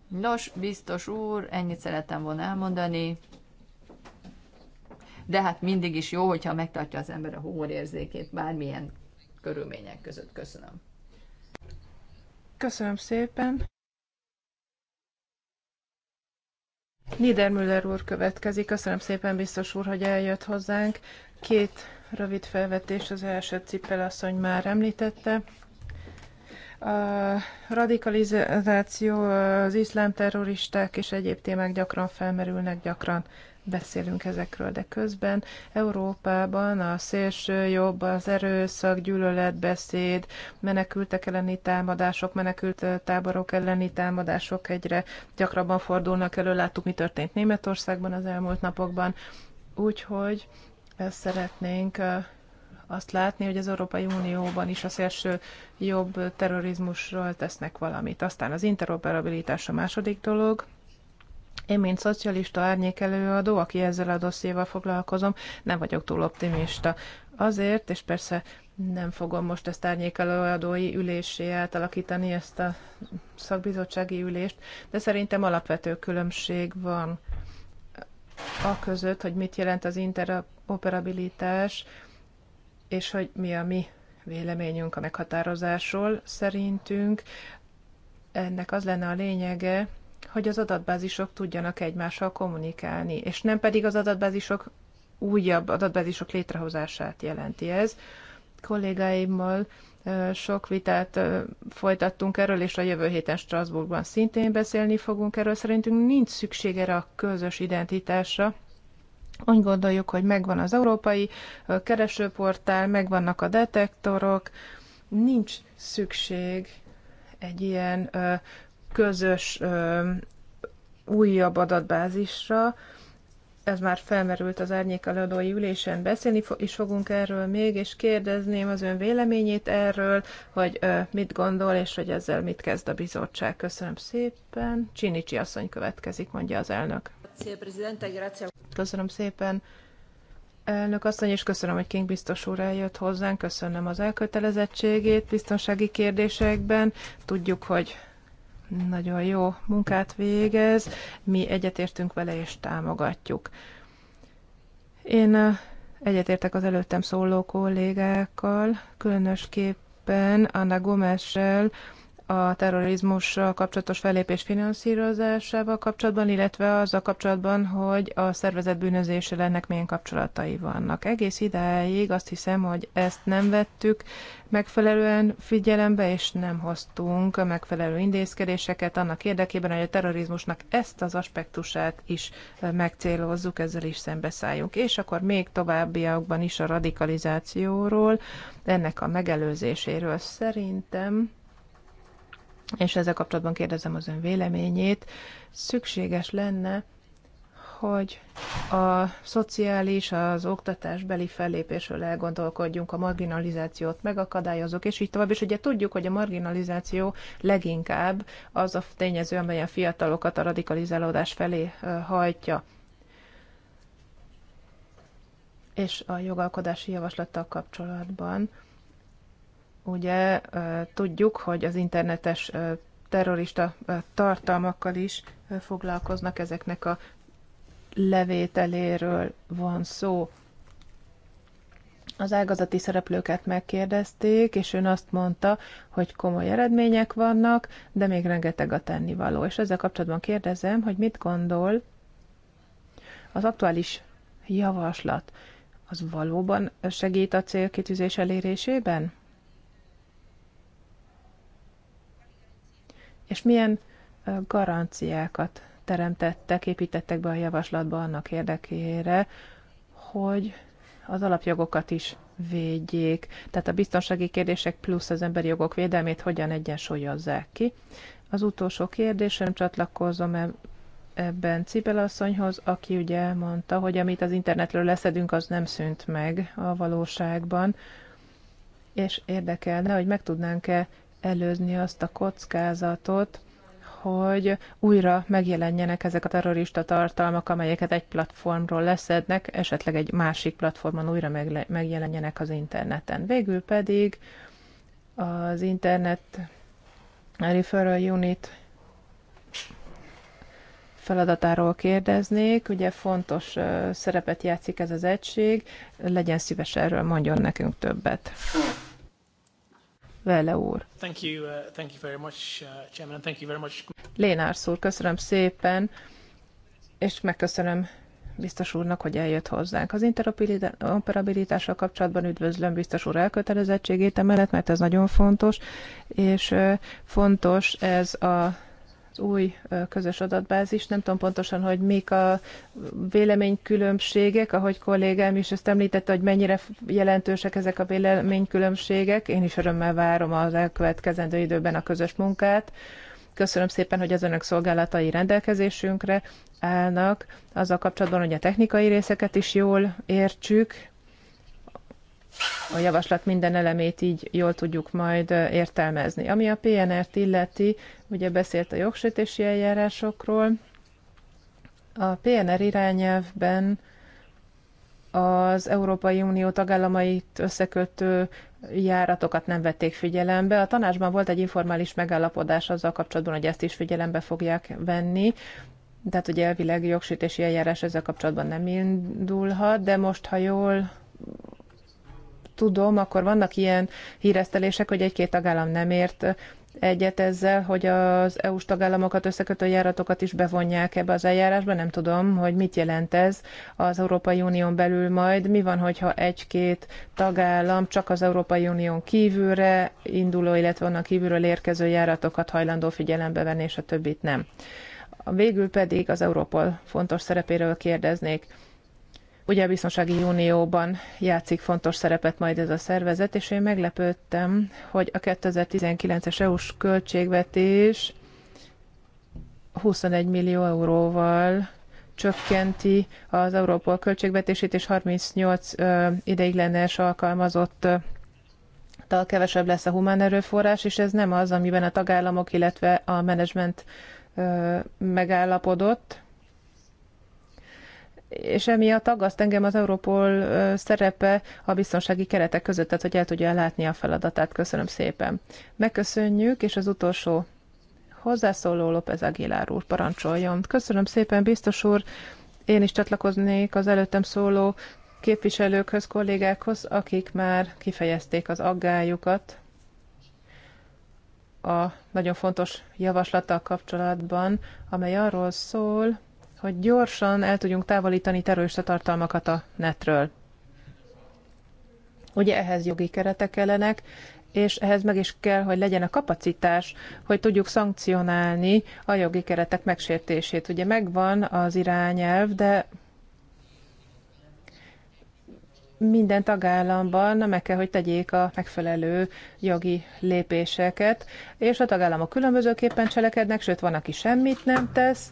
Nos, biztos úr, ennyit szerettem volna elmondani. De hát mindig is jó, hogyha megtartja az ember a humorérzékét bármilyen körülmények között. Köszönöm. Köszönöm szépen. Niedermüller úr következik. Köszönöm szépen, biztos úr, hogy eljött hozzánk. Két rövid felvetés, az első Cippel asszony már említette. A radikalizáció, az iszlám terroristák és egyéb témák gyakran felmerülnek, gyakran beszélünk ezekről, de közben Európában a szélső jobb, az erőszak, beszéd, menekültek elleni támadások, menekült táborok elleni támadások egyre gyakrabban fordulnak elő. Láttuk, mi történt Németországban az elmúlt napokban. Úgyhogy ezt szeretnénk azt látni, hogy az Európai Unióban is a szélső jobb terrorizmusról tesznek valamit. Aztán az interoperabilitás a második dolog, én, mint szocialista árnyék előadó, aki ezzel a dossziéval foglalkozom, nem vagyok túl optimista. Azért, és persze nem fogom most ezt árnyék előadói ülésé átalakítani, ezt a szakbizottsági ülést, de szerintem alapvető különbség van a között, hogy mit jelent az interoperabilitás, és hogy mi a mi véleményünk a meghatározásról szerintünk. Ennek az lenne a lényege, hogy az adatbázisok tudjanak egymással kommunikálni, és nem pedig az adatbázisok újabb adatbázisok létrehozását jelenti ez. Kollégáimmal sok vitát folytattunk erről, és a jövő héten Strasbourgban szintén beszélni fogunk erről. Szerintünk nincs szükség erre a közös identitásra. Úgy gondoljuk, hogy megvan az európai keresőportál, megvannak a detektorok, nincs szükség egy ilyen közös újabb adatbázisra. Ez már felmerült az árnyék előadói ülésen. Beszélni is fogunk erről még, és kérdezném az ön véleményét erről, hogy mit gondol, és hogy ezzel mit kezd a bizottság. Köszönöm szépen. Csinicsi asszony következik, mondja az elnök. Köszönöm szépen. Elnök asszony, és köszönöm, hogy King biztos úr eljött hozzánk, köszönöm az elkötelezettségét biztonsági kérdésekben. Tudjuk, hogy nagyon jó munkát végez, mi egyetértünk vele és támogatjuk. Én egyetértek az előttem szóló kollégákkal, különösképpen Anna Gomessel, a terrorizmus kapcsolatos fellépés finanszírozásával kapcsolatban, illetve az a kapcsolatban, hogy a szervezet bűnözése ennek milyen kapcsolatai vannak. Egész idáig azt hiszem, hogy ezt nem vettük megfelelően figyelembe, és nem hoztunk megfelelő intézkedéseket annak érdekében, hogy a terrorizmusnak ezt az aspektusát is megcélozzuk, ezzel is szembeszálljunk. És akkor még továbbiakban is a radikalizációról, ennek a megelőzéséről szerintem és ezzel kapcsolatban kérdezem az ön véleményét. Szükséges lenne, hogy a szociális, az oktatásbeli fellépésről elgondolkodjunk, a marginalizációt megakadályozok, és így tovább. És ugye tudjuk, hogy a marginalizáció leginkább az a tényező, amely a fiatalokat a radikalizálódás felé hajtja. És a jogalkodási javaslattal kapcsolatban ugye tudjuk, hogy az internetes terrorista tartalmakkal is foglalkoznak, ezeknek a levételéről van szó. Az ágazati szereplőket megkérdezték, és ön azt mondta, hogy komoly eredmények vannak, de még rengeteg a tennivaló. És ezzel kapcsolatban kérdezem, hogy mit gondol az aktuális javaslat, az valóban segít a célkitűzés elérésében? és milyen garanciákat teremtettek, építettek be a javaslatba annak érdekére, hogy az alapjogokat is védjék. Tehát a biztonsági kérdések plusz az emberi jogok védelmét hogyan egyensúlyozzák ki. Az utolsó kérdésem csatlakozom ebben Cibel asszonyhoz, aki ugye mondta, hogy amit az internetről leszedünk, az nem szűnt meg a valóságban, és érdekelne, hogy meg tudnánk-e előzni azt a kockázatot, hogy újra megjelenjenek ezek a terrorista tartalmak, amelyeket egy platformról leszednek, esetleg egy másik platformon újra megjelenjenek az interneten. Végül pedig az Internet Referral Unit feladatáról kérdeznék. Ugye fontos szerepet játszik ez az egység, legyen szíves erről mondjon nekünk többet. Vele úr. Uh, uh, Lénársz úr, köszönöm szépen, és megköszönöm biztos úrnak, hogy eljött hozzánk. Az interoperabilitással kapcsolatban üdvözlöm biztos úr elkötelezettségét emellett, mert ez nagyon fontos, és uh, fontos ez a új közös adatbázis. Nem tudom pontosan, hogy mik a véleménykülönbségek, ahogy kollégám is ezt említette, hogy mennyire jelentősek ezek a véleménykülönbségek. Én is örömmel várom az elkövetkezendő időben a közös munkát. Köszönöm szépen, hogy az önök szolgálatai rendelkezésünkre állnak, azzal kapcsolatban, hogy a technikai részeket is jól értsük, a javaslat minden elemét így jól tudjuk majd értelmezni. Ami a PNR-t illeti, ugye beszélt a jogsértési eljárásokról. A PNR irányelvben az Európai Unió tagállamait összekötő járatokat nem vették figyelembe. A tanácsban volt egy informális megállapodás azzal kapcsolatban, hogy ezt is figyelembe fogják venni. Tehát ugye elvileg jogsítési eljárás ezzel kapcsolatban nem indulhat, de most, ha jól tudom, akkor vannak ilyen híresztelések, hogy egy-két tagállam nem ért egyet ezzel, hogy az EU-s tagállamokat összekötő járatokat is bevonják ebbe az eljárásba. Nem tudom, hogy mit jelent ez az Európai Unión belül majd. Mi van, hogyha egy-két tagállam csak az Európai Unión kívülre induló, illetve onnan kívülről érkező járatokat hajlandó figyelembe venni, és a többit nem. Végül pedig az Európol fontos szerepéről kérdeznék. Ugye a Biztonsági Unióban játszik fontos szerepet majd ez a szervezet, és én meglepődtem, hogy a 2019-es EU-s költségvetés 21 millió euróval csökkenti az Európol költségvetését, és 38 ideiglenes alkalmazott tal kevesebb lesz a humán erőforrás, és ez nem az, amiben a tagállamok, illetve a menedzsment megállapodott, és emiatt aggaszt engem az Európol szerepe a biztonsági keretek között, tehát hogy el tudja látni a feladatát. Köszönöm szépen. Megköszönjük, és az utolsó hozzászóló López Aguilar úr parancsoljon. Köszönöm szépen, biztos úr. Én is csatlakoznék az előttem szóló képviselőkhöz, kollégákhoz, akik már kifejezték az aggályukat a nagyon fontos javaslattal kapcsolatban, amely arról szól, hogy gyorsan el tudjunk távolítani terrorista tartalmakat a netről. Ugye ehhez jogi keretek kellenek, és ehhez meg is kell, hogy legyen a kapacitás, hogy tudjuk szankcionálni a jogi keretek megsértését. Ugye megvan az irányelv, de minden tagállamban meg kell, hogy tegyék a megfelelő jogi lépéseket, és a tagállamok különbözőképpen cselekednek, sőt van, aki semmit nem tesz,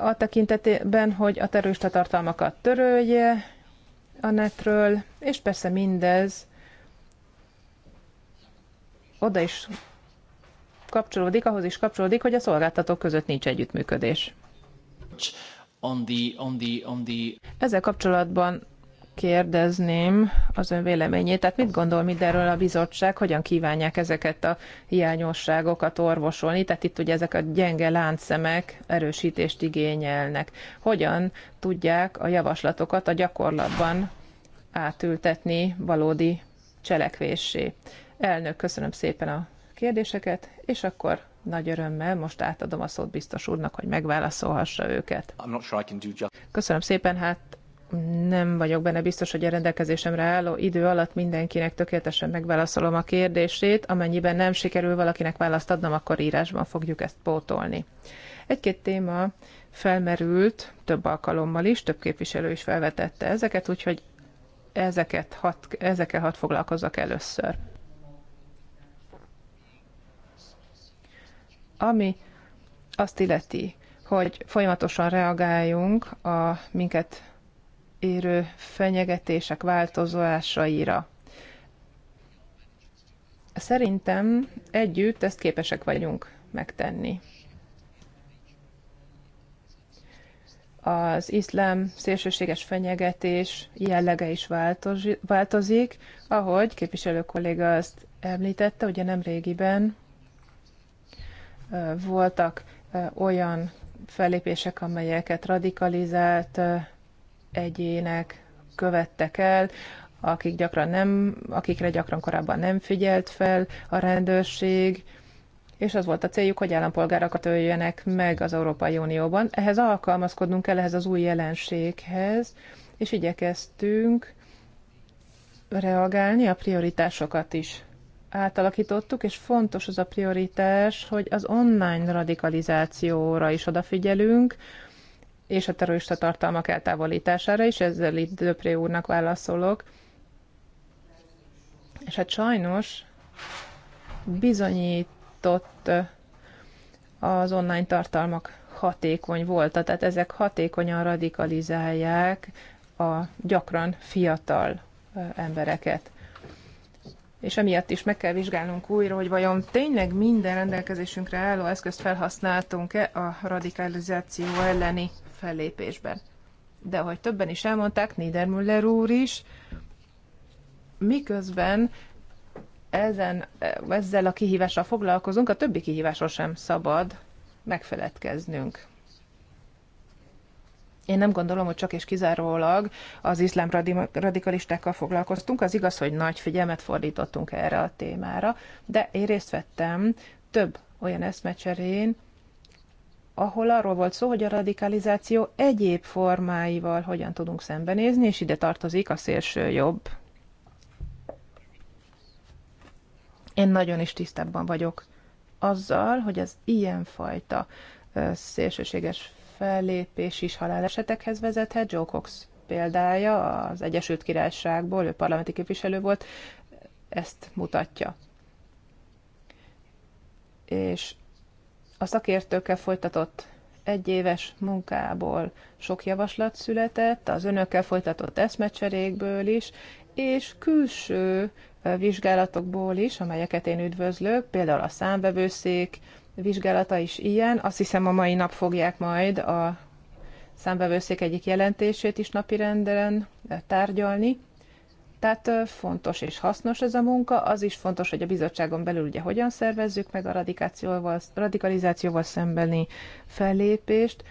a tekintetében, hogy a terrorista tartalmakat törölje a netről, és persze mindez oda is kapcsolódik, ahhoz is kapcsolódik, hogy a szolgáltatók között nincs együttműködés. On the, on the, on the... Ezzel kapcsolatban kérdezném az ön véleményét. Tehát mit gondol mindenről a bizottság, hogyan kívánják ezeket a hiányosságokat orvosolni? Tehát itt ugye ezek a gyenge láncszemek erősítést igényelnek. Hogyan tudják a javaslatokat a gyakorlatban átültetni valódi cselekvéssé? Elnök, köszönöm szépen a kérdéseket, és akkor nagy örömmel most átadom a szót biztos úrnak, hogy megválaszolhassa őket. Köszönöm szépen, hát nem vagyok benne biztos, hogy a rendelkezésemre álló idő alatt mindenkinek tökéletesen megválaszolom a kérdését. Amennyiben nem sikerül valakinek választ adnom, akkor írásban fogjuk ezt pótolni. Egy-két téma felmerült több alkalommal is, több képviselő is felvetette ezeket, úgyhogy ezeket hat, ezekkel hat foglalkozzak először. Ami azt illeti, hogy folyamatosan reagáljunk a minket érő fenyegetések változásaira. Szerintem együtt ezt képesek vagyunk megtenni. az iszlám szélsőséges fenyegetés jellege is változik, ahogy képviselő kolléga azt említette, ugye nem régiben voltak olyan fellépések, amelyeket radikalizált egyének követtek el, akik gyakran nem, akikre gyakran korábban nem figyelt fel a rendőrség, és az volt a céljuk, hogy állampolgárokat öljenek meg az Európai Unióban. Ehhez alkalmazkodnunk kell, ehhez az új jelenséghez, és igyekeztünk reagálni a prioritásokat is átalakítottuk, és fontos az a prioritás, hogy az online radikalizációra is odafigyelünk, és a terrorista tartalmak eltávolítására is, ezzel itt Döpré úrnak válaszolok. És hát sajnos bizonyított az online tartalmak hatékony volt, tehát ezek hatékonyan radikalizálják a gyakran fiatal embereket. És emiatt is meg kell vizsgálnunk újra, hogy vajon tényleg minden rendelkezésünkre álló eszközt felhasználtunk-e a radikalizáció elleni fellépésben. De ahogy többen is elmondták, Niedermüller úr is, miközben ezen, ezzel a kihívással foglalkozunk, a többi kihívásról sem szabad megfeledkeznünk. Én nem gondolom, hogy csak és kizárólag az iszlám radikalistákkal foglalkoztunk. Az igaz, hogy nagy figyelmet fordítottunk erre a témára, de én részt vettem több olyan eszmecserén, ahol arról volt szó, hogy a radikalizáció egyéb formáival hogyan tudunk szembenézni, és ide tartozik a szélső jobb. Én nagyon is tisztában vagyok azzal, hogy az ilyenfajta szélsőséges fellépés is halálesetekhez vezethet. Joe Cox példája az Egyesült Királyságból, ő parlamenti képviselő volt, ezt mutatja. És a szakértőkkel folytatott egyéves munkából sok javaslat született, az önökkel folytatott eszmecserékből is, és külső vizsgálatokból is, amelyeket én üdvözlök, például a számvevőszék vizsgálata is ilyen. Azt hiszem a mai nap fogják majd a számvevőszék egyik jelentését is napirenden tárgyalni. Tehát fontos és hasznos ez a munka, az is fontos, hogy a bizottságon belül ugye hogyan szervezzük meg a radikációval, radikalizációval szembeni fellépést.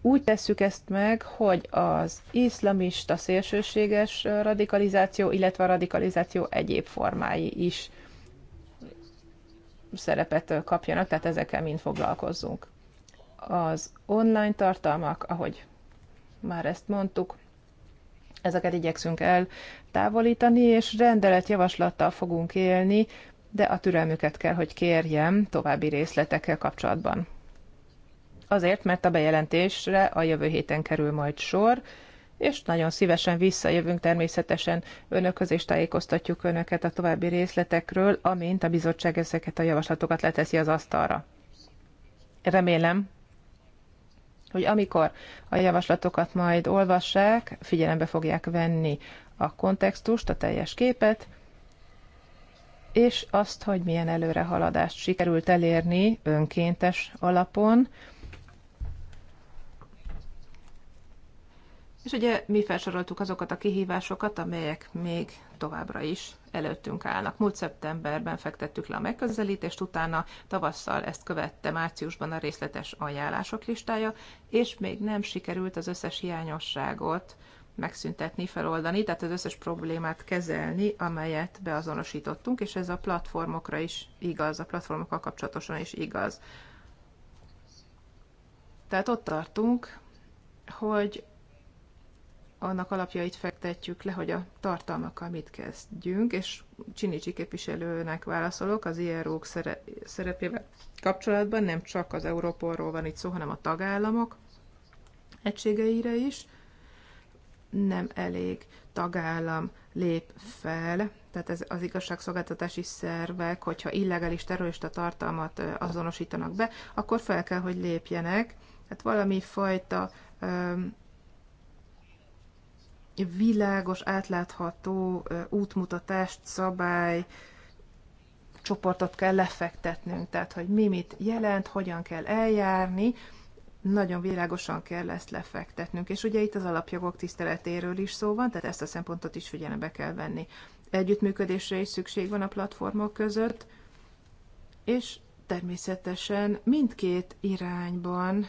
Úgy tesszük ezt meg, hogy az iszlamista szélsőséges radikalizáció, illetve a radikalizáció egyéb formái is szerepet kapjanak, tehát ezekkel mind foglalkozzunk. Az online tartalmak, ahogy már ezt mondtuk, Ezeket igyekszünk el távolítani, és rendeletjavaslattal fogunk élni, de a türelmüket kell, hogy kérjem további részletekkel kapcsolatban. Azért, mert a bejelentésre a jövő héten kerül majd sor, és nagyon szívesen visszajövünk természetesen önökhöz, és tájékoztatjuk önöket a további részletekről, amint a bizottság ezeket a javaslatokat leteszi az asztalra. Remélem, hogy amikor a javaslatokat majd olvassák, figyelembe fogják venni a kontextust, a teljes képet, és azt, hogy milyen előrehaladást sikerült elérni önkéntes alapon, És ugye mi felsoroltuk azokat a kihívásokat, amelyek még továbbra is előttünk állnak. Múlt szeptemberben fektettük le a megközelítést, utána tavasszal ezt követte márciusban a részletes ajánlások listája, és még nem sikerült az összes hiányosságot megszüntetni, feloldani, tehát az összes problémát kezelni, amelyet beazonosítottunk, és ez a platformokra is igaz, a platformokkal kapcsolatosan is igaz. Tehát ott tartunk, hogy annak alapjait fektetjük le, hogy a tartalmakkal mit kezdjünk, és Csinicsi képviselőnek válaszolok az IRO-k szerepével kapcsolatban, nem csak az Európorról van itt szó, hanem a tagállamok egységeire is. Nem elég tagállam lép fel, tehát ez az igazságszolgáltatási szervek, hogyha illegális terrorista tartalmat azonosítanak be, akkor fel kell, hogy lépjenek. Tehát valami fajta világos, átlátható útmutatást, szabály, csoportot kell lefektetnünk, tehát hogy mi mit jelent, hogyan kell eljárni, nagyon világosan kell ezt lefektetnünk. És ugye itt az alapjogok tiszteletéről is szó van, tehát ezt a szempontot is figyelembe kell venni. Együttműködésre is szükség van a platformok között, és természetesen mindkét irányban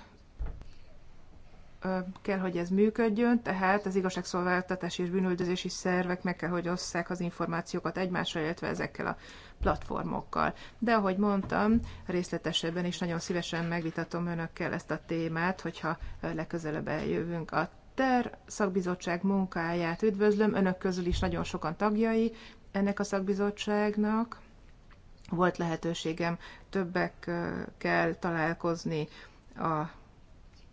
kell, hogy ez működjön, tehát az igazságszolgáltatási és bűnöldözési szervek meg kell, hogy osszák az információkat egymással, illetve ezekkel a platformokkal. De ahogy mondtam, részletesebben is nagyon szívesen megvitatom önökkel ezt a témát, hogyha legközelebb eljövünk a TER szakbizottság munkáját üdvözlöm, önök közül is nagyon sokan tagjai ennek a szakbizottságnak. Volt lehetőségem többekkel találkozni a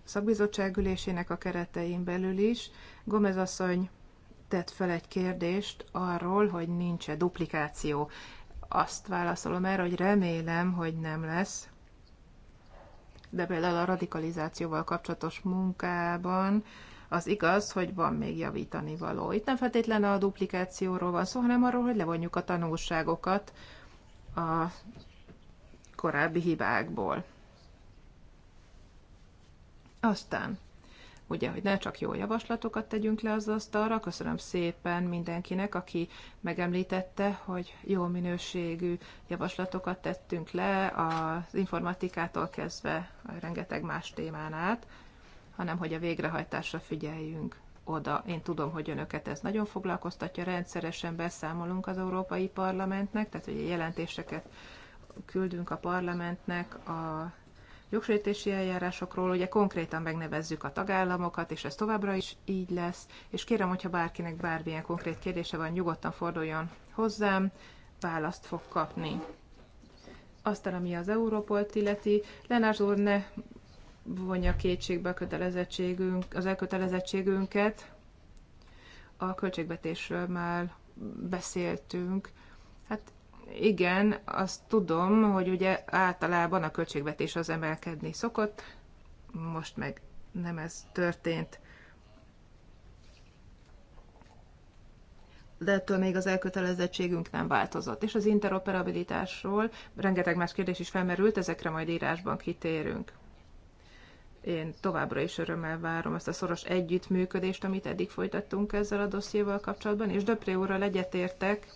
szakbizottság ülésének a keretein belül is. Gomez asszony tett fel egy kérdést arról, hogy nincs-e duplikáció. Azt válaszolom erre, hogy remélem, hogy nem lesz. De például a radikalizációval kapcsolatos munkában az igaz, hogy van még javítani való. Itt nem feltétlen a duplikációról van szó, hanem arról, hogy levonjuk a tanulságokat a korábbi hibákból. Aztán, ugye, hogy ne csak jó javaslatokat tegyünk le az asztalra, köszönöm szépen mindenkinek, aki megemlítette, hogy jó minőségű javaslatokat tettünk le az informatikától kezdve rengeteg más témán át, hanem hogy a végrehajtásra figyeljünk oda. Én tudom, hogy önöket ez nagyon foglalkoztatja, rendszeresen beszámolunk az Európai Parlamentnek, tehát hogy jelentéseket küldünk a parlamentnek a jogsértési eljárásokról, ugye konkrétan megnevezzük a tagállamokat, és ez továbbra is így lesz, és kérem, hogyha bárkinek bármilyen konkrét kérdése van, nyugodtan forduljon hozzám, választ fog kapni. Aztán, ami az Európolt illeti, Lenás úr ne vonja kétségbe a kötelezettségünk, az elkötelezettségünket. A költségvetésről már beszéltünk. Hát igen, azt tudom, hogy ugye általában a költségvetés az emelkedni szokott, most meg nem ez történt. de ettől még az elkötelezettségünk nem változott. És az interoperabilitásról rengeteg más kérdés is felmerült, ezekre majd írásban kitérünk. Én továbbra is örömmel várom ezt a szoros együttműködést, amit eddig folytattunk ezzel a dossziéval kapcsolatban, és Döpré úrral egyetértek,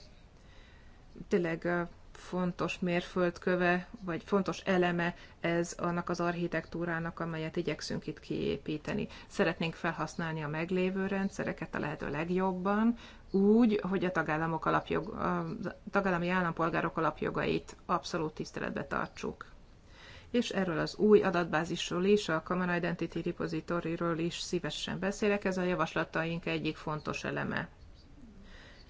tényleg fontos mérföldköve, vagy fontos eleme ez annak az architektúrának, amelyet igyekszünk itt kiépíteni. Szeretnénk felhasználni a meglévő rendszereket a lehető legjobban, úgy, hogy a tagállamok alapjog, a tagállami állampolgárok alapjogait abszolút tiszteletbe tartsuk. És erről az új adatbázisról is, a Common Identity Repository-ról is szívesen beszélek, ez a javaslataink egyik fontos eleme.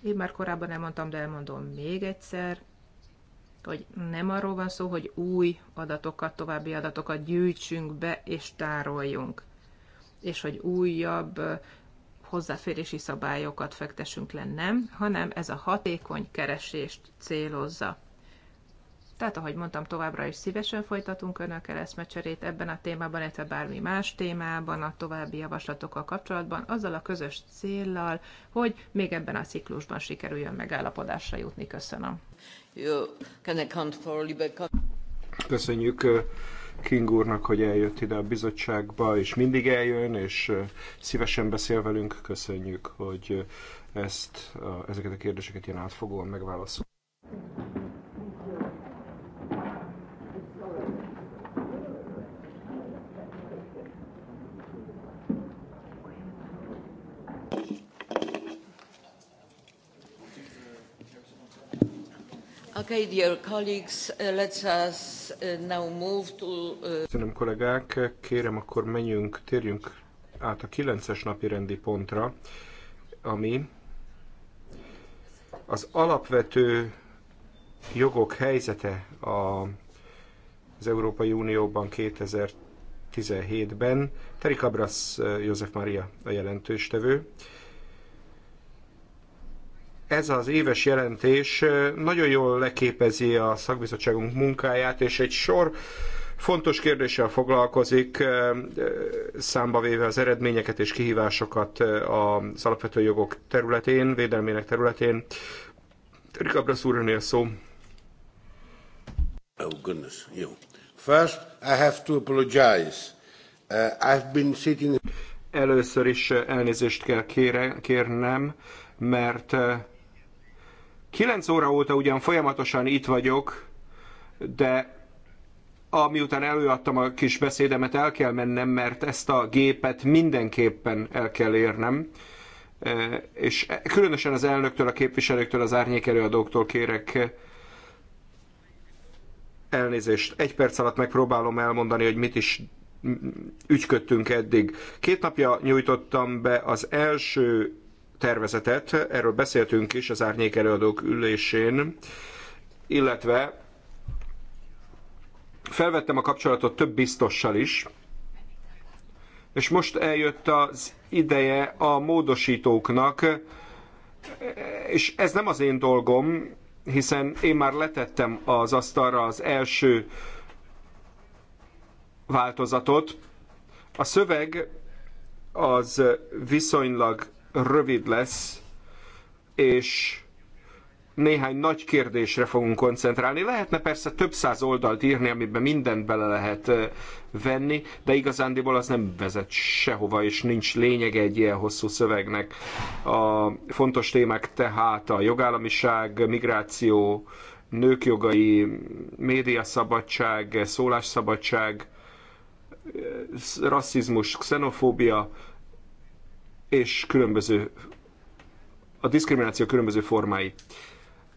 Én már korábban elmondtam, de elmondom még egyszer, hogy nem arról van szó, hogy új adatokat, további adatokat gyűjtsünk be és tároljunk, és hogy újabb hozzáférési szabályokat fektessünk le, nem, hanem ez a hatékony keresést célozza. Tehát, ahogy mondtam, továbbra is szívesen folytatunk önökkel eszmecserét ebben a témában, illetve bármi más témában, a további javaslatokkal kapcsolatban, azzal a közös céllal, hogy még ebben a ciklusban sikerüljön megállapodásra jutni. Köszönöm. Köszönjük uh, King úrnak, hogy eljött ide a bizottságba, és mindig eljön, és uh, szívesen beszél velünk. Köszönjük, hogy uh, ezt, ezeket a kérdéseket ilyen átfogóan megválaszol. Okay, dear colleagues, uh, let us uh, now move to... Uh, Köszönöm kollégák, kérem akkor menjünk, térjünk át a 9-es napi rendi pontra, ami az alapvető jogok helyzete a, az Európai Unióban 2017-ben. Terry Cabras József Maria a jelentőstevő. tevő ez az éves jelentés nagyon jól leképezi a szakbizottságunk munkáját, és egy sor fontos kérdéssel foglalkozik, számba véve az eredményeket és kihívásokat az alapvető jogok területén, védelmének területén. Rikabra szúrőnél szó. Oh goodness, jó. First, I have to apologize. Uh, I've been sitting... Először is elnézést kell kére, kérnem, mert 9 óra óta ugyan folyamatosan itt vagyok, de amiután előadtam a kis beszédemet, el kell mennem, mert ezt a gépet mindenképpen el kell érnem. E, és e, különösen az elnöktől, a képviselőktől, az árnyékelőadóktól kérek elnézést. Egy perc alatt megpróbálom elmondani, hogy mit is ügyködtünk eddig. Két napja nyújtottam be az első tervezetet, erről beszéltünk is az árnyék előadók ülésén, illetve felvettem a kapcsolatot több biztossal is, és most eljött az ideje a módosítóknak, és ez nem az én dolgom, hiszen én már letettem az asztalra az első változatot. A szöveg az viszonylag rövid lesz, és néhány nagy kérdésre fogunk koncentrálni. Lehetne persze több száz oldalt írni, amiben mindent bele lehet venni, de igazándiból az nem vezet sehova, és nincs lényege egy ilyen hosszú szövegnek. A fontos témák tehát a jogállamiság, migráció, nők jogai, médiaszabadság, szólásszabadság, rasszizmus, xenofóbia, és különböző a diszkrimináció különböző formái.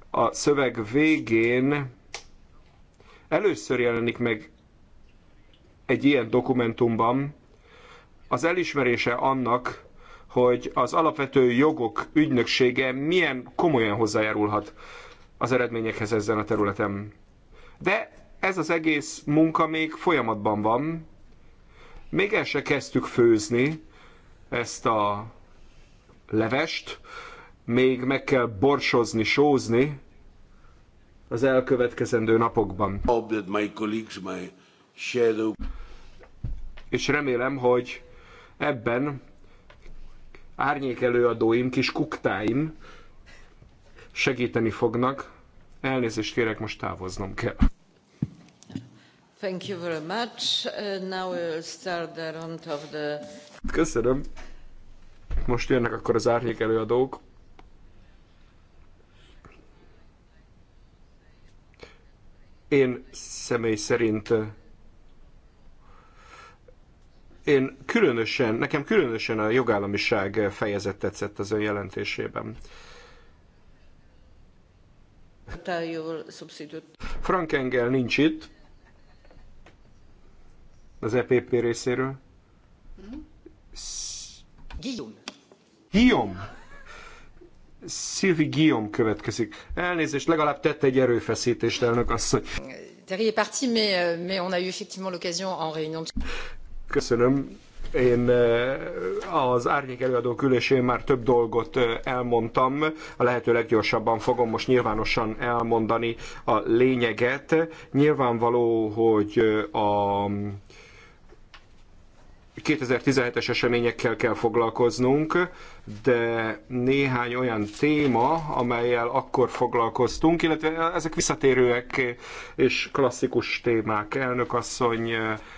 A szöveg végén először jelenik meg egy ilyen dokumentumban az elismerése annak, hogy az alapvető jogok ügynöksége milyen komolyan hozzájárulhat az eredményekhez ezen a területen. De ez az egész munka még folyamatban van. Még el se kezdtük főzni, ezt a levest, még meg kell borsozni, sózni az elkövetkezendő napokban. És remélem, hogy ebben árnyék előadóim, kis kuktáim segíteni fognak. Elnézést kérek, most távoznom kell. Thank you very much. Uh, now we will start the round of the Köszönöm. Most jönnek akkor az árnyék előadók. Én személy szerint én különösen, nekem különösen a jogállamiság fejezet tetszett az ön jelentésében. Frank Engel nincs itt az EPP részéről. Mm-hmm. Guillaume. Guillaume. Sylvie Guillaume következik. Elnézést, legalább tett egy erőfeszítést, elnök asszony. Terry est parti, mais, euh, mais on a eu effectivement l'occasion en réunion. Köszönöm. Én euh, az árnyék előadó külésén már több dolgot euh, elmondtam, a lehető leggyorsabban fogom most nyilvánosan elmondani a lényeget. Nyilvánvaló, hogy a 2017-es eseményekkel kell foglalkoznunk, de néhány olyan téma, amelyel akkor foglalkoztunk, illetve ezek visszatérőek és klasszikus témák. Elnök asszony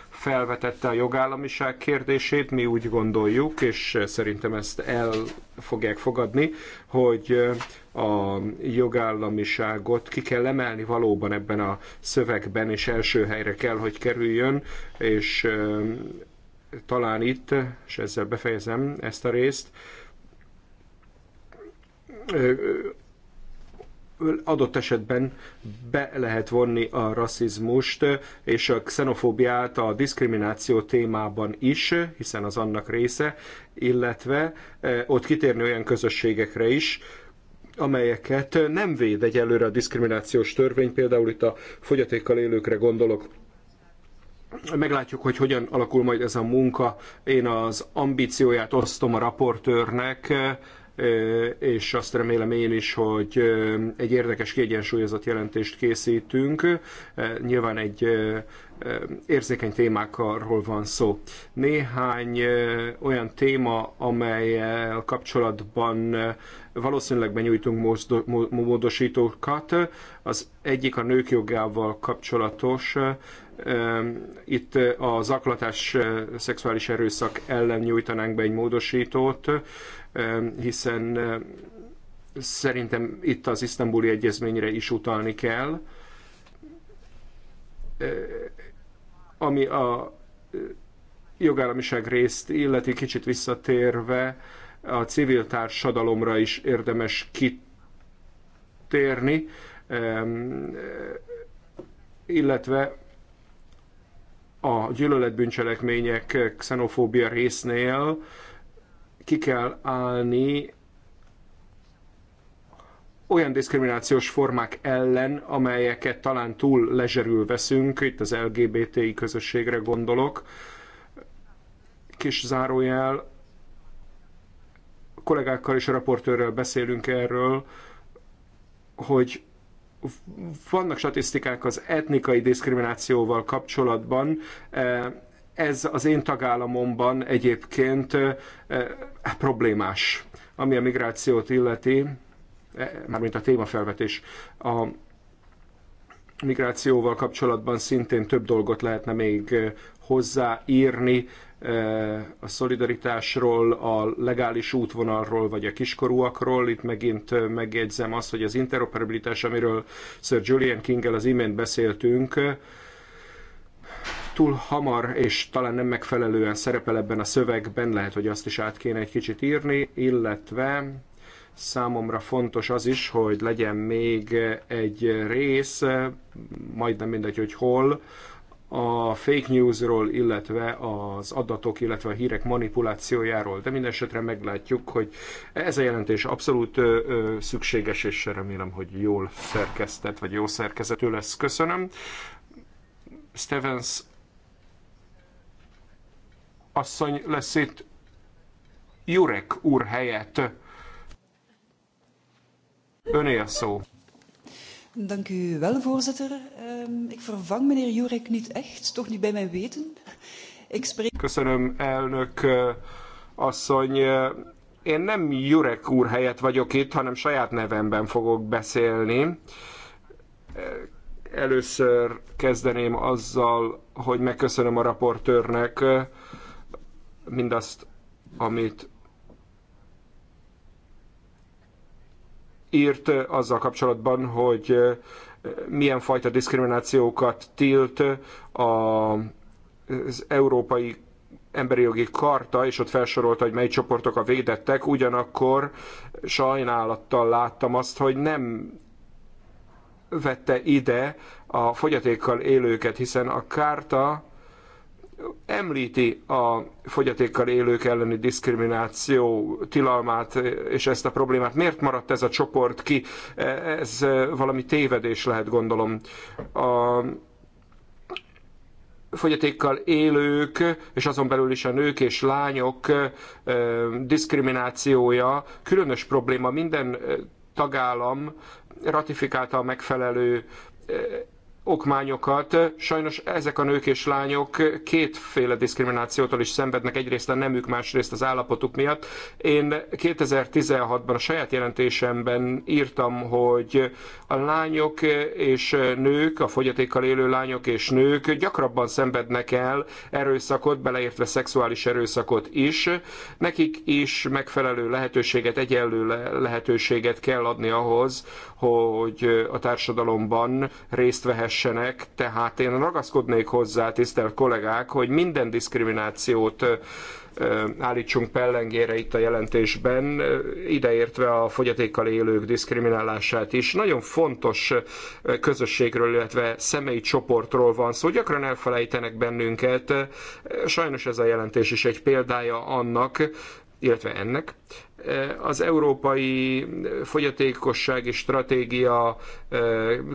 felvetette a jogállamiság kérdését, mi úgy gondoljuk, és szerintem ezt el fogják fogadni, hogy a jogállamiságot ki kell emelni valóban ebben a szövegben, és első helyre kell, hogy kerüljön, és talán itt, és ezzel befejezem ezt a részt, adott esetben be lehet vonni a rasszizmust és a xenofóbiát a diszkrimináció témában is, hiszen az annak része, illetve ott kitérni olyan közösségekre is, amelyeket nem véd egyelőre a diszkriminációs törvény, például itt a fogyatékkal élőkre gondolok meglátjuk, hogy hogyan alakul majd ez a munka. Én az ambícióját osztom a raportőrnek, és azt remélem én is, hogy egy érdekes, kiegyensúlyozott jelentést készítünk. Nyilván egy érzékeny témákról van szó. Néhány olyan téma, amelyel kapcsolatban valószínűleg benyújtunk módosítókat. Az egyik a nők jogával kapcsolatos, itt a zaklatás szexuális erőszak ellen nyújtanánk be egy módosítót, hiszen szerintem itt az isztambuli egyezményre is utalni kell, ami a jogállamiság részt illeti kicsit visszatérve, a civil társadalomra is érdemes kitérni, illetve a gyűlöletbűncselekmények xenofóbia résznél ki kell állni olyan diszkriminációs formák ellen, amelyeket talán túl lezserül veszünk, itt az LGBTI közösségre gondolok. Kis zárójel, kollégákkal és a raportőrrel beszélünk erről, hogy vannak statisztikák az etnikai diszkriminációval kapcsolatban, ez az én tagállamomban egyébként eh, eh, problémás, ami a migrációt illeti, eh, mármint a témafelvetés. A migrációval kapcsolatban szintén több dolgot lehetne még hozzáírni Eh, a szolidaritásról, a legális útvonalról, vagy a kiskorúakról. Itt megint eh, megjegyzem azt, hogy az interoperabilitás, amiről Sir Julian Kingel az imént beszéltünk, túl hamar és talán nem megfelelően szerepel ebben a szövegben, lehet, hogy azt is át kéne egy kicsit írni, illetve számomra fontos az is, hogy legyen még egy rész, majdnem mindegy, hogy hol, a fake newsról, illetve az adatok, illetve a hírek manipulációjáról. De minden esetre meglátjuk, hogy ez a jelentés abszolút ö, ö, szükséges, és remélem, hogy jól szerkesztett, vagy jó szerkezetű lesz. Köszönöm. Stevens asszony lesz itt Jurek úr helyett. Öné a szó. Dank u wel, voorzitter. Um, ik vervang meneer Jurek niet echt, toch niet bij mijn weten. Ik spreek... Köszönöm, elnök eh, asszony. Eh, én nem Jurek úr helyett vagyok itt, hanem saját nevemben fogok beszélni. Eh, először kezdeném azzal, hogy megköszönöm a raportőrnek mindazt, amit írt eh, azzal kapcsolatban, hogy eh, milyen fajta diszkriminációkat tilt eh, az Európai Emberi Jogi Karta, és ott felsorolta, hogy mely csoportok a védettek, ugyanakkor sajnálattal láttam azt, hogy nem vette ide a fogyatékkal élőket, hiszen a kárta említi a fogyatékkal élők elleni diszkrimináció tilalmát és ezt a problémát. Miért maradt ez a csoport ki? Ez valami tévedés lehet, gondolom. A fogyatékkal élők, és azon belül is a nők és lányok diszkriminációja különös probléma. Minden tagállam ratifikálta a megfelelő okmányokat. Sajnos ezek a nők és lányok kétféle diszkriminációtól is szenvednek, egyrészt a nemük, másrészt az állapotuk miatt. Én 2016-ban a saját jelentésemben írtam, hogy a lányok és nők, a fogyatékkal élő lányok és nők gyakrabban szenvednek el erőszakot, beleértve szexuális erőszakot is. Nekik is megfelelő lehetőséget, egyenlő lehetőséget kell adni ahhoz, hogy a társadalomban részt vehessenek vezessenek, tehát én ragaszkodnék hozzá, tisztelt kollégák, hogy minden diszkriminációt állítsunk pellengére itt a jelentésben, ideértve a fogyatékkal élők diszkriminálását is. Nagyon fontos közösségről, illetve személyi csoportról van szó, gyakran elfelejtenek bennünket. Sajnos ez a jelentés is egy példája annak, illetve ennek. E, az európai fogyatékossági stratégia e,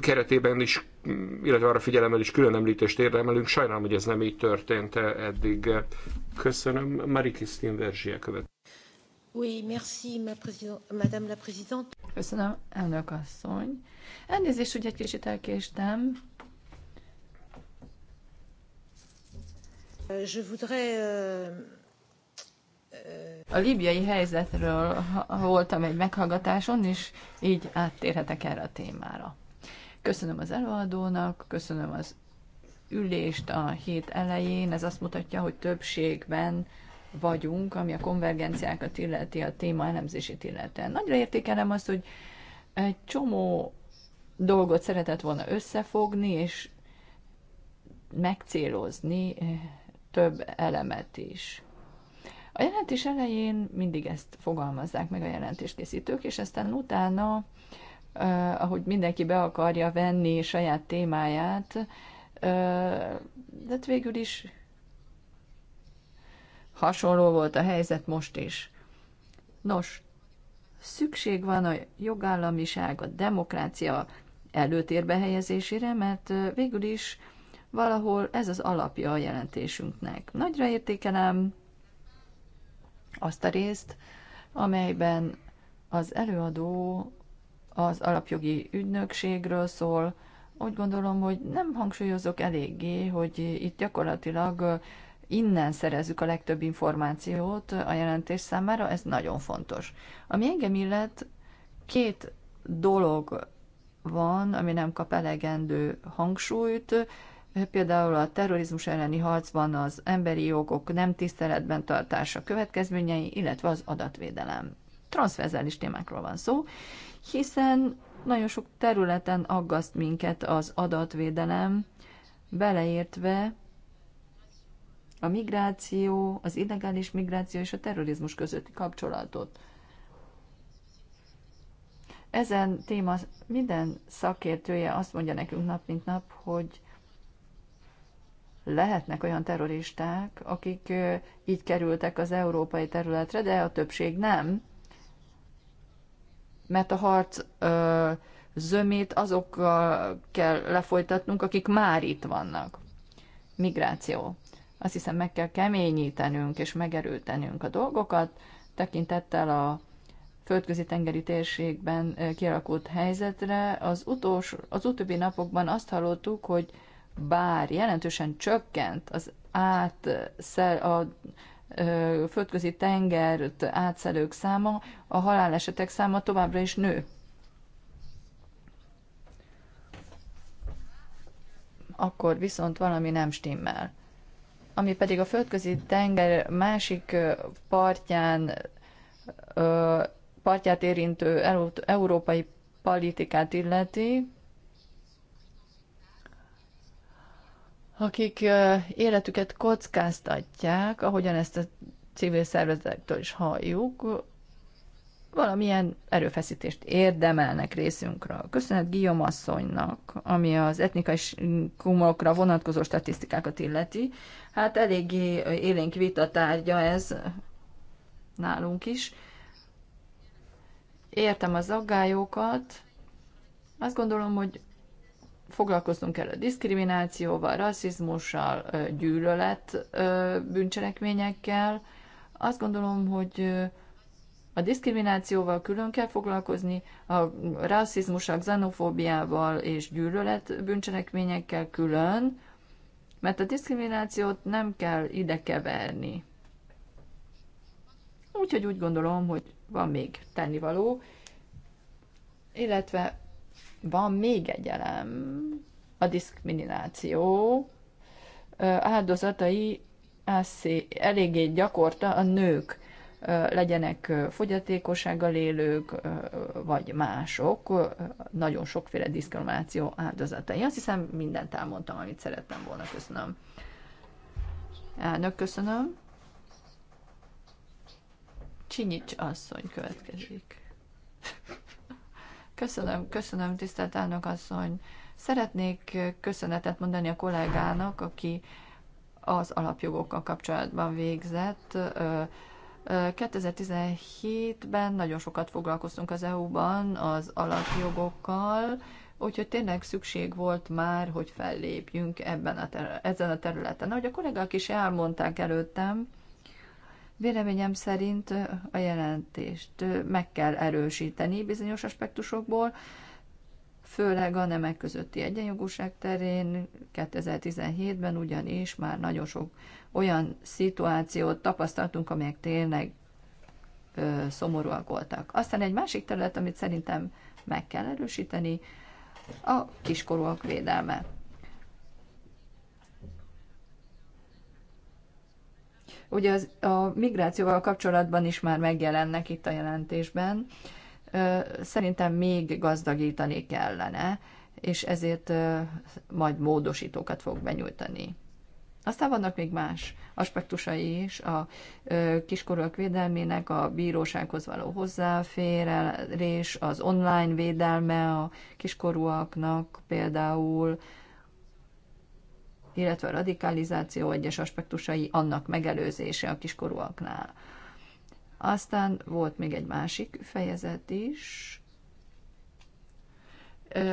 keretében is, illetve arra figyelemmel is külön említést érdemelünk. Sajnálom, hogy ez nem így történt e eddig. Köszönöm. Marie-Christine Verzsie követ. Oui, merci, ma madame la présidente. Köszönöm, elnök asszony. Elnézést, hogy egy kicsit elkéstem. Euh, je voudrais euh a libiai helyzetről voltam egy meghallgatáson, és így áttérhetek erre a témára. Köszönöm az előadónak, köszönöm az ülést a hét elején. Ez azt mutatja, hogy többségben vagyunk, ami a konvergenciákat illeti, a téma elemzését illeti. Nagyra értékelem azt, hogy egy csomó dolgot szeretett volna összefogni, és megcélozni eh, több elemet is. A jelentés elején mindig ezt fogalmazzák meg a jelentéskészítők, és aztán utána, ahogy mindenki be akarja venni saját témáját, de végül is hasonló volt a helyzet most is. Nos, szükség van a jogállamiság, a demokrácia előtérbe helyezésére, mert végül is valahol ez az alapja a jelentésünknek. Nagyra értékelem azt a részt, amelyben az előadó az alapjogi ügynökségről szól. Úgy gondolom, hogy nem hangsúlyozok eléggé, hogy itt gyakorlatilag innen szerezzük a legtöbb információt a jelentés számára, ez nagyon fontos. Ami engem illet, két dolog van, ami nem kap elegendő hangsúlyt, például a terrorizmus elleni harcban az emberi jogok nem tiszteletben tartása következményei, illetve az adatvédelem. Transzverzális témákról van szó, hiszen nagyon sok területen aggaszt minket az adatvédelem, beleértve a migráció, az illegális migráció és a terrorizmus közötti kapcsolatot. Ezen téma minden szakértője azt mondja nekünk nap mint nap, hogy lehetnek olyan terroristák, akik így kerültek az európai területre, de a többség nem, mert a harc ö, zömét azokkal kell lefolytatnunk, akik már itt vannak. Migráció. Azt hiszem, meg kell keményítenünk és megerőtenünk a dolgokat, tekintettel a földközi tengeri térségben kialakult helyzetre. Az, utolsó, az utóbbi napokban azt hallottuk, hogy bár jelentősen csökkent az át a földközi tengert átszelők száma, a halálesetek száma továbbra is nő. Akkor viszont valami nem stimmel. Ami pedig a földközi tenger másik partján partját érintő európai politikát illeti, akik életüket kockáztatják, ahogyan ezt a civil szervezetektől is halljuk, valamilyen erőfeszítést érdemelnek részünkről. Köszönet Guillaume asszonynak, ami az etnikai kumokra vonatkozó statisztikákat illeti. Hát eléggé élénk vita tárgya ez nálunk is. Értem az aggályokat. Azt gondolom, hogy foglalkoznunk kell a diszkriminációval, rasszizmussal, gyűlölet bűncselekményekkel. Azt gondolom, hogy a diszkriminációval külön kell foglalkozni, a rasszizmussal, xenofóbiával és gyűlölet bűncselekményekkel külön, mert a diszkriminációt nem kell ide keverni. Úgyhogy úgy gondolom, hogy van még tennivaló, illetve van még egy elem, a diszkrimináció áldozatai eléggé gyakorta a nők legyenek fogyatékossággal élők, vagy mások, nagyon sokféle diszkrimináció áldozatai. Azt hiszem, mindent elmondtam, amit szerettem volna. Köszönöm. Elnök, köszönöm. Csinyics asszony következik. Köszönöm, köszönöm, tisztelt elnök asszony. Szeretnék köszönetet mondani a kollégának, aki az alapjogokkal kapcsolatban végzett. 2017-ben nagyon sokat foglalkoztunk az EU-ban az alapjogokkal, úgyhogy tényleg szükség volt már, hogy fellépjünk ebben a ezen a területen. Ahogy a kollégák is elmondták előttem, Véleményem szerint a jelentést meg kell erősíteni bizonyos aspektusokból, főleg a nemek közötti egyenjogúság terén 2017-ben ugyanis már nagyon sok olyan szituációt tapasztaltunk, amelyek tényleg ö, szomorúak voltak. Aztán egy másik terület, amit szerintem meg kell erősíteni, a kiskorúak védelme. Ugye az, a migrációval kapcsolatban is már megjelennek itt a jelentésben. Szerintem még gazdagítani kellene, és ezért majd módosítókat fog benyújtani. Aztán vannak még más aspektusai is a kiskorúak védelmének, a bírósághoz való hozzáférés, az online védelme a kiskorúaknak például, illetve a radikalizáció egyes aspektusai annak megelőzése a kiskorúaknál. Aztán volt még egy másik fejezet is,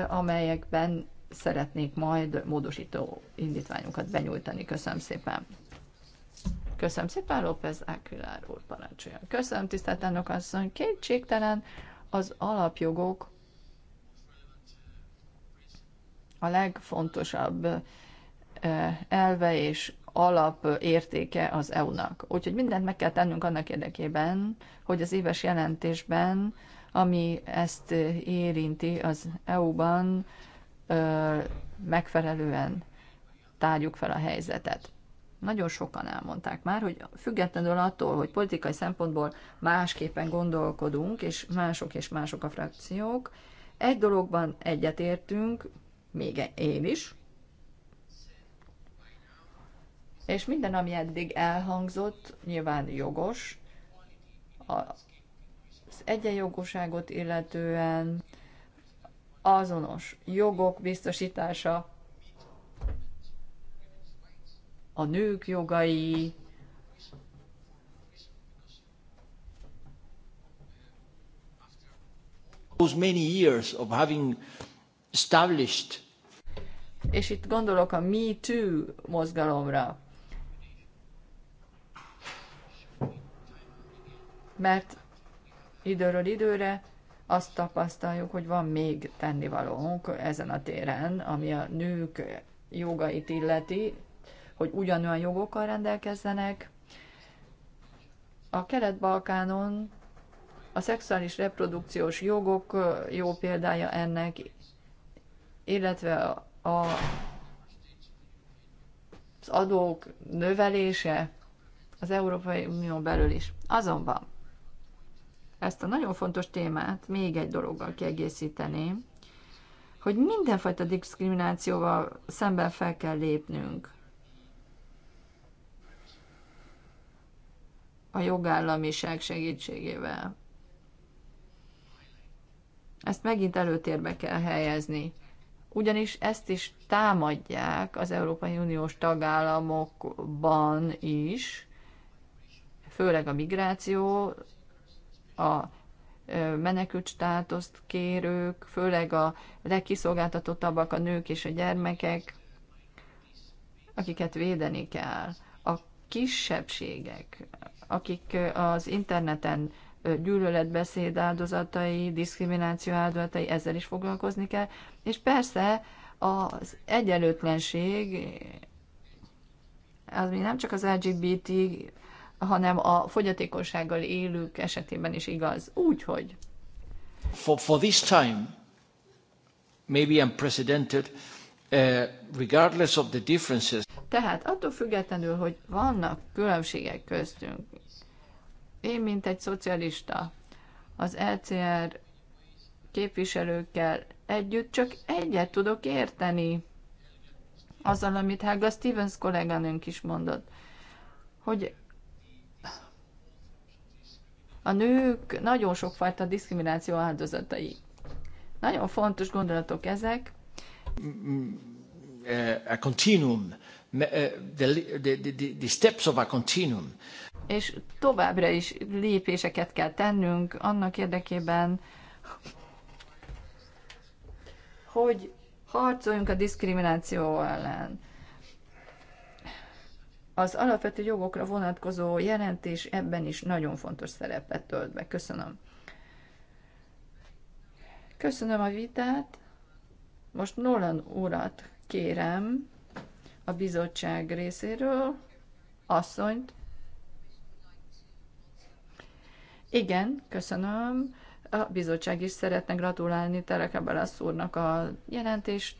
amelyekben szeretnék majd módosító indítványokat benyújtani. Köszönöm szépen! Köszönöm szépen, López Ákvilár úr parancsolja. Köszönöm, tisztelt elnök asszony. Kétségtelen az alapjogok a legfontosabb elve és alapértéke az EU-nak. Úgyhogy mindent meg kell tennünk annak érdekében, hogy az éves jelentésben, ami ezt érinti az EU-ban, megfelelően tárjuk fel a helyzetet. Nagyon sokan elmondták már, hogy függetlenül attól, hogy politikai szempontból másképpen gondolkodunk, és mások és mások a frakciók, egy dologban egyetértünk, még én is, és minden, ami eddig elhangzott, nyilván jogos, az egyenjogoságot illetően azonos jogok biztosítása, a nők jogai, those many years of having established és itt gondolok a Me Too mozgalomra, mert időről időre azt tapasztaljuk, hogy van még tennivalónk ezen a téren, ami a nők jogait illeti, hogy ugyanolyan jogokkal rendelkezzenek. A Kelet-Balkánon a szexuális reprodukciós jogok jó példája ennek, illetve a, az adók növelése az Európai Unió belül is. Azonban ezt a nagyon fontos témát még egy dologgal kiegészíteném, hogy mindenfajta diszkriminációval szemben fel kell lépnünk. A jogállamiság segítségével. Ezt megint előtérbe kell helyezni. Ugyanis ezt is támadják az Európai Uniós tagállamokban is, főleg a migráció a menekült státuszt kérők, főleg a legkiszolgáltatottabbak, a nők és a gyermekek, akiket védeni kell. A kisebbségek, akik az interneten gyűlöletbeszéd áldozatai, diszkrimináció áldozatai, ezzel is foglalkozni kell. És persze az egyenlőtlenség, az mi nem csak az LGBT hanem a fogyatékossággal élők esetében is igaz. Úgyhogy. For, for this time, maybe unprecedented, uh, regardless of the differences. Tehát attól függetlenül, hogy vannak különbségek köztünk, én, mint egy szocialista, az LCR e képviselőkkel együtt csak egyet tudok érteni azzal, amit Hága Stevens kolléganőnk is mondott, hogy a nők nagyon sokfajta diszkrimináció áldozatai. Nagyon fontos gondolatok ezek. Mm, mm, eh, a continuum, eh, the, the, the, the steps of a continuum. És továbbra is lépéseket kell tennünk annak érdekében, hogy harcoljunk a diszkrimináció ellen. Az alapvető jogokra vonatkozó jelentés ebben is nagyon fontos szerepet tölt be. Köszönöm. Köszönöm a vitát. Most Nolan urat kérem a bizottság részéről, asszonyt. Igen, köszönöm. A bizottság is szeretne gratulálni Terekebelasz úrnak a jelentés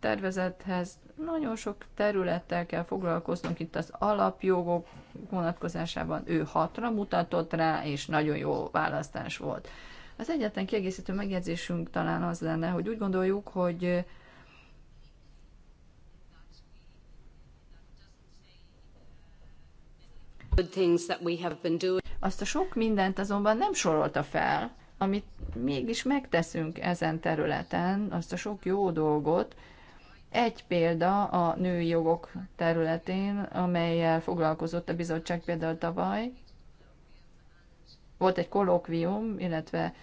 tervezethez nagyon sok területtel kell foglalkoznunk itt az alapjogok vonatkozásában. Ő hatra mutatott rá, és nagyon jó választás volt. Az egyetlen kiegészítő megjegyzésünk talán az lenne, hogy úgy gondoljuk, hogy Azt a sok mindent azonban nem sorolta fel, amit mégis megteszünk ezen területen, azt a sok jó dolgot, egy példa a női jogok területén, amelyel foglalkozott a bizottság például tavaly. Volt egy kolokvium, illetve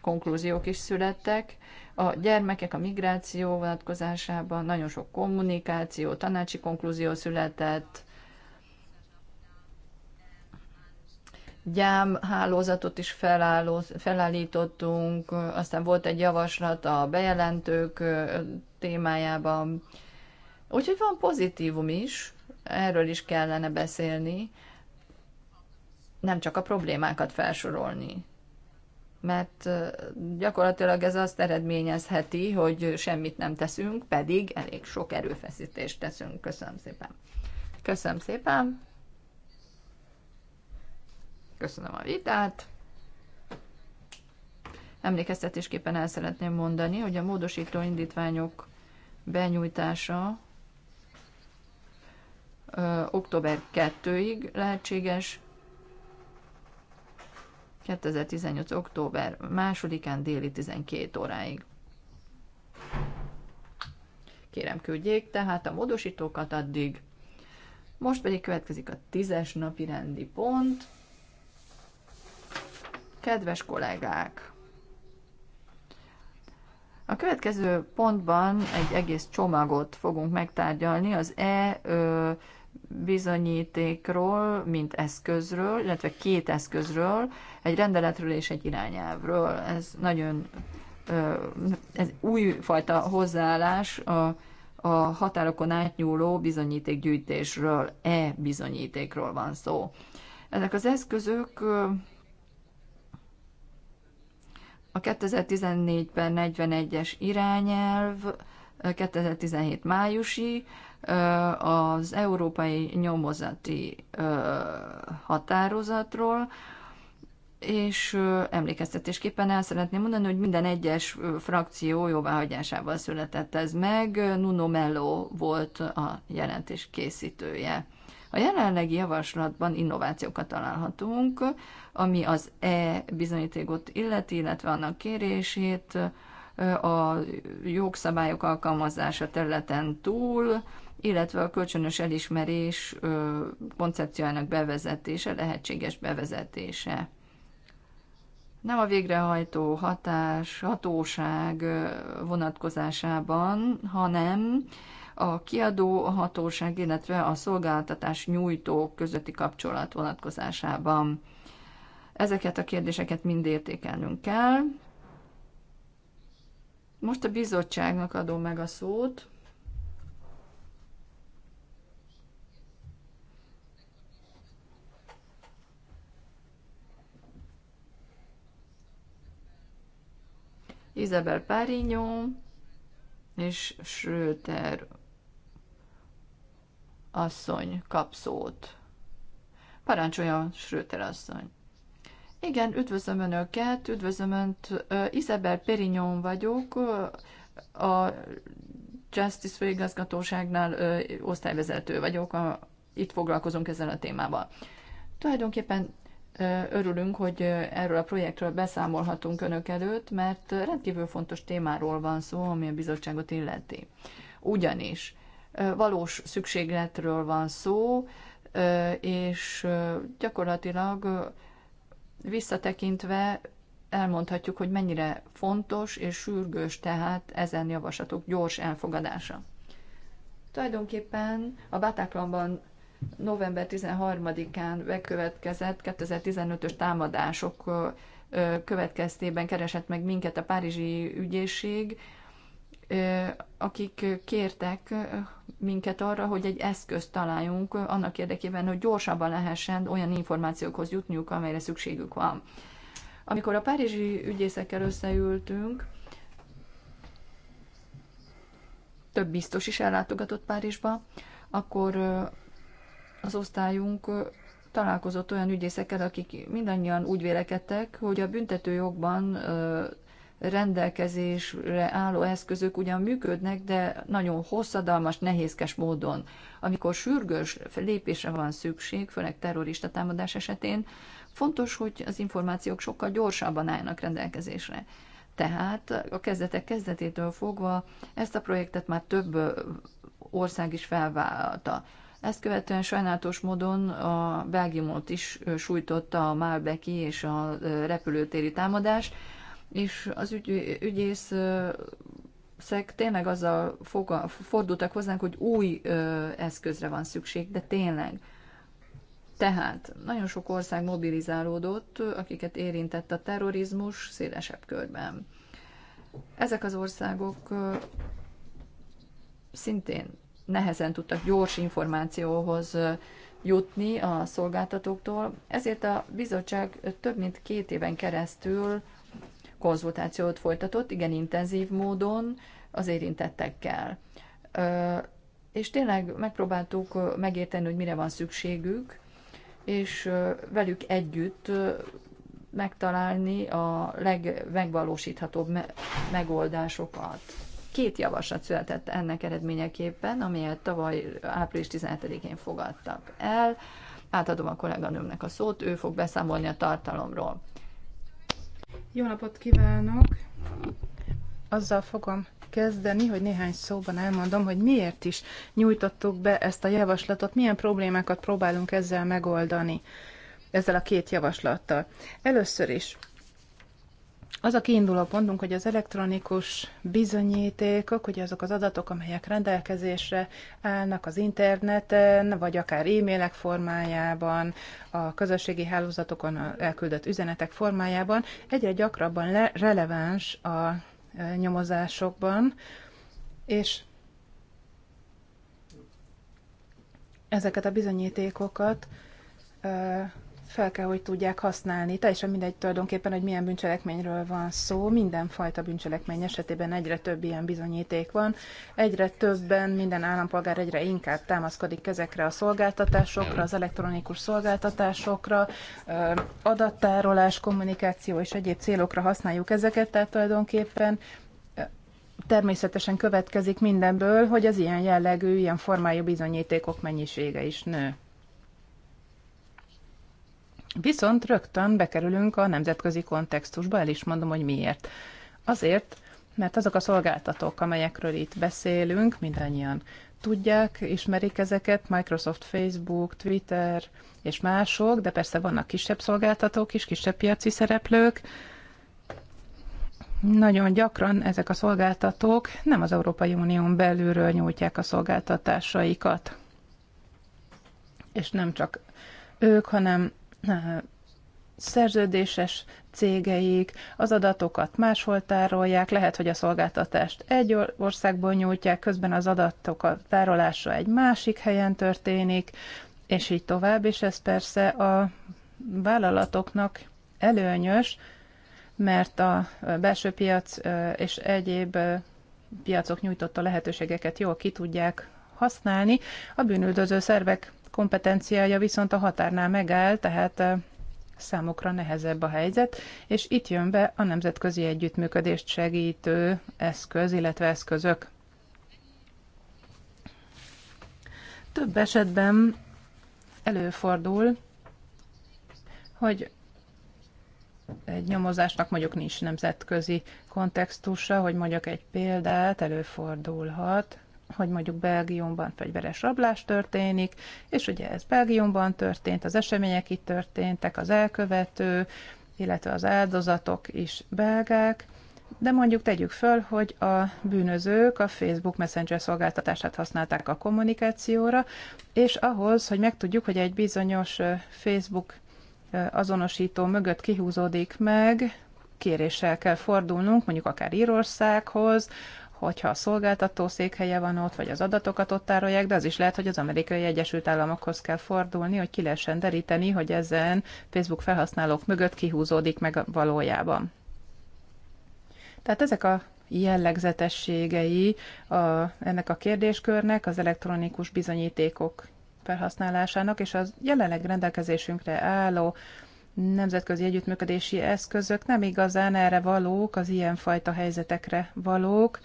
konklúziók is születtek. A gyermekek a migráció vonatkozásában nagyon sok kommunikáció, tanácsi konklúzió született, gyámhálózatot is felállítottunk, aztán volt egy javaslat a bejelentők témájában. Úgyhogy van pozitívum is, erről is kellene beszélni, nem csak a problémákat felsorolni. Mert gyakorlatilag ez azt eredményezheti, hogy semmit nem teszünk, pedig elég sok erőfeszítést teszünk. Köszönöm szépen. Köszönöm szépen. Köszönöm a vitát. Emlékeztetésképpen el szeretném mondani, hogy a módosító indítványok benyújtása ö, október 2-ig lehetséges, 2018. október 2-án déli 12 óráig. Kérem küldjék tehát a módosítókat addig. Most pedig következik a tízes napi rendi pont. Kedves kollégák! A következő pontban egy egész csomagot fogunk megtárgyalni az e bizonyítékról, mint eszközről, illetve két eszközről, egy rendeletről és egy irányelvről. Ez nagyon ez újfajta hozzáállás a, a határokon átnyúló bizonyítékgyűjtésről, e-bizonyítékról van szó. Ezek az eszközök a 2014-ben 41-es irányelv, 2017 májusi, az európai nyomozati határozatról, és emlékeztetésképpen el szeretném mondani, hogy minden egyes frakció jóváhagyásával született ez meg. Nuno Mello volt a jelentés készítője. A jelenlegi javaslatban innovációkat találhatunk, ami az E bizonyítékot illeti, illetve annak kérését, a jogszabályok alkalmazása területen túl, illetve a kölcsönös elismerés koncepciójának bevezetése, lehetséges bevezetése. Nem a végrehajtó hatás, hatóság vonatkozásában, hanem a kiadó, a hatóság, illetve a szolgáltatás nyújtók közötti kapcsolat vonatkozásában. Ezeket a kérdéseket mind értékelnünk kell. Most a bizottságnak adom meg a szót. Isabel Párinyó és Schröter asszony kap szót. Parancsoljon, Schröter asszony. Igen, üdvözlöm Önöket, üdvözlöm Önt, Isabel Perignon vagyok, a Justice Főigazgatóságnál osztályvezető vagyok, a, itt foglalkozunk ezzel a témával. Tulajdonképpen örülünk, hogy erről a projektről beszámolhatunk Önök előtt, mert rendkívül fontos témáról van szó, ami a bizottságot illeti. Ugyanis valós szükségletről van szó, és gyakorlatilag visszatekintve elmondhatjuk, hogy mennyire fontos és sürgős tehát ezen javaslatok gyors elfogadása. Tulajdonképpen a Bataclanban november 13-án bekövetkezett 2015-ös támadások következtében keresett meg minket a Párizsi ügyészség, akik kértek minket arra, hogy egy eszközt találjunk annak érdekében, hogy gyorsabban lehessen olyan információkhoz jutniuk, amelyre szükségük van. Amikor a párizsi ügyészekkel összeültünk, több biztos is ellátogatott Párizsba, akkor az osztályunk találkozott olyan ügyészekkel, akik mindannyian úgy vélekedtek, hogy a büntetőjogban rendelkezésre álló eszközök ugyan működnek, de nagyon hosszadalmas, nehézkes módon. Amikor sürgős lépésre van szükség, főleg terrorista támadás esetén, fontos, hogy az információk sokkal gyorsabban állnak rendelkezésre. Tehát a kezdetek kezdetétől fogva ezt a projektet már több ország is felvállalta. Ezt követően sajnálatos módon a Belgiumot is sújtotta a Malbeki és a repülőtéri támadás, és az ügy, ügyész szek tényleg azzal foga, fordultak hozzánk, hogy új ö, eszközre van szükség, de tényleg. Tehát nagyon sok ország mobilizálódott, akiket érintett a terrorizmus szélesebb körben. Ezek az országok ö, szintén nehezen tudtak gyors információhoz ö, jutni a szolgáltatóktól, ezért a bizottság több mint két éven keresztül konzultációt folytatott, igen intenzív módon az érintettekkel. És tényleg megpróbáltuk megérteni, hogy mire van szükségük, és velük együtt megtalálni a legmegvalósíthatóbb megoldásokat. Két javaslat született ennek eredményeképpen, amelyet tavaly április 17-én fogadtak el. Átadom a kolléganőmnek a szót, ő fog beszámolni a tartalomról. Jó napot kívánok! Azzal fogom kezdeni, hogy néhány szóban elmondom, hogy miért is nyújtottuk be ezt a javaslatot, milyen problémákat próbálunk ezzel megoldani, ezzel a két javaslattal. Először is az a kiinduló pontunk, hogy az elektronikus bizonyítékok, hogy azok az adatok, amelyek rendelkezésre állnak az interneten, vagy akár e-mailek formájában, a közösségi hálózatokon elküldött üzenetek formájában, egyre gyakrabban le- releváns a e, nyomozásokban, és ezeket a bizonyítékokat e, fel kell, hogy tudják használni. Teljesen mindegy tulajdonképpen, hogy milyen bűncselekményről van szó. Mindenfajta bűncselekmény esetében egyre több ilyen bizonyíték van. Egyre többen minden állampolgár egyre inkább támaszkodik ezekre a szolgáltatásokra, az elektronikus szolgáltatásokra, adattárolás, kommunikáció és egyéb célokra használjuk ezeket, tehát tulajdonképpen természetesen következik mindenből, hogy az ilyen jellegű, ilyen formájú bizonyítékok mennyisége is nő. Viszont rögtön bekerülünk a nemzetközi kontextusba, el is mondom, hogy miért. Azért, mert azok a szolgáltatók, amelyekről itt beszélünk, mindannyian tudják, ismerik ezeket, Microsoft, Facebook, Twitter és mások, de persze vannak kisebb szolgáltatók is, kisebb piaci szereplők. Nagyon gyakran ezek a szolgáltatók nem az Európai Unión belülről nyújtják a szolgáltatásaikat. És nem csak ők, hanem szerződéses cégeik, az adatokat máshol tárolják, lehet, hogy a szolgáltatást egy országból nyújtják, közben az adatok a tárolása egy másik helyen történik, és így tovább, és ez persze a vállalatoknak előnyös, mert a belső piac és egyéb piacok nyújtotta lehetőségeket jól ki tudják használni. A bűnüldöző szervek kompetenciája viszont a határnál megáll, tehát számokra nehezebb a helyzet, és itt jön be a nemzetközi együttműködést segítő eszköz, illetve eszközök. Több esetben előfordul, hogy egy nyomozásnak mondjuk nincs nemzetközi kontextusa, hogy mondjak egy példát, előfordulhat, hogy mondjuk Belgiumban fegyveres rablás történik, és ugye ez Belgiumban történt, az események itt történtek, az elkövető, illetve az áldozatok is belgák, de mondjuk tegyük föl, hogy a bűnözők a Facebook Messenger szolgáltatását használták a kommunikációra, és ahhoz, hogy megtudjuk, hogy egy bizonyos Facebook azonosító mögött kihúzódik meg, kéréssel kell fordulnunk, mondjuk akár Írországhoz, hogyha a szolgáltató székhelye van ott, vagy az adatokat ott tárolják, de az is lehet, hogy az amerikai Egyesült Államokhoz kell fordulni, hogy ki lehessen deríteni, hogy ezen Facebook felhasználók mögött kihúzódik meg valójában. Tehát ezek a jellegzetességei a, ennek a kérdéskörnek, az elektronikus bizonyítékok felhasználásának, és az jelenleg rendelkezésünkre álló nemzetközi együttműködési eszközök nem igazán erre valók, az ilyenfajta helyzetekre valók,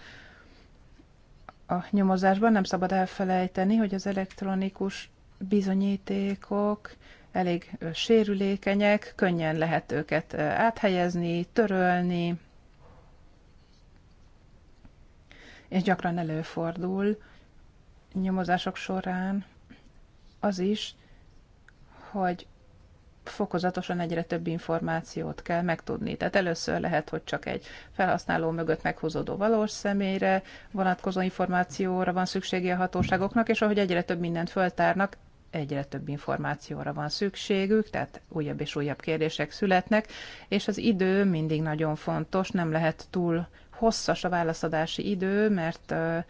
a nyomozásban nem szabad elfelejteni, hogy az elektronikus bizonyítékok elég sérülékenyek, könnyen lehet őket áthelyezni, törölni, és gyakran előfordul nyomozások során az is, hogy fokozatosan egyre több információt kell megtudni. Tehát először lehet, hogy csak egy felhasználó mögött meghozódó valós személyre vonatkozó információra van szüksége a hatóságoknak, és ahogy egyre több mindent föltárnak, egyre több információra van szükségük, tehát újabb és újabb kérdések születnek, és az idő mindig nagyon fontos, nem lehet túl hosszas a válaszadási idő, mert uh,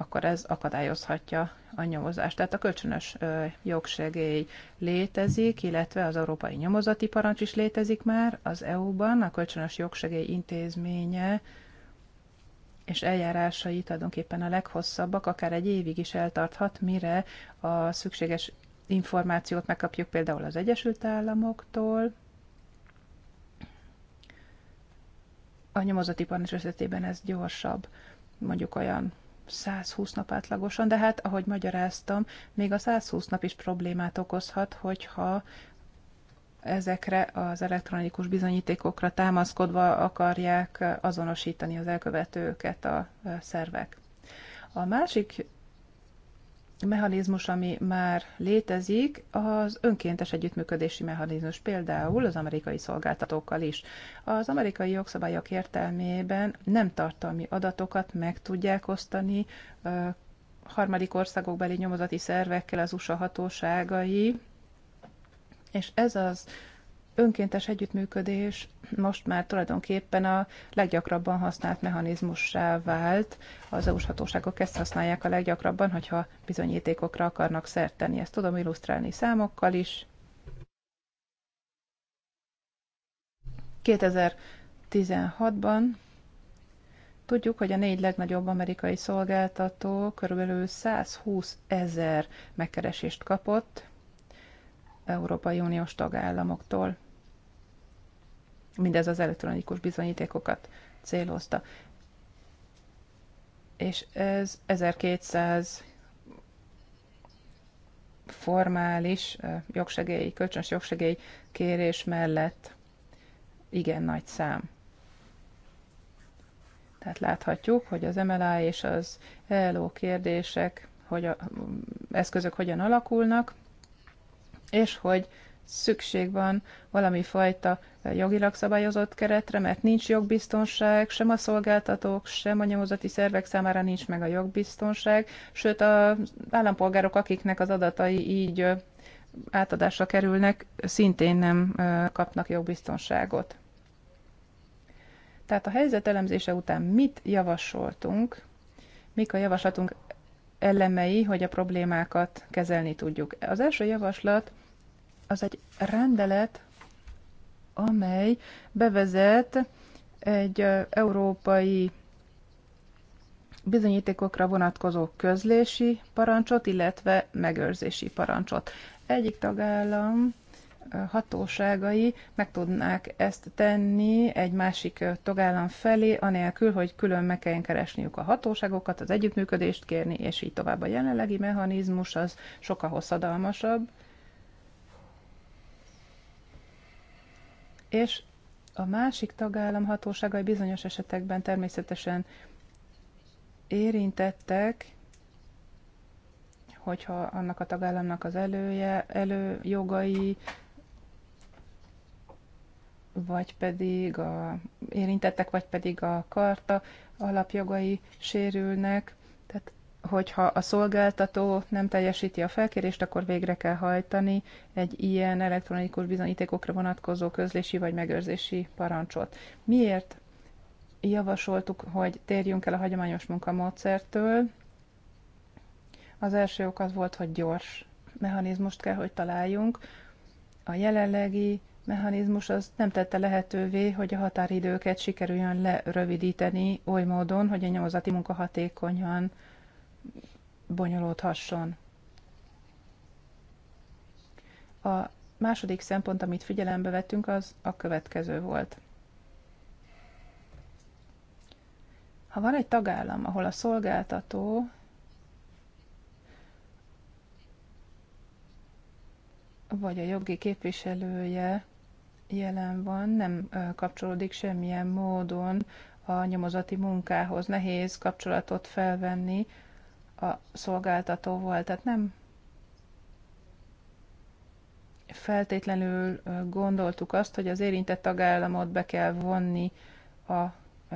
akkor ez akadályozhatja a nyomozást. Tehát a kölcsönös jogsegély létezik, illetve az európai nyomozati parancs is létezik már az EU-ban, a kölcsönös jogsegély intézménye és eljárásai tulajdonképpen a leghosszabbak, akár egy évig is eltarthat, mire a szükséges információt megkapjuk például az Egyesült Államoktól, a nyomozati parancs esetében ez gyorsabb, mondjuk olyan 120 nap átlagosan, de hát, ahogy magyaráztam, még a 120 nap is problémát okozhat, hogyha ezekre az elektronikus bizonyítékokra támaszkodva akarják azonosítani az elkövetőket a szervek. A másik mechanizmus, ami már létezik, az önkéntes együttműködési mechanizmus, például az amerikai szolgáltatókkal is. Az amerikai jogszabályok értelmében nem tartalmi adatokat meg tudják osztani harmadik országokbeli nyomozati szervekkel az USA hatóságai, és ez az önkéntes együttműködés most már tulajdonképpen a leggyakrabban használt mechanizmussá vált. Az EU-s hatóságok ezt használják a leggyakrabban, hogyha bizonyítékokra akarnak szert tenni. Ezt tudom illusztrálni számokkal is. 2016-ban Tudjuk, hogy a négy legnagyobb amerikai szolgáltató körülbelül 120 ezer megkeresést kapott Európai Uniós tagállamoktól mindez az elektronikus bizonyítékokat célozta. És ez 1200 formális jogsegély, kölcsönös jogsegély kérés mellett igen nagy szám. Tehát láthatjuk, hogy az MLA és az ELO kérdések, hogy a, eszközök hogyan alakulnak, és hogy szükség van valami fajta eh, jogilag szabályozott keretre, mert nincs jogbiztonság, sem a szolgáltatók, sem a nyomozati szervek számára nincs meg a jogbiztonság, sőt az állampolgárok, akiknek az adatai így eh, átadásra kerülnek, szintén nem eh, kapnak jogbiztonságot. Tehát a helyzet elemzése után mit javasoltunk, mik a javaslatunk elemei, hogy a problémákat kezelni tudjuk. Az első javaslat az egy rendelet, amely bevezet egy európai bizonyítékokra vonatkozó közlési parancsot, illetve megőrzési parancsot. Egyik tagállam hatóságai meg tudnák ezt tenni egy másik tagállam felé, anélkül, hogy külön meg kelljen keresniük a hatóságokat, az együttműködést kérni, és így tovább. A jelenlegi mechanizmus az sokkal hosszadalmasabb, és a másik tagállam hatóságai bizonyos esetekben természetesen érintettek, hogyha annak a tagállamnak az elője, előjogai, vagy pedig a érintettek, vagy pedig a karta alapjogai sérülnek, hogyha a szolgáltató nem teljesíti a felkérést, akkor végre kell hajtani egy ilyen elektronikus bizonyítékokra vonatkozó közlési vagy megőrzési parancsot. Miért javasoltuk, hogy térjünk el a hagyományos munkamódszertől? Az első ok az volt, hogy gyors mechanizmust kell, hogy találjunk. A jelenlegi mechanizmus az nem tette lehetővé, hogy a határidőket sikerüljön lerövidíteni oly módon, hogy a nyomozati munka hatékonyan bonyolódhasson. A második szempont, amit figyelembe vettünk, az a következő volt. Ha van egy tagállam, ahol a szolgáltató vagy a jogi képviselője jelen van, nem kapcsolódik semmilyen módon a nyomozati munkához. Nehéz kapcsolatot felvenni a szolgáltató volt. Tehát nem feltétlenül gondoltuk azt, hogy az érintett tagállamot be kell vonni a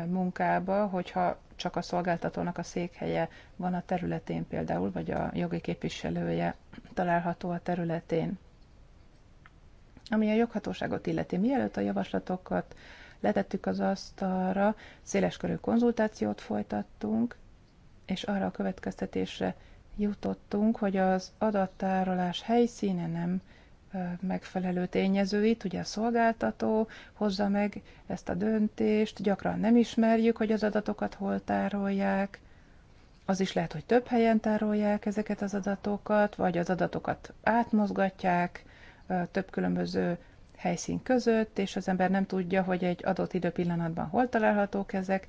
munkába, hogyha csak a szolgáltatónak a székhelye van a területén például, vagy a jogi képviselője található a területén. Ami a joghatóságot illeti, mielőtt a javaslatokat letettük az asztalra, széleskörű konzultációt folytattunk, és arra a következtetésre jutottunk, hogy az adattárolás helyszíne nem megfelelő tényezőit, ugye a szolgáltató hozza meg ezt a döntést, gyakran nem ismerjük, hogy az adatokat hol tárolják, az is lehet, hogy több helyen tárolják ezeket az adatokat, vagy az adatokat átmozgatják több különböző helyszín között, és az ember nem tudja, hogy egy adott időpillanatban hol találhatók ezek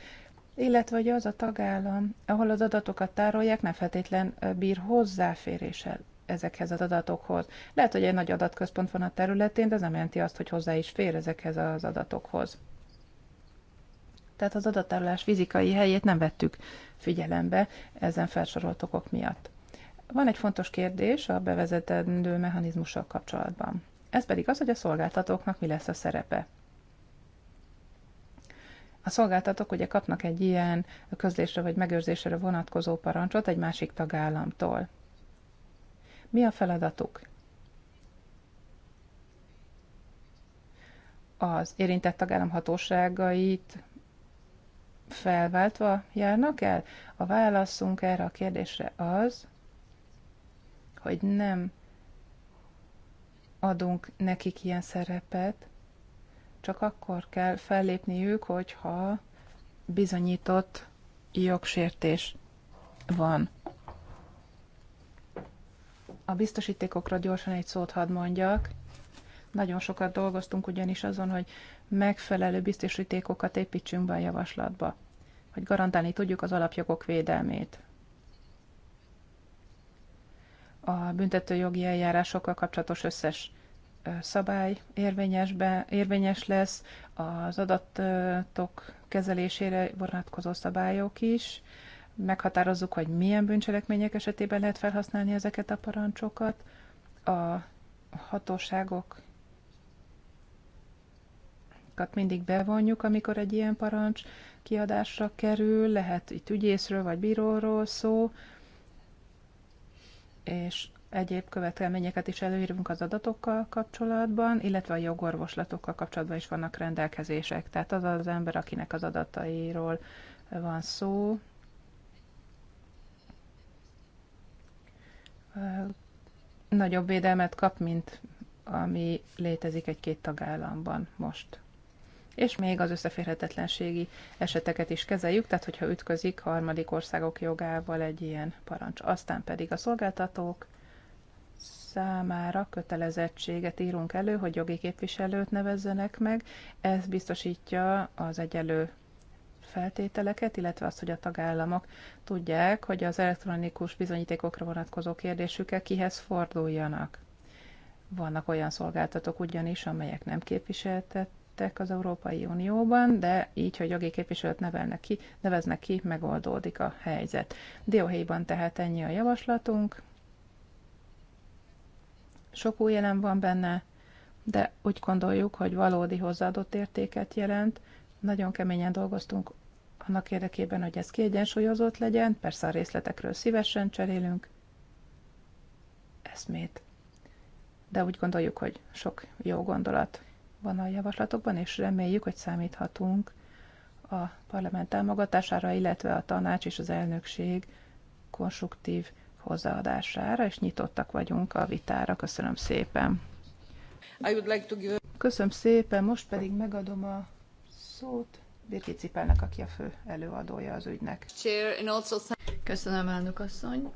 illetve hogy az a tagállam, ahol az adatokat tárolják, nem feltétlen bír hozzáféréssel ezekhez az adatokhoz. Lehet, hogy egy nagy adatközpont van a területén, de ez nem jelenti azt, hogy hozzá is fér ezekhez az adatokhoz. Tehát az adattárolás fizikai helyét nem vettük figyelembe ezen felsorolt okok miatt. Van egy fontos kérdés a bevezetendő mechanizmussal kapcsolatban. Ez pedig az, hogy a szolgáltatóknak mi lesz a szerepe. A szolgáltatók ugye kapnak egy ilyen közlésre vagy megőrzésre vonatkozó parancsot egy másik tagállamtól. Mi a feladatuk? Az érintett tagállam hatóságait felváltva járnak el? A válaszunk erre a kérdésre az, hogy nem adunk nekik ilyen szerepet, csak akkor kell fellépniük, hogyha bizonyított jogsértés van. A biztosítékokra gyorsan egy szót hadd mondjak. Nagyon sokat dolgoztunk ugyanis azon, hogy megfelelő biztosítékokat építsünk be a javaslatba, hogy garantálni tudjuk az alapjogok védelmét. A büntetőjogi eljárásokkal kapcsolatos összes szabály érvényesbe, érvényes lesz, az adatok kezelésére vonatkozó szabályok is, meghatározzuk, hogy milyen bűncselekmények esetében lehet felhasználni ezeket a parancsokat, a hatóságok mindig bevonjuk, amikor egy ilyen parancs kiadásra kerül, lehet itt ügyészről vagy bíróról szó, és egyéb követelményeket is előírunk az adatokkal kapcsolatban, illetve a jogorvoslatokkal kapcsolatban is vannak rendelkezések. Tehát az az ember, akinek az adatairól van szó, nagyobb védelmet kap, mint ami létezik egy-két tagállamban most. És még az összeférhetetlenségi eseteket is kezeljük, tehát hogyha ütközik harmadik országok jogával egy ilyen parancs. Aztán pedig a szolgáltatók számára kötelezettséget írunk elő, hogy jogi képviselőt nevezzenek meg. Ez biztosítja az egyelő feltételeket, illetve azt, hogy a tagállamok tudják, hogy az elektronikus bizonyítékokra vonatkozó kérdésükkel kihez forduljanak. Vannak olyan szolgáltatók ugyanis, amelyek nem képviseltettek az Európai Unióban, de így, hogy jogi képviselőt nevelnek ki, neveznek ki, megoldódik a helyzet. Dióhéjban tehát ennyi a javaslatunk sok új elem van benne, de úgy gondoljuk, hogy valódi hozzáadott értéket jelent. Nagyon keményen dolgoztunk annak érdekében, hogy ez kiegyensúlyozott legyen, persze a részletekről szívesen cserélünk eszmét. De úgy gondoljuk, hogy sok jó gondolat van a javaslatokban, és reméljük, hogy számíthatunk a parlament támogatására, illetve a tanács és az elnökség konstruktív hozzáadására, és nyitottak vagyunk a vitára. Köszönöm szépen. Köszönöm szépen, most pedig megadom a szót Birgit Cipelnek, aki a fő előadója az ügynek. Köszönöm, elnök asszony.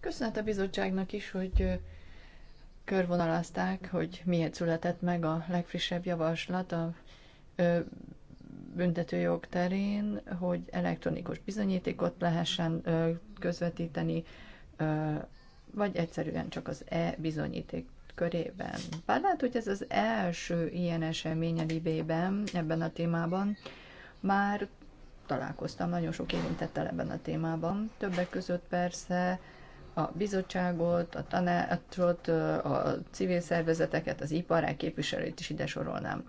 Köszönet a bizottságnak is, hogy körvonalazták, hogy miért született meg a legfrissebb javaslat a büntetőjog terén, hogy elektronikus bizonyítékot lehessen közvetíteni vagy egyszerűen csak az E bizonyíték körében. Bár lehet, hogy ez az első ilyen esemény a Libében, ebben a témában, már találkoztam nagyon sok érintettel ebben a témában, többek között persze a bizottságot, a tanácsot, a civil szervezeteket, az iparák képviselőit is ide sorolnám.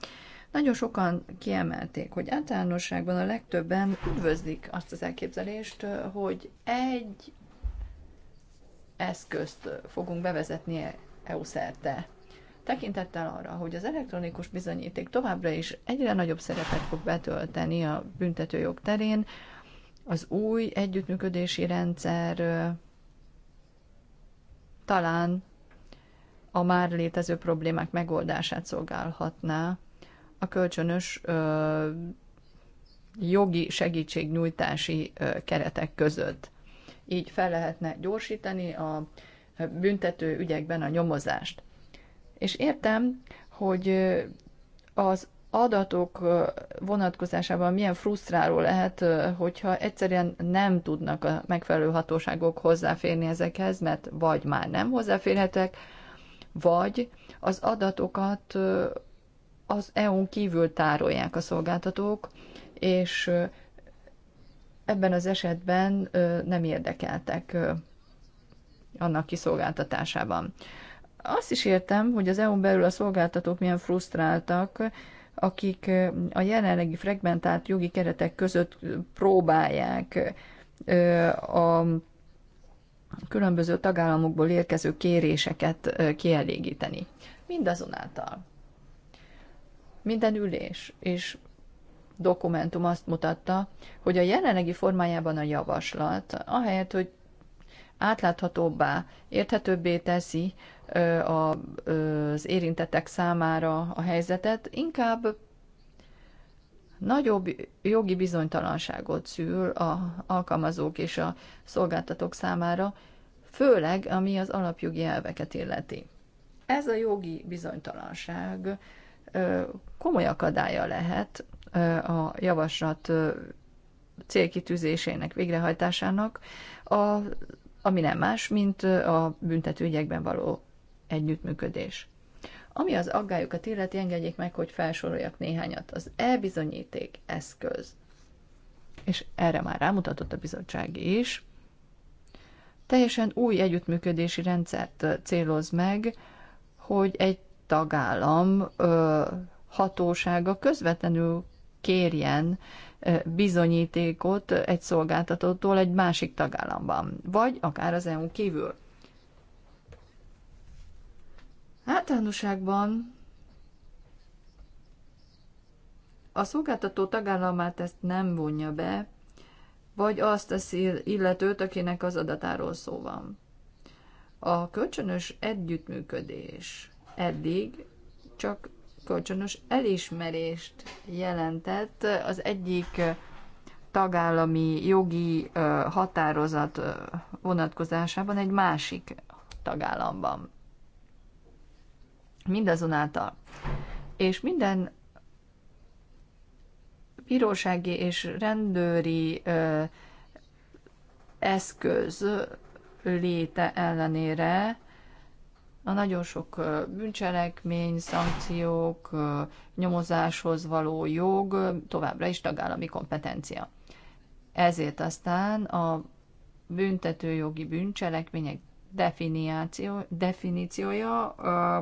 Nagyon sokan kiemelték, hogy általánosságban a legtöbben üdvözlik azt az elképzelést, hogy egy eszközt fogunk bevezetni EU szerte. Tekintettel arra, hogy az elektronikus bizonyíték továbbra is egyre nagyobb szerepet fog betölteni a büntetőjog terén, az új együttműködési rendszer talán a már létező problémák megoldását szolgálhatná a kölcsönös ö, jogi segítségnyújtási ö, keretek között így fel lehetne gyorsítani a büntető ügyekben a nyomozást. És értem, hogy az adatok vonatkozásában milyen frusztráló lehet, hogyha egyszerűen nem tudnak a megfelelő hatóságok hozzáférni ezekhez, mert vagy már nem hozzáférhetek, vagy az adatokat az EU-n kívül tárolják a szolgáltatók, és ebben az esetben nem érdekeltek annak kiszolgáltatásában. Azt is értem, hogy az EU-n belül a szolgáltatók milyen frusztráltak, akik a jelenlegi fragmentált jogi keretek között próbálják a különböző tagállamokból érkező kéréseket kielégíteni. Mindazonáltal minden ülés és dokumentum azt mutatta, hogy a jelenlegi formájában a javaslat, ahelyett, hogy átláthatóbbá, érthetőbbé teszi az érintettek számára a helyzetet, inkább nagyobb jogi bizonytalanságot szül a alkalmazók és a szolgáltatók számára, főleg ami az alapjogi elveket illeti. Ez a jogi bizonytalanság komoly akadálya lehet a javaslat célkitűzésének végrehajtásának, a, ami nem más, mint a büntetőügyekben való együttműködés. Ami az aggályokat illeti, engedjék meg, hogy felsoroljak néhányat. Az e-bizonyíték eszköz, és erre már rámutatott a bizottság is, teljesen új együttműködési rendszert céloz meg, hogy egy tagállam ö, hatósága közvetlenül kérjen bizonyítékot egy szolgáltatótól egy másik tagállamban, vagy akár az EU kívül. Általánosságban a szolgáltató tagállamát ezt nem vonja be, vagy azt az illetőt, akinek az adatáról szó van. A kölcsönös együttműködés eddig csak kölcsönös elismerést jelentett az egyik tagállami jogi határozat vonatkozásában egy másik tagállamban. Mindazonáltal. És minden bírósági és rendőri eszköz léte ellenére a nagyon sok bűncselekmény, szankciók, nyomozáshoz való jog továbbra is tagállami kompetencia. Ezért aztán a büntetőjogi bűncselekmények definíció, definíciója ö,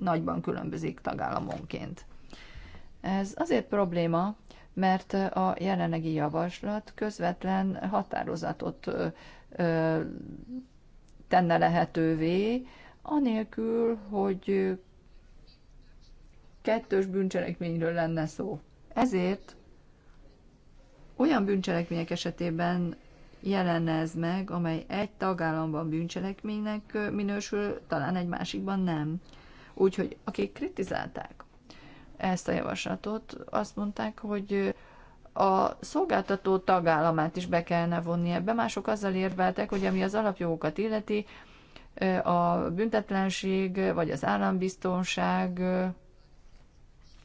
nagyban különbözik tagállamonként. Ez azért probléma, mert a jelenlegi javaslat közvetlen határozatot ö, ö, tenne lehetővé, anélkül, hogy kettős bűncselekményről lenne szó. Ezért olyan bűncselekmények esetében jelenez meg, amely egy tagállamban bűncselekménynek minősül, talán egy másikban nem. Úgyhogy akik kritizálták ezt a javaslatot, azt mondták, hogy a szolgáltató tagállamát is be kellene vonni ebbe. Mások azzal érveltek, hogy ami az alapjogokat illeti, a büntetlenség vagy az állambiztonság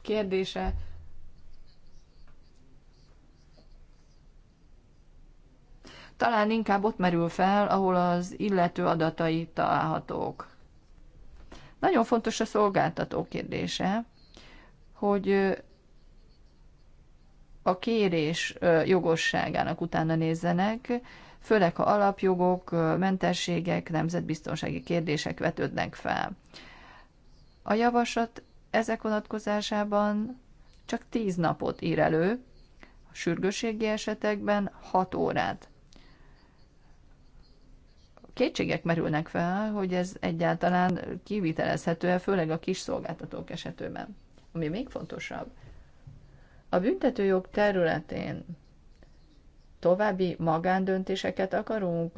kérdése. Talán inkább ott merül fel, ahol az illető adatai találhatók. Nagyon fontos a szolgáltató kérdése, hogy a kérés jogosságának utána nézzenek, főleg ha alapjogok, mentességek, nemzetbiztonsági kérdések vetődnek fel. A javaslat ezek vonatkozásában csak 10 napot ír elő, a sürgősségi esetekben 6 órát. Kétségek merülnek fel, hogy ez egyáltalán kivitelezhető-e, főleg a kis szolgáltatók esetében. Ami még fontosabb, a büntetőjog területén további magándöntéseket akarunk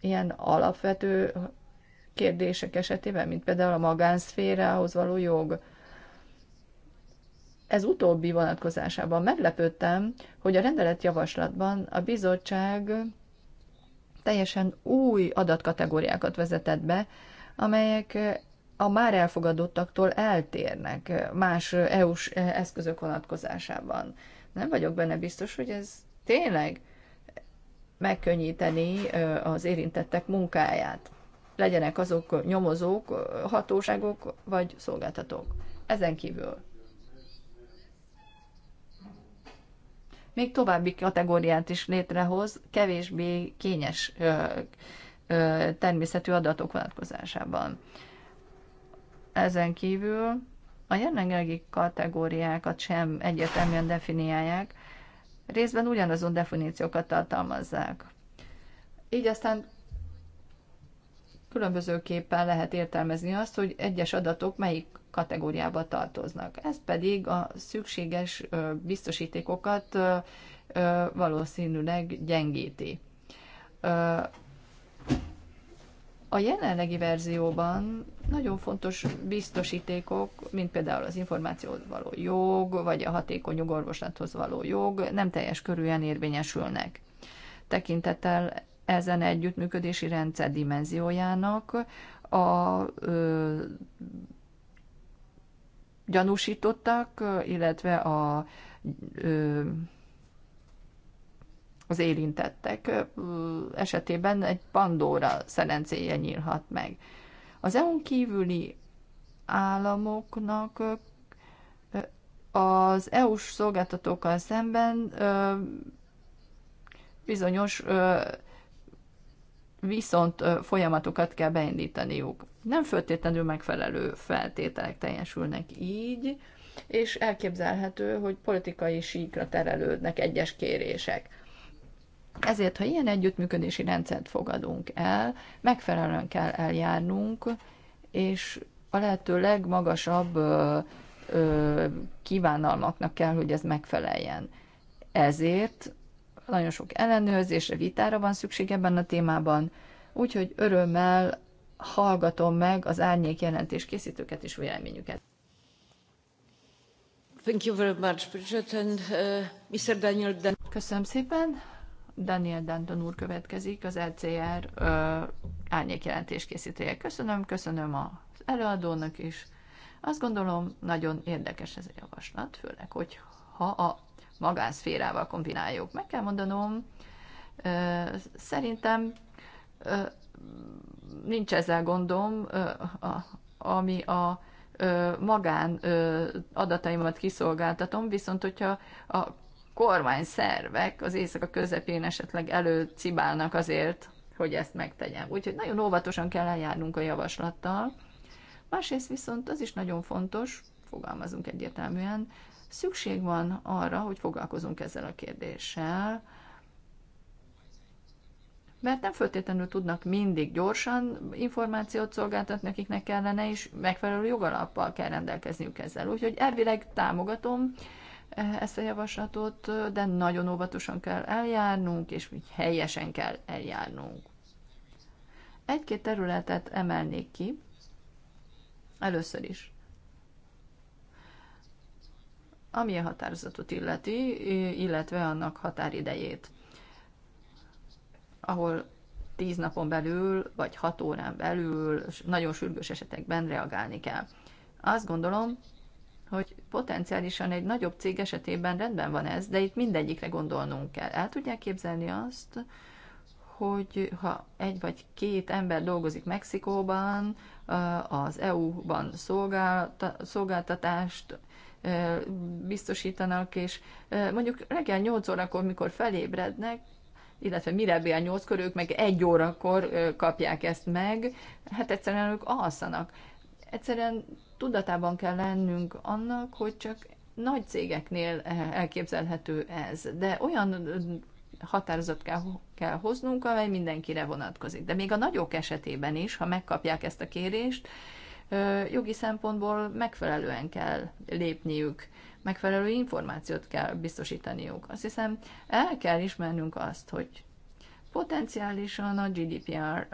ilyen alapvető kérdések esetében, mint például a magánszférához való jog. Ez utóbbi vonatkozásában meglepődtem, hogy a rendelet javaslatban a bizottság teljesen új adatkategóriákat vezetett be, amelyek a már elfogadottaktól eltérnek más EU-s eszközök vonatkozásában. Nem vagyok benne biztos, hogy ez tényleg megkönnyíteni az érintettek munkáját. Legyenek azok nyomozók, hatóságok vagy szolgáltatók. Ezen kívül. Még további kategóriát is létrehoz, kevésbé kényes természetű adatok vonatkozásában. Ezen kívül a jelenlegi kategóriákat sem egyértelműen definiálják, részben ugyanazon definíciókat tartalmazzák. Így aztán különbözőképpen lehet értelmezni azt, hogy egyes adatok melyik kategóriába tartoznak. Ez pedig a szükséges biztosítékokat valószínűleg gyengíti. A jelenlegi verzióban nagyon fontos biztosítékok, mint például az információhoz való jog, vagy a hatékony jogorvoslathoz való jog nem teljes körűen érvényesülnek. Tekintettel ezen együttműködési rendszer dimenziójának a ö, gyanúsítottak, illetve a ö, az érintettek esetében egy pandora szerencéje nyílhat meg. Az EU-n kívüli államoknak az EU-s szolgáltatókkal szemben bizonyos viszont folyamatokat kell beindítaniuk. Nem föltétlenül megfelelő feltételek teljesülnek így, és elképzelhető, hogy politikai síkra terelődnek egyes kérések. Ezért, ha ilyen együttműködési rendszert fogadunk el, megfelelően kell eljárnunk, és a lehető legmagasabb ö, ö, kívánalmaknak kell, hogy ez megfeleljen. Ezért nagyon sok ellenőrzésre, vitára van szükség ebben a témában, úgyhogy örömmel hallgatom meg az árnyék jelentés készítőket és véleményüket. Thank you very much, Bridget, and uh, Mr. Daniel Dan- Köszönöm szépen. Daniel Danton úr következik, az LCR ö, árnyékjelentés készítője. Köszönöm, köszönöm az előadónak is. Azt gondolom, nagyon érdekes ez a javaslat, főleg, hogy ha a magánszférával kombináljuk. Meg kell mondanom, ö, szerintem ö, nincs ezzel gondom, ö, a, ami a magán adataimat kiszolgáltatom, viszont hogyha a kormányszervek az éjszaka közepén esetleg előcibálnak azért, hogy ezt megtegyen. Úgyhogy nagyon óvatosan kell eljárnunk a javaslattal. Másrészt viszont az is nagyon fontos, fogalmazunk egyértelműen, szükség van arra, hogy foglalkozunk ezzel a kérdéssel, mert nem föltétlenül tudnak mindig gyorsan információt szolgáltatni, akiknek kellene, és megfelelő jogalappal kell rendelkezniük ezzel. Úgyhogy elvileg támogatom, ezt a javaslatot, de nagyon óvatosan kell eljárnunk, és úgy helyesen kell eljárnunk. Egy-két területet emelnék ki. Először is. Ami a határozatot illeti, illetve annak határidejét, ahol tíz napon belül, vagy hat órán belül, nagyon sürgős esetekben reagálni kell. Azt gondolom, hogy potenciálisan egy nagyobb cég esetében rendben van ez, de itt mindegyikre gondolnunk kell. El tudják képzelni azt, hogy ha egy vagy két ember dolgozik Mexikóban, az EU-ban szolgáltatást biztosítanak, és mondjuk reggel 8 órakor, mikor felébrednek, illetve mire bél 8 kor, ők meg egy órakor kapják ezt meg, hát egyszerűen ők alszanak. Egyszerűen tudatában kell lennünk annak, hogy csak nagy cégeknél eh, elképzelhető ez, de olyan határozat kell, kell hoznunk, amely mindenkire vonatkozik. De még a nagyok esetében is, ha megkapják ezt a kérést, jogi szempontból megfelelően kell lépniük, megfelelő információt kell biztosítaniuk. Azt hiszem, el kell ismernünk azt, hogy potenciálisan a GDPR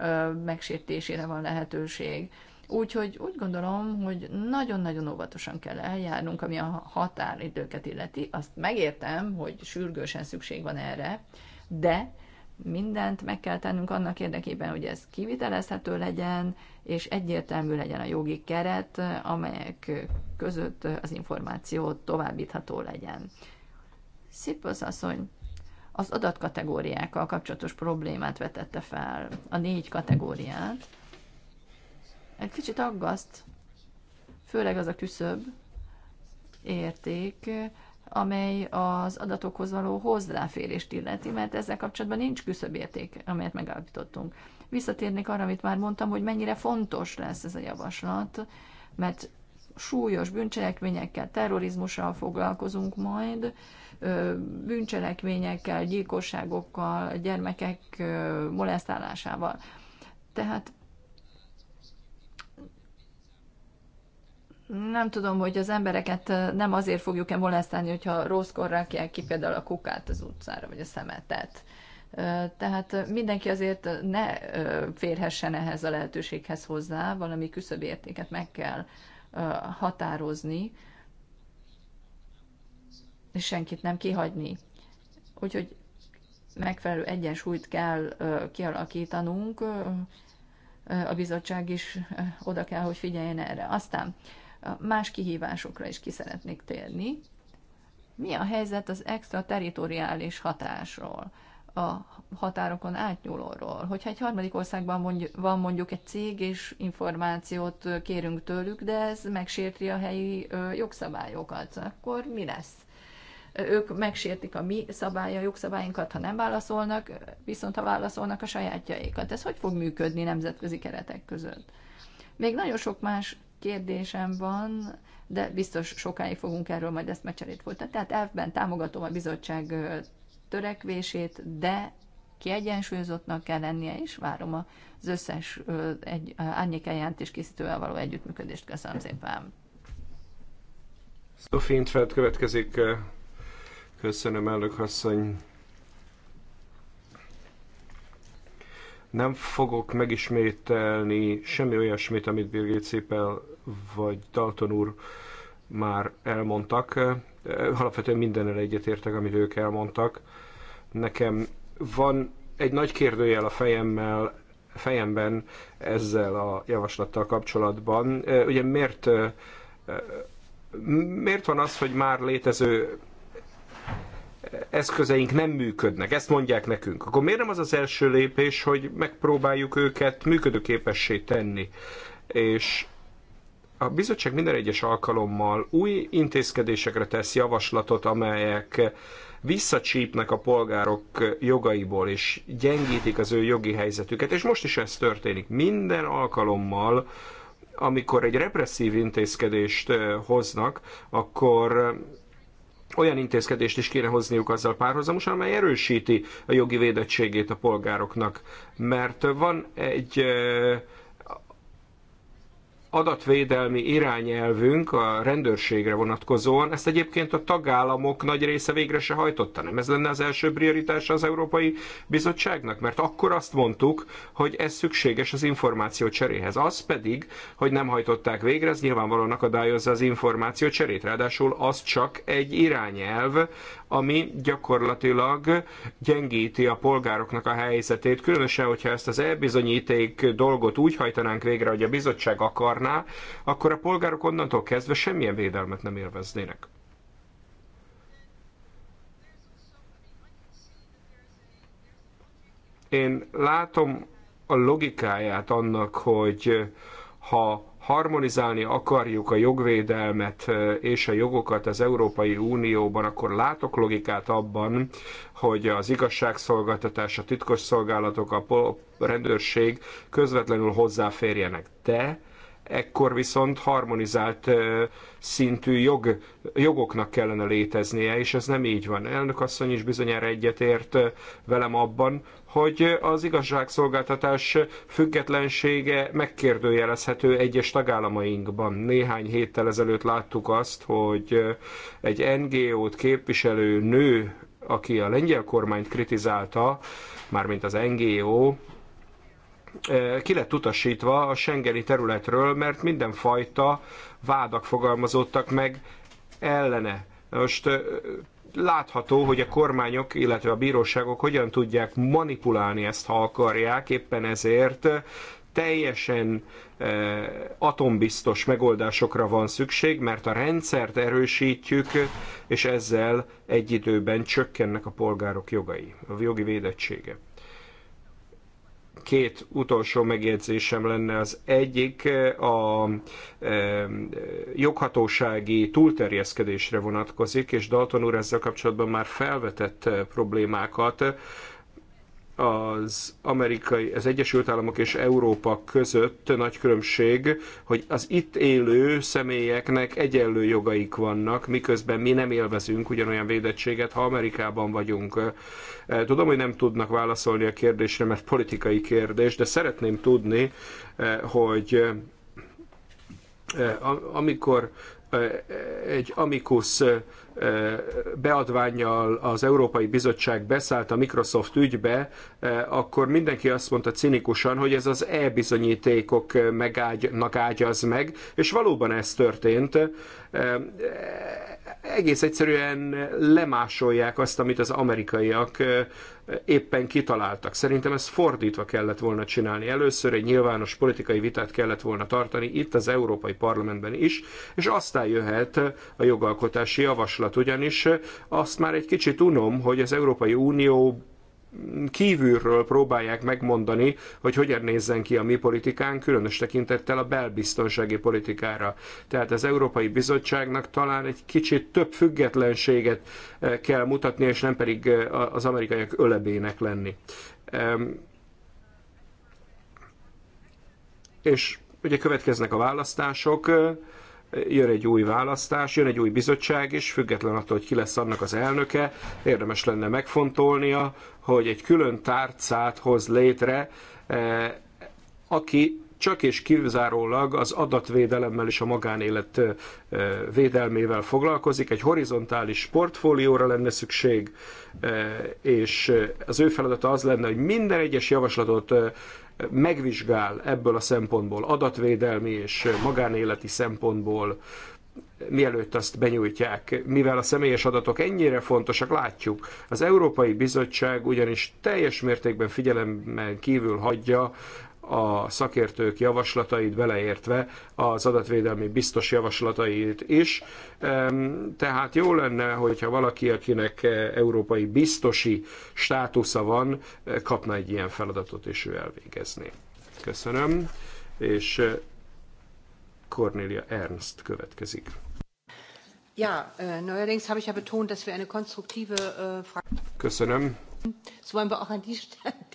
megsértésére van lehetőség. Úgyhogy úgy gondolom, hogy nagyon-nagyon óvatosan kell eljárnunk, ami a határidőket illeti. Azt megértem, hogy sürgősen szükség van erre, de mindent meg kell tennünk annak érdekében, hogy ez kivitelezhető legyen, és egyértelmű legyen a jogi keret, amelyek között az információ továbbítható legyen. Sziposz asszony az adatkategóriákkal kapcsolatos problémát vetette fel, a négy kategóriát, egy kicsit aggaszt, főleg az a küszöbb érték, amely az adatokhoz való hozzáférést illeti, mert ezzel kapcsolatban nincs érték, amelyet megállapítottunk. Visszatérnék arra, amit már mondtam, hogy mennyire fontos lesz ez a javaslat, mert súlyos bűncselekményekkel, terrorizmussal foglalkozunk majd, bűncselekményekkel, gyilkosságokkal, gyermekek molesztálásával. Tehát nem tudom, hogy az embereket nem azért fogjuk-e molesztálni, hogyha rosszkor rakják ki például a kukát az utcára, vagy a szemetet. Tehát mindenki azért ne férhessen ehhez a lehetőséghez hozzá, valami küszöbértéket meg kell határozni, és senkit nem kihagyni. Úgyhogy megfelelő egyensúlyt kell kialakítanunk, a bizottság is oda kell, hogy figyeljen erre. Aztán más kihívásokra is ki szeretnék térni. Mi a helyzet az extra teritoriális hatásról, a határokon átnyúlóról? Hogyha egy harmadik országban van mondjuk egy cég, és információt kérünk tőlük, de ez megsérti a helyi jogszabályokat, akkor mi lesz? ők megsértik a mi szabálya, jogszabályinkat, ha nem válaszolnak, viszont ha válaszolnak a sajátjaikat. Ez hogy fog működni nemzetközi keretek között? Még nagyon sok más kérdésem van, de biztos sokáig fogunk erről majd ezt mecserét folytatni. Tehát elfben támogatom a bizottság törekvését, de kiegyensúlyozottnak kell lennie, és várom az összes egy, árnyékeljánt és készítővel való együttműködést. Köszönöm szépen. Sophie Intfeld következik. Köszönöm, elnök asszony. Nem fogok megismételni semmi olyasmit, amit Birgit Cipel vagy Dalton úr már elmondtak. Alapvetően mindennel egyetértek, amit ők elmondtak. Nekem van egy nagy kérdőjel a fejemmel, fejemben ezzel a javaslattal kapcsolatban. Ugye miért, miért van az, hogy már létező eszközeink nem működnek, ezt mondják nekünk, akkor miért nem az az első lépés, hogy megpróbáljuk őket működőképessé tenni? És a bizottság minden egyes alkalommal új intézkedésekre tesz javaslatot, amelyek visszacsípnek a polgárok jogaiból, és gyengítik az ő jogi helyzetüket. És most is ez történik. Minden alkalommal, amikor egy represszív intézkedést eh, hoznak, akkor olyan intézkedést is kéne hozniuk azzal párhuzamosan, amely erősíti a jogi védettségét a polgároknak. Mert van egy adatvédelmi irányelvünk a rendőrségre vonatkozóan, ezt egyébként a tagállamok nagy része végre se hajtotta. Nem ez lenne az első prioritása az Európai Bizottságnak? Mert akkor azt mondtuk, hogy ez szükséges az információ cseréhez. Az pedig, hogy nem hajtották végre, ez nyilvánvalóan akadályozza az információ cserét. Ráadásul az csak egy irányelv, ami gyakorlatilag gyengíti a polgároknak a helyzetét, különösen, hogyha ezt az elbizonyíték dolgot úgy hajtanánk végre, hogy a bizottság akarná, akkor a polgárok onnantól kezdve semmilyen védelmet nem élveznének. Én látom a logikáját annak, hogy ha harmonizálni akarjuk a jogvédelmet és a jogokat az Európai Unióban, akkor látok logikát abban, hogy az igazságszolgáltatás, a titkosszolgálatok, a rendőrség közvetlenül hozzáférjenek. De ekkor viszont harmonizált szintű jog, jogoknak kellene léteznie, és ez nem így van. Elnök asszony is bizonyára egyetért velem abban, hogy az igazságszolgáltatás függetlensége megkérdőjelezhető egyes tagállamainkban. Néhány héttel ezelőtt láttuk azt, hogy egy NGO-t képviselő nő, aki a lengyel kormányt kritizálta, mármint az NGO, ki lett utasítva a Schengeni területről, mert mindenfajta vádak fogalmazódtak meg ellene. Most látható, hogy a kormányok, illetve a bíróságok hogyan tudják manipulálni ezt, ha akarják, éppen ezért teljesen atombiztos megoldásokra van szükség, mert a rendszert erősítjük, és ezzel egy időben csökkennek a polgárok jogai, a jogi védettsége két utolsó megjegyzésem lenne. Az egyik eh, a eh, joghatósági túlterjeszkedésre vonatkozik, és Dalton úr ezzel kapcsolatban már felvetett eh, problémákat az amerikai, az Egyesült Államok és Európa között nagy különbség, hogy az itt élő személyeknek egyenlő jogaik vannak, miközben mi nem élvezünk ugyanolyan védettséget, ha Amerikában vagyunk. E, tudom, hogy nem tudnak válaszolni a kérdésre, mert politikai kérdés, de szeretném tudni, e, hogy e, amikor egy amikusz beadványjal az Európai Bizottság beszállt a Microsoft ügybe, eh, akkor mindenki azt mondta cinikusan, hogy ez az e-bizonyítékok eh, megágynak ágyaz meg, és valóban ez történt. E, egész egyszerűen lemásolják azt, amit az amerikaiak e, éppen kitaláltak. Szerintem ezt fordítva kellett volna csinálni. Először egy nyilvános politikai vitát kellett volna tartani itt az Európai Parlamentben is, és aztán jöhet a jogalkotási javaslat. Ugyanis azt már egy kicsit unom, hogy az Európai Unió kívülről próbálják megmondani, hogy hogyan nézzen ki a mi politikánk, különös tekintettel a belbiztonsági politikára. Tehát az Európai Bizottságnak talán egy kicsit több függetlenséget eh, kell mutatni, és nem pedig eh, az amerikaiak ölebének lenni. És ugye következnek a választások, eh, jön egy új választás, jön egy új bizottság is, független attól, hogy ki lesz annak az elnöke, érdemes lenne megfontolnia, hogy egy külön tárcát hoz létre, eh, aki csak és kizárólag az adatvédelemmel és a magánélet eh, védelmével foglalkozik. Egy horizontális portfólióra lenne szükség, eh, és az ő feladata az lenne, hogy minden egyes javaslatot megvizsgál ebből a szempontból, adatvédelmi és magánéleti szempontból, mielőtt azt benyújtják. Mivel a személyes adatok ennyire fontosak, látjuk. Az Európai Bizottság ugyanis teljes mértékben figyelemen kívül hagyja a szakértők javaslatait beleértve az adatvédelmi biztos javaslatait is. Tehát jó lenne, hogyha valaki, akinek eh, európai biztosi státusza van, eh, kapna egy ilyen feladatot, és ő elvégezné. Köszönöm, és eh, Cornelia Ernst következik. Ja, neuerdings habe ich ja betont, dass wir eine konstruktive Frage. Köszönöm. Das wollen wir auch an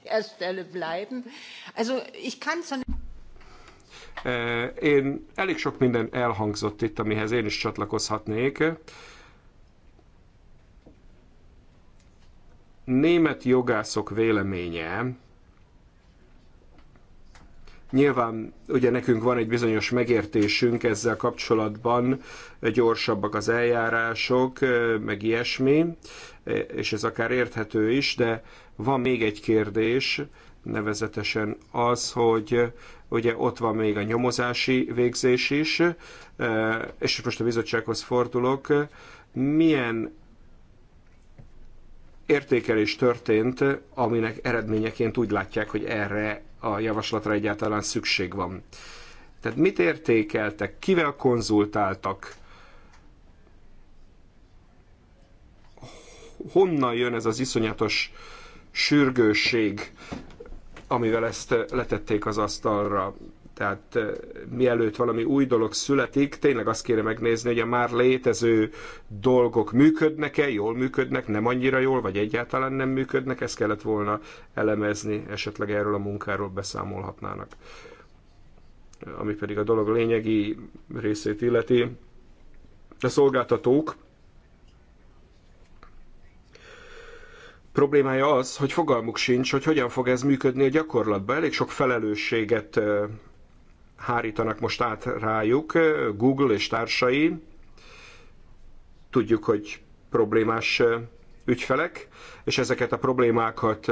der Stelle bleiben. Also ich kann so äh, én elég sok minden elhangzott itt, amihez én is csatlakozhatnék. Német jogászok véleménye Nyilván ugye nekünk van egy bizonyos megértésünk ezzel kapcsolatban, gyorsabbak az eljárások, meg ilyesmi, és ez akár érthető is, de van még egy kérdés, nevezetesen az, hogy ugye ott van még a nyomozási végzés is, és most a bizottsághoz fordulok, milyen értékelés történt, aminek eredményeként úgy látják, hogy erre a javaslatra egyáltalán szükség van. Tehát mit értékeltek, kivel konzultáltak, honnan jön ez az iszonyatos sürgőség, amivel ezt letették az asztalra. Tehát mielőtt valami új dolog születik, tényleg azt kéne megnézni, hogy a már létező dolgok működnek-e, jól működnek, nem annyira jól, vagy egyáltalán nem működnek, ezt kellett volna elemezni, esetleg erről a munkáról beszámolhatnának. Ami pedig a dolog lényegi részét illeti, a szolgáltatók problémája az, hogy fogalmuk sincs, hogy hogyan fog ez működni a gyakorlatban. Elég sok felelősséget hárítanak most át rájuk Google és társai. Tudjuk, hogy problémás ügyfelek, és ezeket a problémákat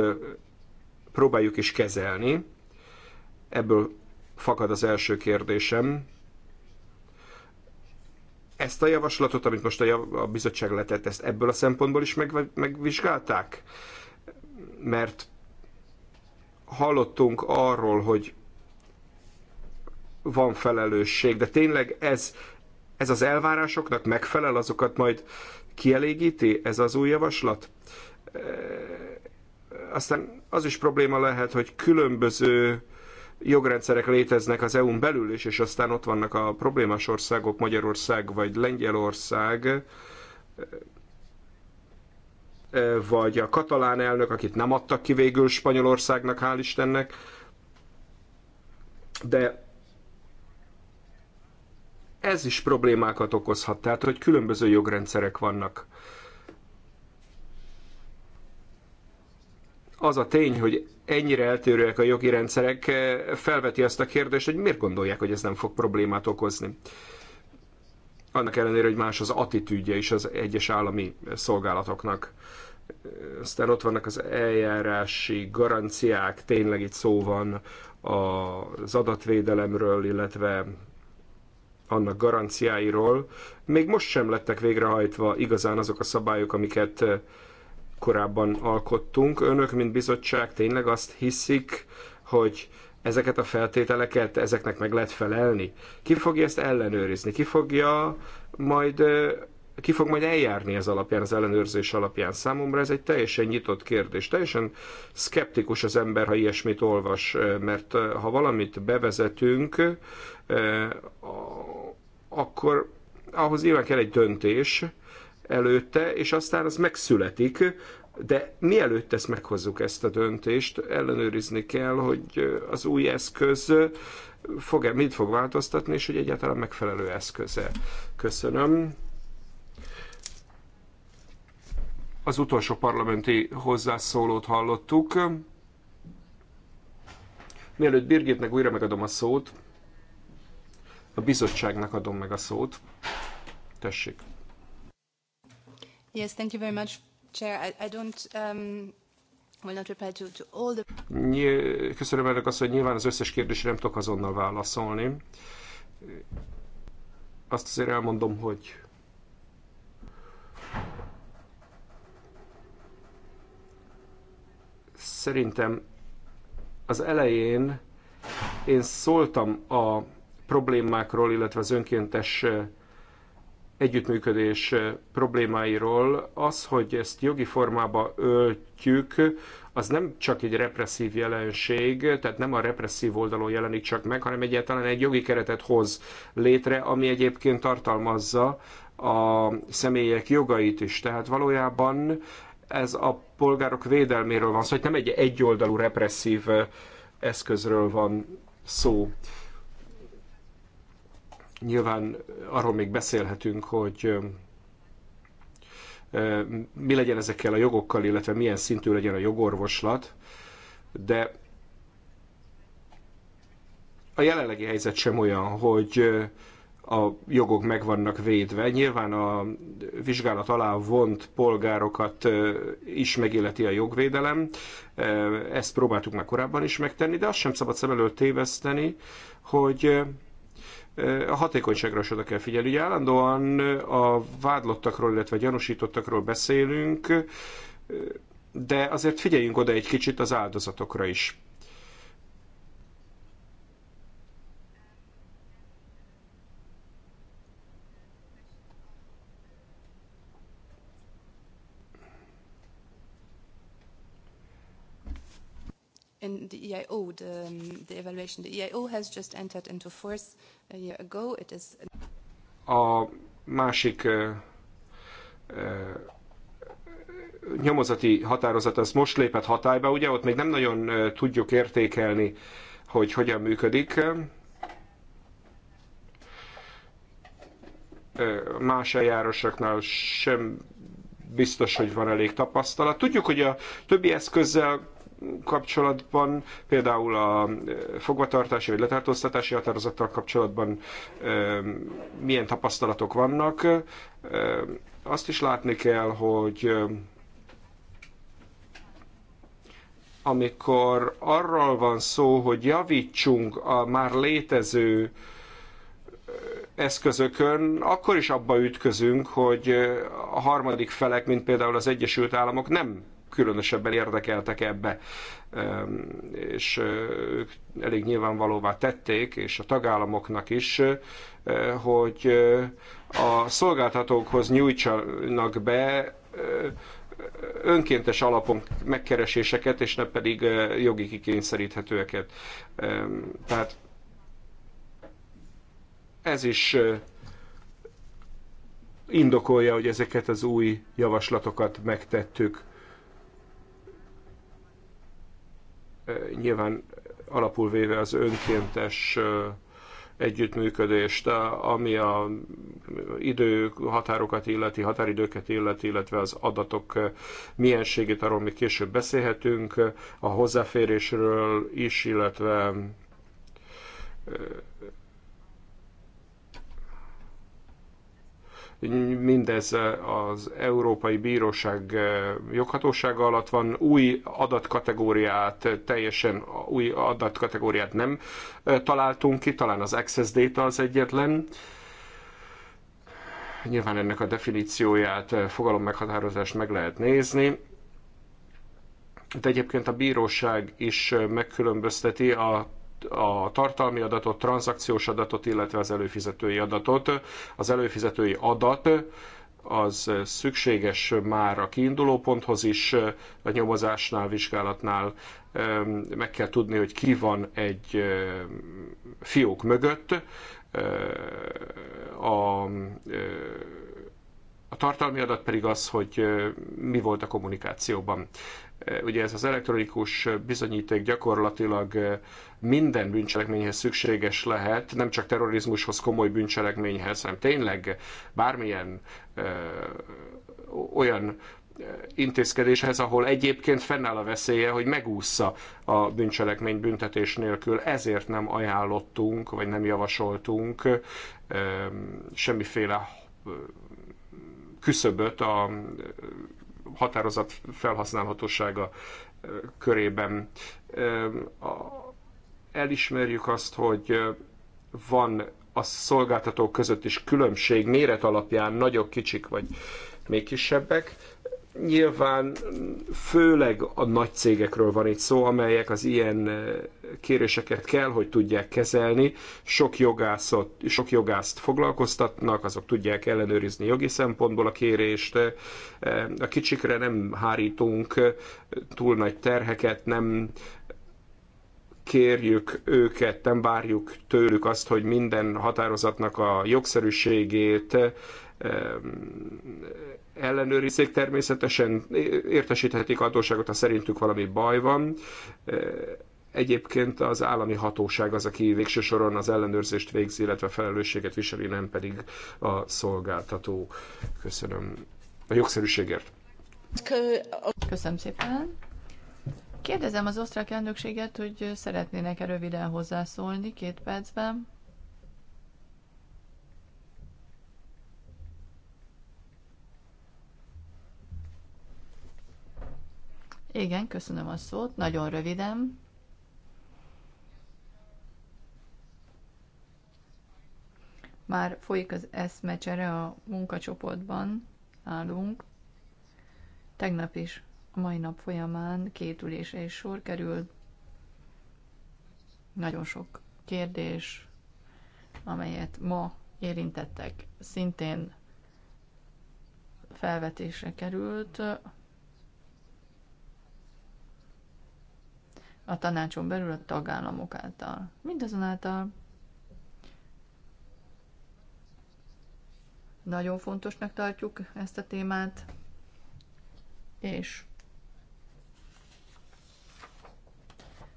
próbáljuk is kezelni. Ebből fakad az első kérdésem. Ezt a javaslatot, amit most a, jav- a bizottság letett, ezt ebből a szempontból is meg- megvizsgálták? Mert hallottunk arról, hogy van felelősség, de tényleg ez, ez az elvárásoknak megfelel, azokat majd kielégíti ez az új javaslat? Eh, aztán az is probléma lehet, hogy különböző jogrendszerek léteznek az EU-n belül is, és aztán ott vannak a problémás országok, Magyarország vagy Lengyelország, eh, vagy a katalán elnök, akit nem adtak ki végül Spanyolországnak, hál' Istennek. De ez is problémákat okozhat, tehát hogy különböző jogrendszerek vannak. Az a tény, hogy ennyire eltérőek a jogi rendszerek, eh, felveti azt a kérdést, hogy miért gondolják, hogy ez nem fog problémát okozni. Annak ellenére, hogy más az attitűdje is az egyes állami szolgálatoknak. Aztán ott vannak az eljárási garanciák, tényleg itt szó van az adatvédelemről, illetve annak garanciáiról. Még most sem lettek végrehajtva igazán azok a szabályok, amiket eh, korábban alkottunk. Önök, mint bizottság tényleg azt hiszik, hogy ezeket a feltételeket, ezeknek meg lehet felelni? Ki fogja ezt ellenőrizni? Ki fogja majd eh, ki fog majd eljárni ez alapján, az ellenőrzés alapján. Számomra ez egy teljesen nyitott kérdés. Teljesen szkeptikus az ember, ha ilyesmit olvas, eh, mert ha valamit bevezetünk, akkor ahhoz nyilván kell egy döntés előtte, és aztán az megszületik, de mielőtt ezt meghozzuk ezt a döntést, ellenőrizni kell, hogy az új eszköz fog-e, mit fog változtatni, és hogy egyáltalán megfelelő eszköze. Köszönöm. Az utolsó parlamenti hozzászólót hallottuk. Mielőtt Birgitnek újra megadom a szót, a bizottságnak adom meg a szót. Tessék. Yes, thank you very much, Chair. I, I don't um, will not reply to, all the... Köszönöm ennek azt, hogy nyilván az összes kérdésre nem tudok azonnal válaszolni. Azt azért elmondom, hogy szerintem az elején én szóltam a problémákról, illetve az önkéntes eh, együttműködés eh, problémáiról. Az, hogy ezt jogi formába öltjük, az nem csak egy represszív jelenség, tehát nem a represszív oldalon jelenik csak meg, hanem egyáltalán egy jogi keretet hoz létre, ami egyébként tartalmazza a személyek jogait is. Tehát valójában ez a polgárok védelméről van szó, hogy nem egy egyoldalú represszív eh, eszközről van szó. Nyilván arról még beszélhetünk, hogy mi legyen ezekkel a jogokkal, illetve milyen szintű legyen a jogorvoslat, de a jelenlegi helyzet sem olyan, hogy a jogok meg vannak védve. Nyilván a vizsgálat alá vont polgárokat is megilleti a jogvédelem. Ezt próbáltuk már korábban is megtenni, de azt sem szabad szem előtt téveszteni, hogy a hatékonyságra is oda kell figyelni. Ugye állandóan a vádlottakról, illetve a gyanúsítottakról beszélünk, de azért figyeljünk oda egy kicsit az áldozatokra is. in the EIO, the, um, the evaluation. The EIO has just entered into force a year ago. It is a másik uh, uh, nyomozati határozat az most lépett hatályba, ugye ott még nem nagyon uh, tudjuk értékelni, hogy hogyan működik. Más eljárosoknál sem biztos, hogy van elég tapasztalat. Tudjuk, hogy a többi eszközzel kapcsolatban, például a e, fogvatartási vagy letartóztatási határozattal kapcsolatban e, milyen tapasztalatok vannak. E, azt is látni kell, hogy amikor arról van szó, hogy javítsunk a már létező eszközökön, akkor is abba ütközünk, hogy a harmadik felek, mint például az Egyesült Államok nem különösebben érdekeltek ebbe, és ők elég nyilvánvalóvá tették, és a tagállamoknak is, hogy a szolgáltatókhoz nyújtsanak be önkéntes alapon megkereséseket, és ne pedig jogi kikényszeríthetőeket. Tehát ez is indokolja, hogy ezeket az új javaslatokat megtettük. Eh, nyilván alapul véve az önkéntes eh, együttműködést, eh, ami a idő határokat illeti, határidőket illeti, illetve az adatok mienségét, arról még később beszélhetünk, a hozzáférésről is, illetve mindez eh, az Európai Bíróság eh, joghatósága alatt van, új adatkategóriát, eh, teljesen új adatkategóriát nem találtunk ki, talán az access data az egyetlen. Nyilván ennek a definícióját, fogalom meghatározást meg lehet nézni. De egyébként a bíróság is megkülönbözteti a a tartalmi adatot, tranzakciós adatot, illetve az előfizetői adatot. Az előfizetői adat az szükséges már a kiinduló ponthoz is, a nyomozásnál, vizsgálatnál meg kell tudni, hogy ki van egy fiók mögött, a a tartalmi adat pedig az, hogy mi volt a kommunikációban. Ugye ez az elektronikus bizonyíték gyakorlatilag minden bűncselekményhez szükséges lehet, nem csak terrorizmushoz, komoly bűncselekményhez, hanem tényleg bármilyen ö, olyan intézkedéshez, ahol egyébként fennáll a veszélye, hogy megúszza a bűncselekmény büntetés nélkül. Ezért nem ajánlottunk, vagy nem javasoltunk semmiféle küszöböt a határozat felhasználhatósága körében. Elismerjük azt, hogy van a szolgáltatók között is különbség méret alapján nagyok, kicsik vagy még kisebbek. Nyilván főleg a nagy cégekről van itt szó, amelyek az ilyen eh, kéréseket kell, hogy tudják kezelni. Sok, jogászot, sok jogászt foglalkoztatnak, azok tudják ellenőrizni jogi szempontból a kérést. Eh, a kicsikre nem hárítunk eh, túl nagy terheket, nem kérjük őket, nem várjuk tőlük azt, hogy minden határozatnak a jogszerűségét ellenőrizzék természetesen, értesíthetik hatóságot, ha szerintük valami baj van. Egyébként az állami hatóság az, aki végső soron az ellenőrzést végzi, illetve felelősséget viseli, nem pedig a szolgáltató. Köszönöm a jogszerűségért. Köszönöm szépen. Kérdezem az osztrák elnökséget, hogy szeretnének-e röviden hozzászólni két percben. Igen, köszönöm a szót, nagyon röviden. Már folyik az eszmecsere a munkacsoportban, állunk. Tegnap is, a mai nap folyamán két ülésre is sor került. Nagyon sok kérdés, amelyet ma érintettek, szintén felvetésre került a tanácson belül a tagállamok által. Mindazonáltal nagyon fontosnak tartjuk ezt a témát, és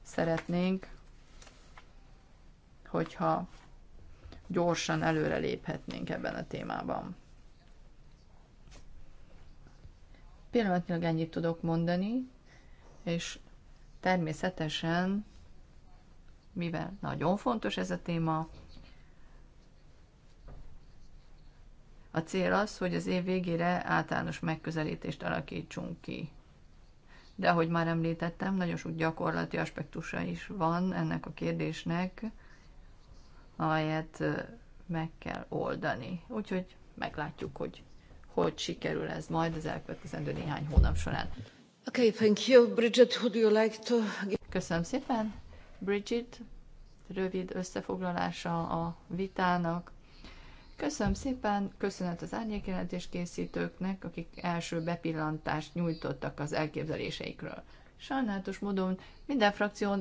szeretnénk, hogyha gyorsan előre léphetnénk ebben a témában. Pillanatnyilag ennyit tudok mondani, és Természetesen, mivel nagyon fontos ez a téma, a cél az, hogy az év végére általános megközelítést alakítsunk ki. De ahogy már említettem, nagyon sok gyakorlati aspektusa is van ennek a kérdésnek, amelyet meg kell oldani. Úgyhogy meglátjuk, hogy hogy sikerül ez majd az elkövetkezendő néhány hónap során. Okay, thank you. Bridget, would you like to... Köszönöm szépen. Bridget, rövid összefoglalása a vitának. Köszönöm szépen, köszönet az árnyékjelentés készítőknek, akik első bepillantást nyújtottak az elképzeléseikről. Sajnálatos módon minden frakció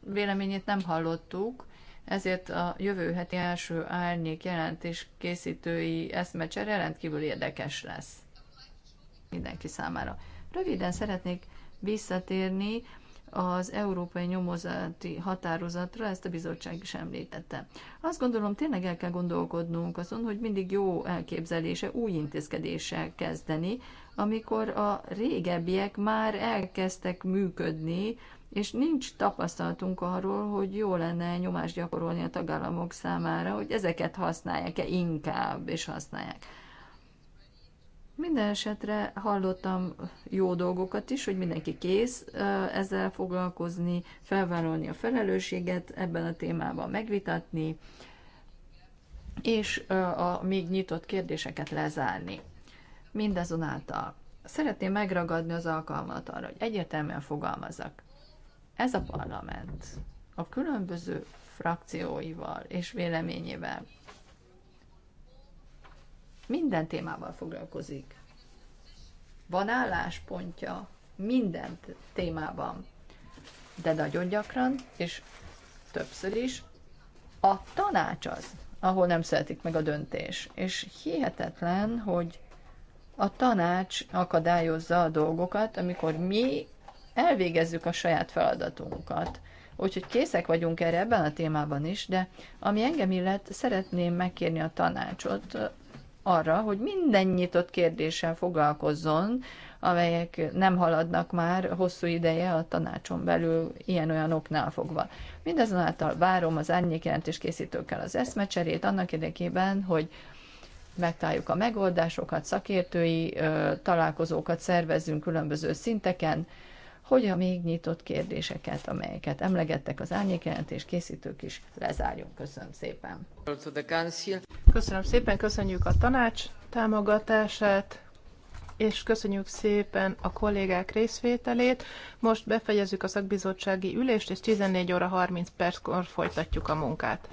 véleményét nem hallottuk, ezért a jövő heti első árnyék jelentés készítői eszmecsere rendkívül érdekes lesz mindenki számára. Röviden szeretnék visszatérni az európai nyomozati határozatra, ezt a bizottság is említette. Azt gondolom, tényleg el kell gondolkodnunk azon, hogy mindig jó elképzelése, új intézkedéssel kezdeni, amikor a régebbiek már elkezdtek működni, és nincs tapasztalatunk arról, hogy jó lenne nyomást gyakorolni a tagállamok számára, hogy ezeket használják-e inkább, és használják. Minden esetre hallottam jó dolgokat is, hogy mindenki kész ezzel foglalkozni, felvállalni a felelősséget, ebben a témában megvitatni, és a még nyitott kérdéseket lezárni. Mindazonáltal szeretném megragadni az alkalmat arra, hogy egyértelműen fogalmazak. Ez a parlament a különböző frakcióival és véleményével minden témával foglalkozik. Van álláspontja minden témában, de nagyon gyakran, és többször is, a tanács az, ahol nem szeretik meg a döntés. És hihetetlen, hogy a tanács akadályozza a dolgokat, amikor mi elvégezzük a saját feladatunkat. Úgyhogy készek vagyunk erre ebben a témában is, de ami engem illet, szeretném megkérni a tanácsot arra, hogy minden nyitott kérdéssel foglalkozzon, amelyek nem haladnak már hosszú ideje a tanácson belül ilyen-olyan oknál fogva. Mindazonáltal várom az árnyékjelentés készítőkkel az eszmecserét annak érdekében, hogy megtaláljuk a megoldásokat, szakértői ö, találkozókat szervezzünk különböző szinteken, hogy a még nyitott kérdéseket, amelyeket emlegettek az árnyékjelentés készítők is, lezárjunk. Köszönöm szépen. Köszönöm szépen, köszönjük a tanács támogatását, és köszönjük szépen a kollégák részvételét. Most befejezzük a szakbizottsági ülést, és 14 óra 30 perckor folytatjuk a munkát.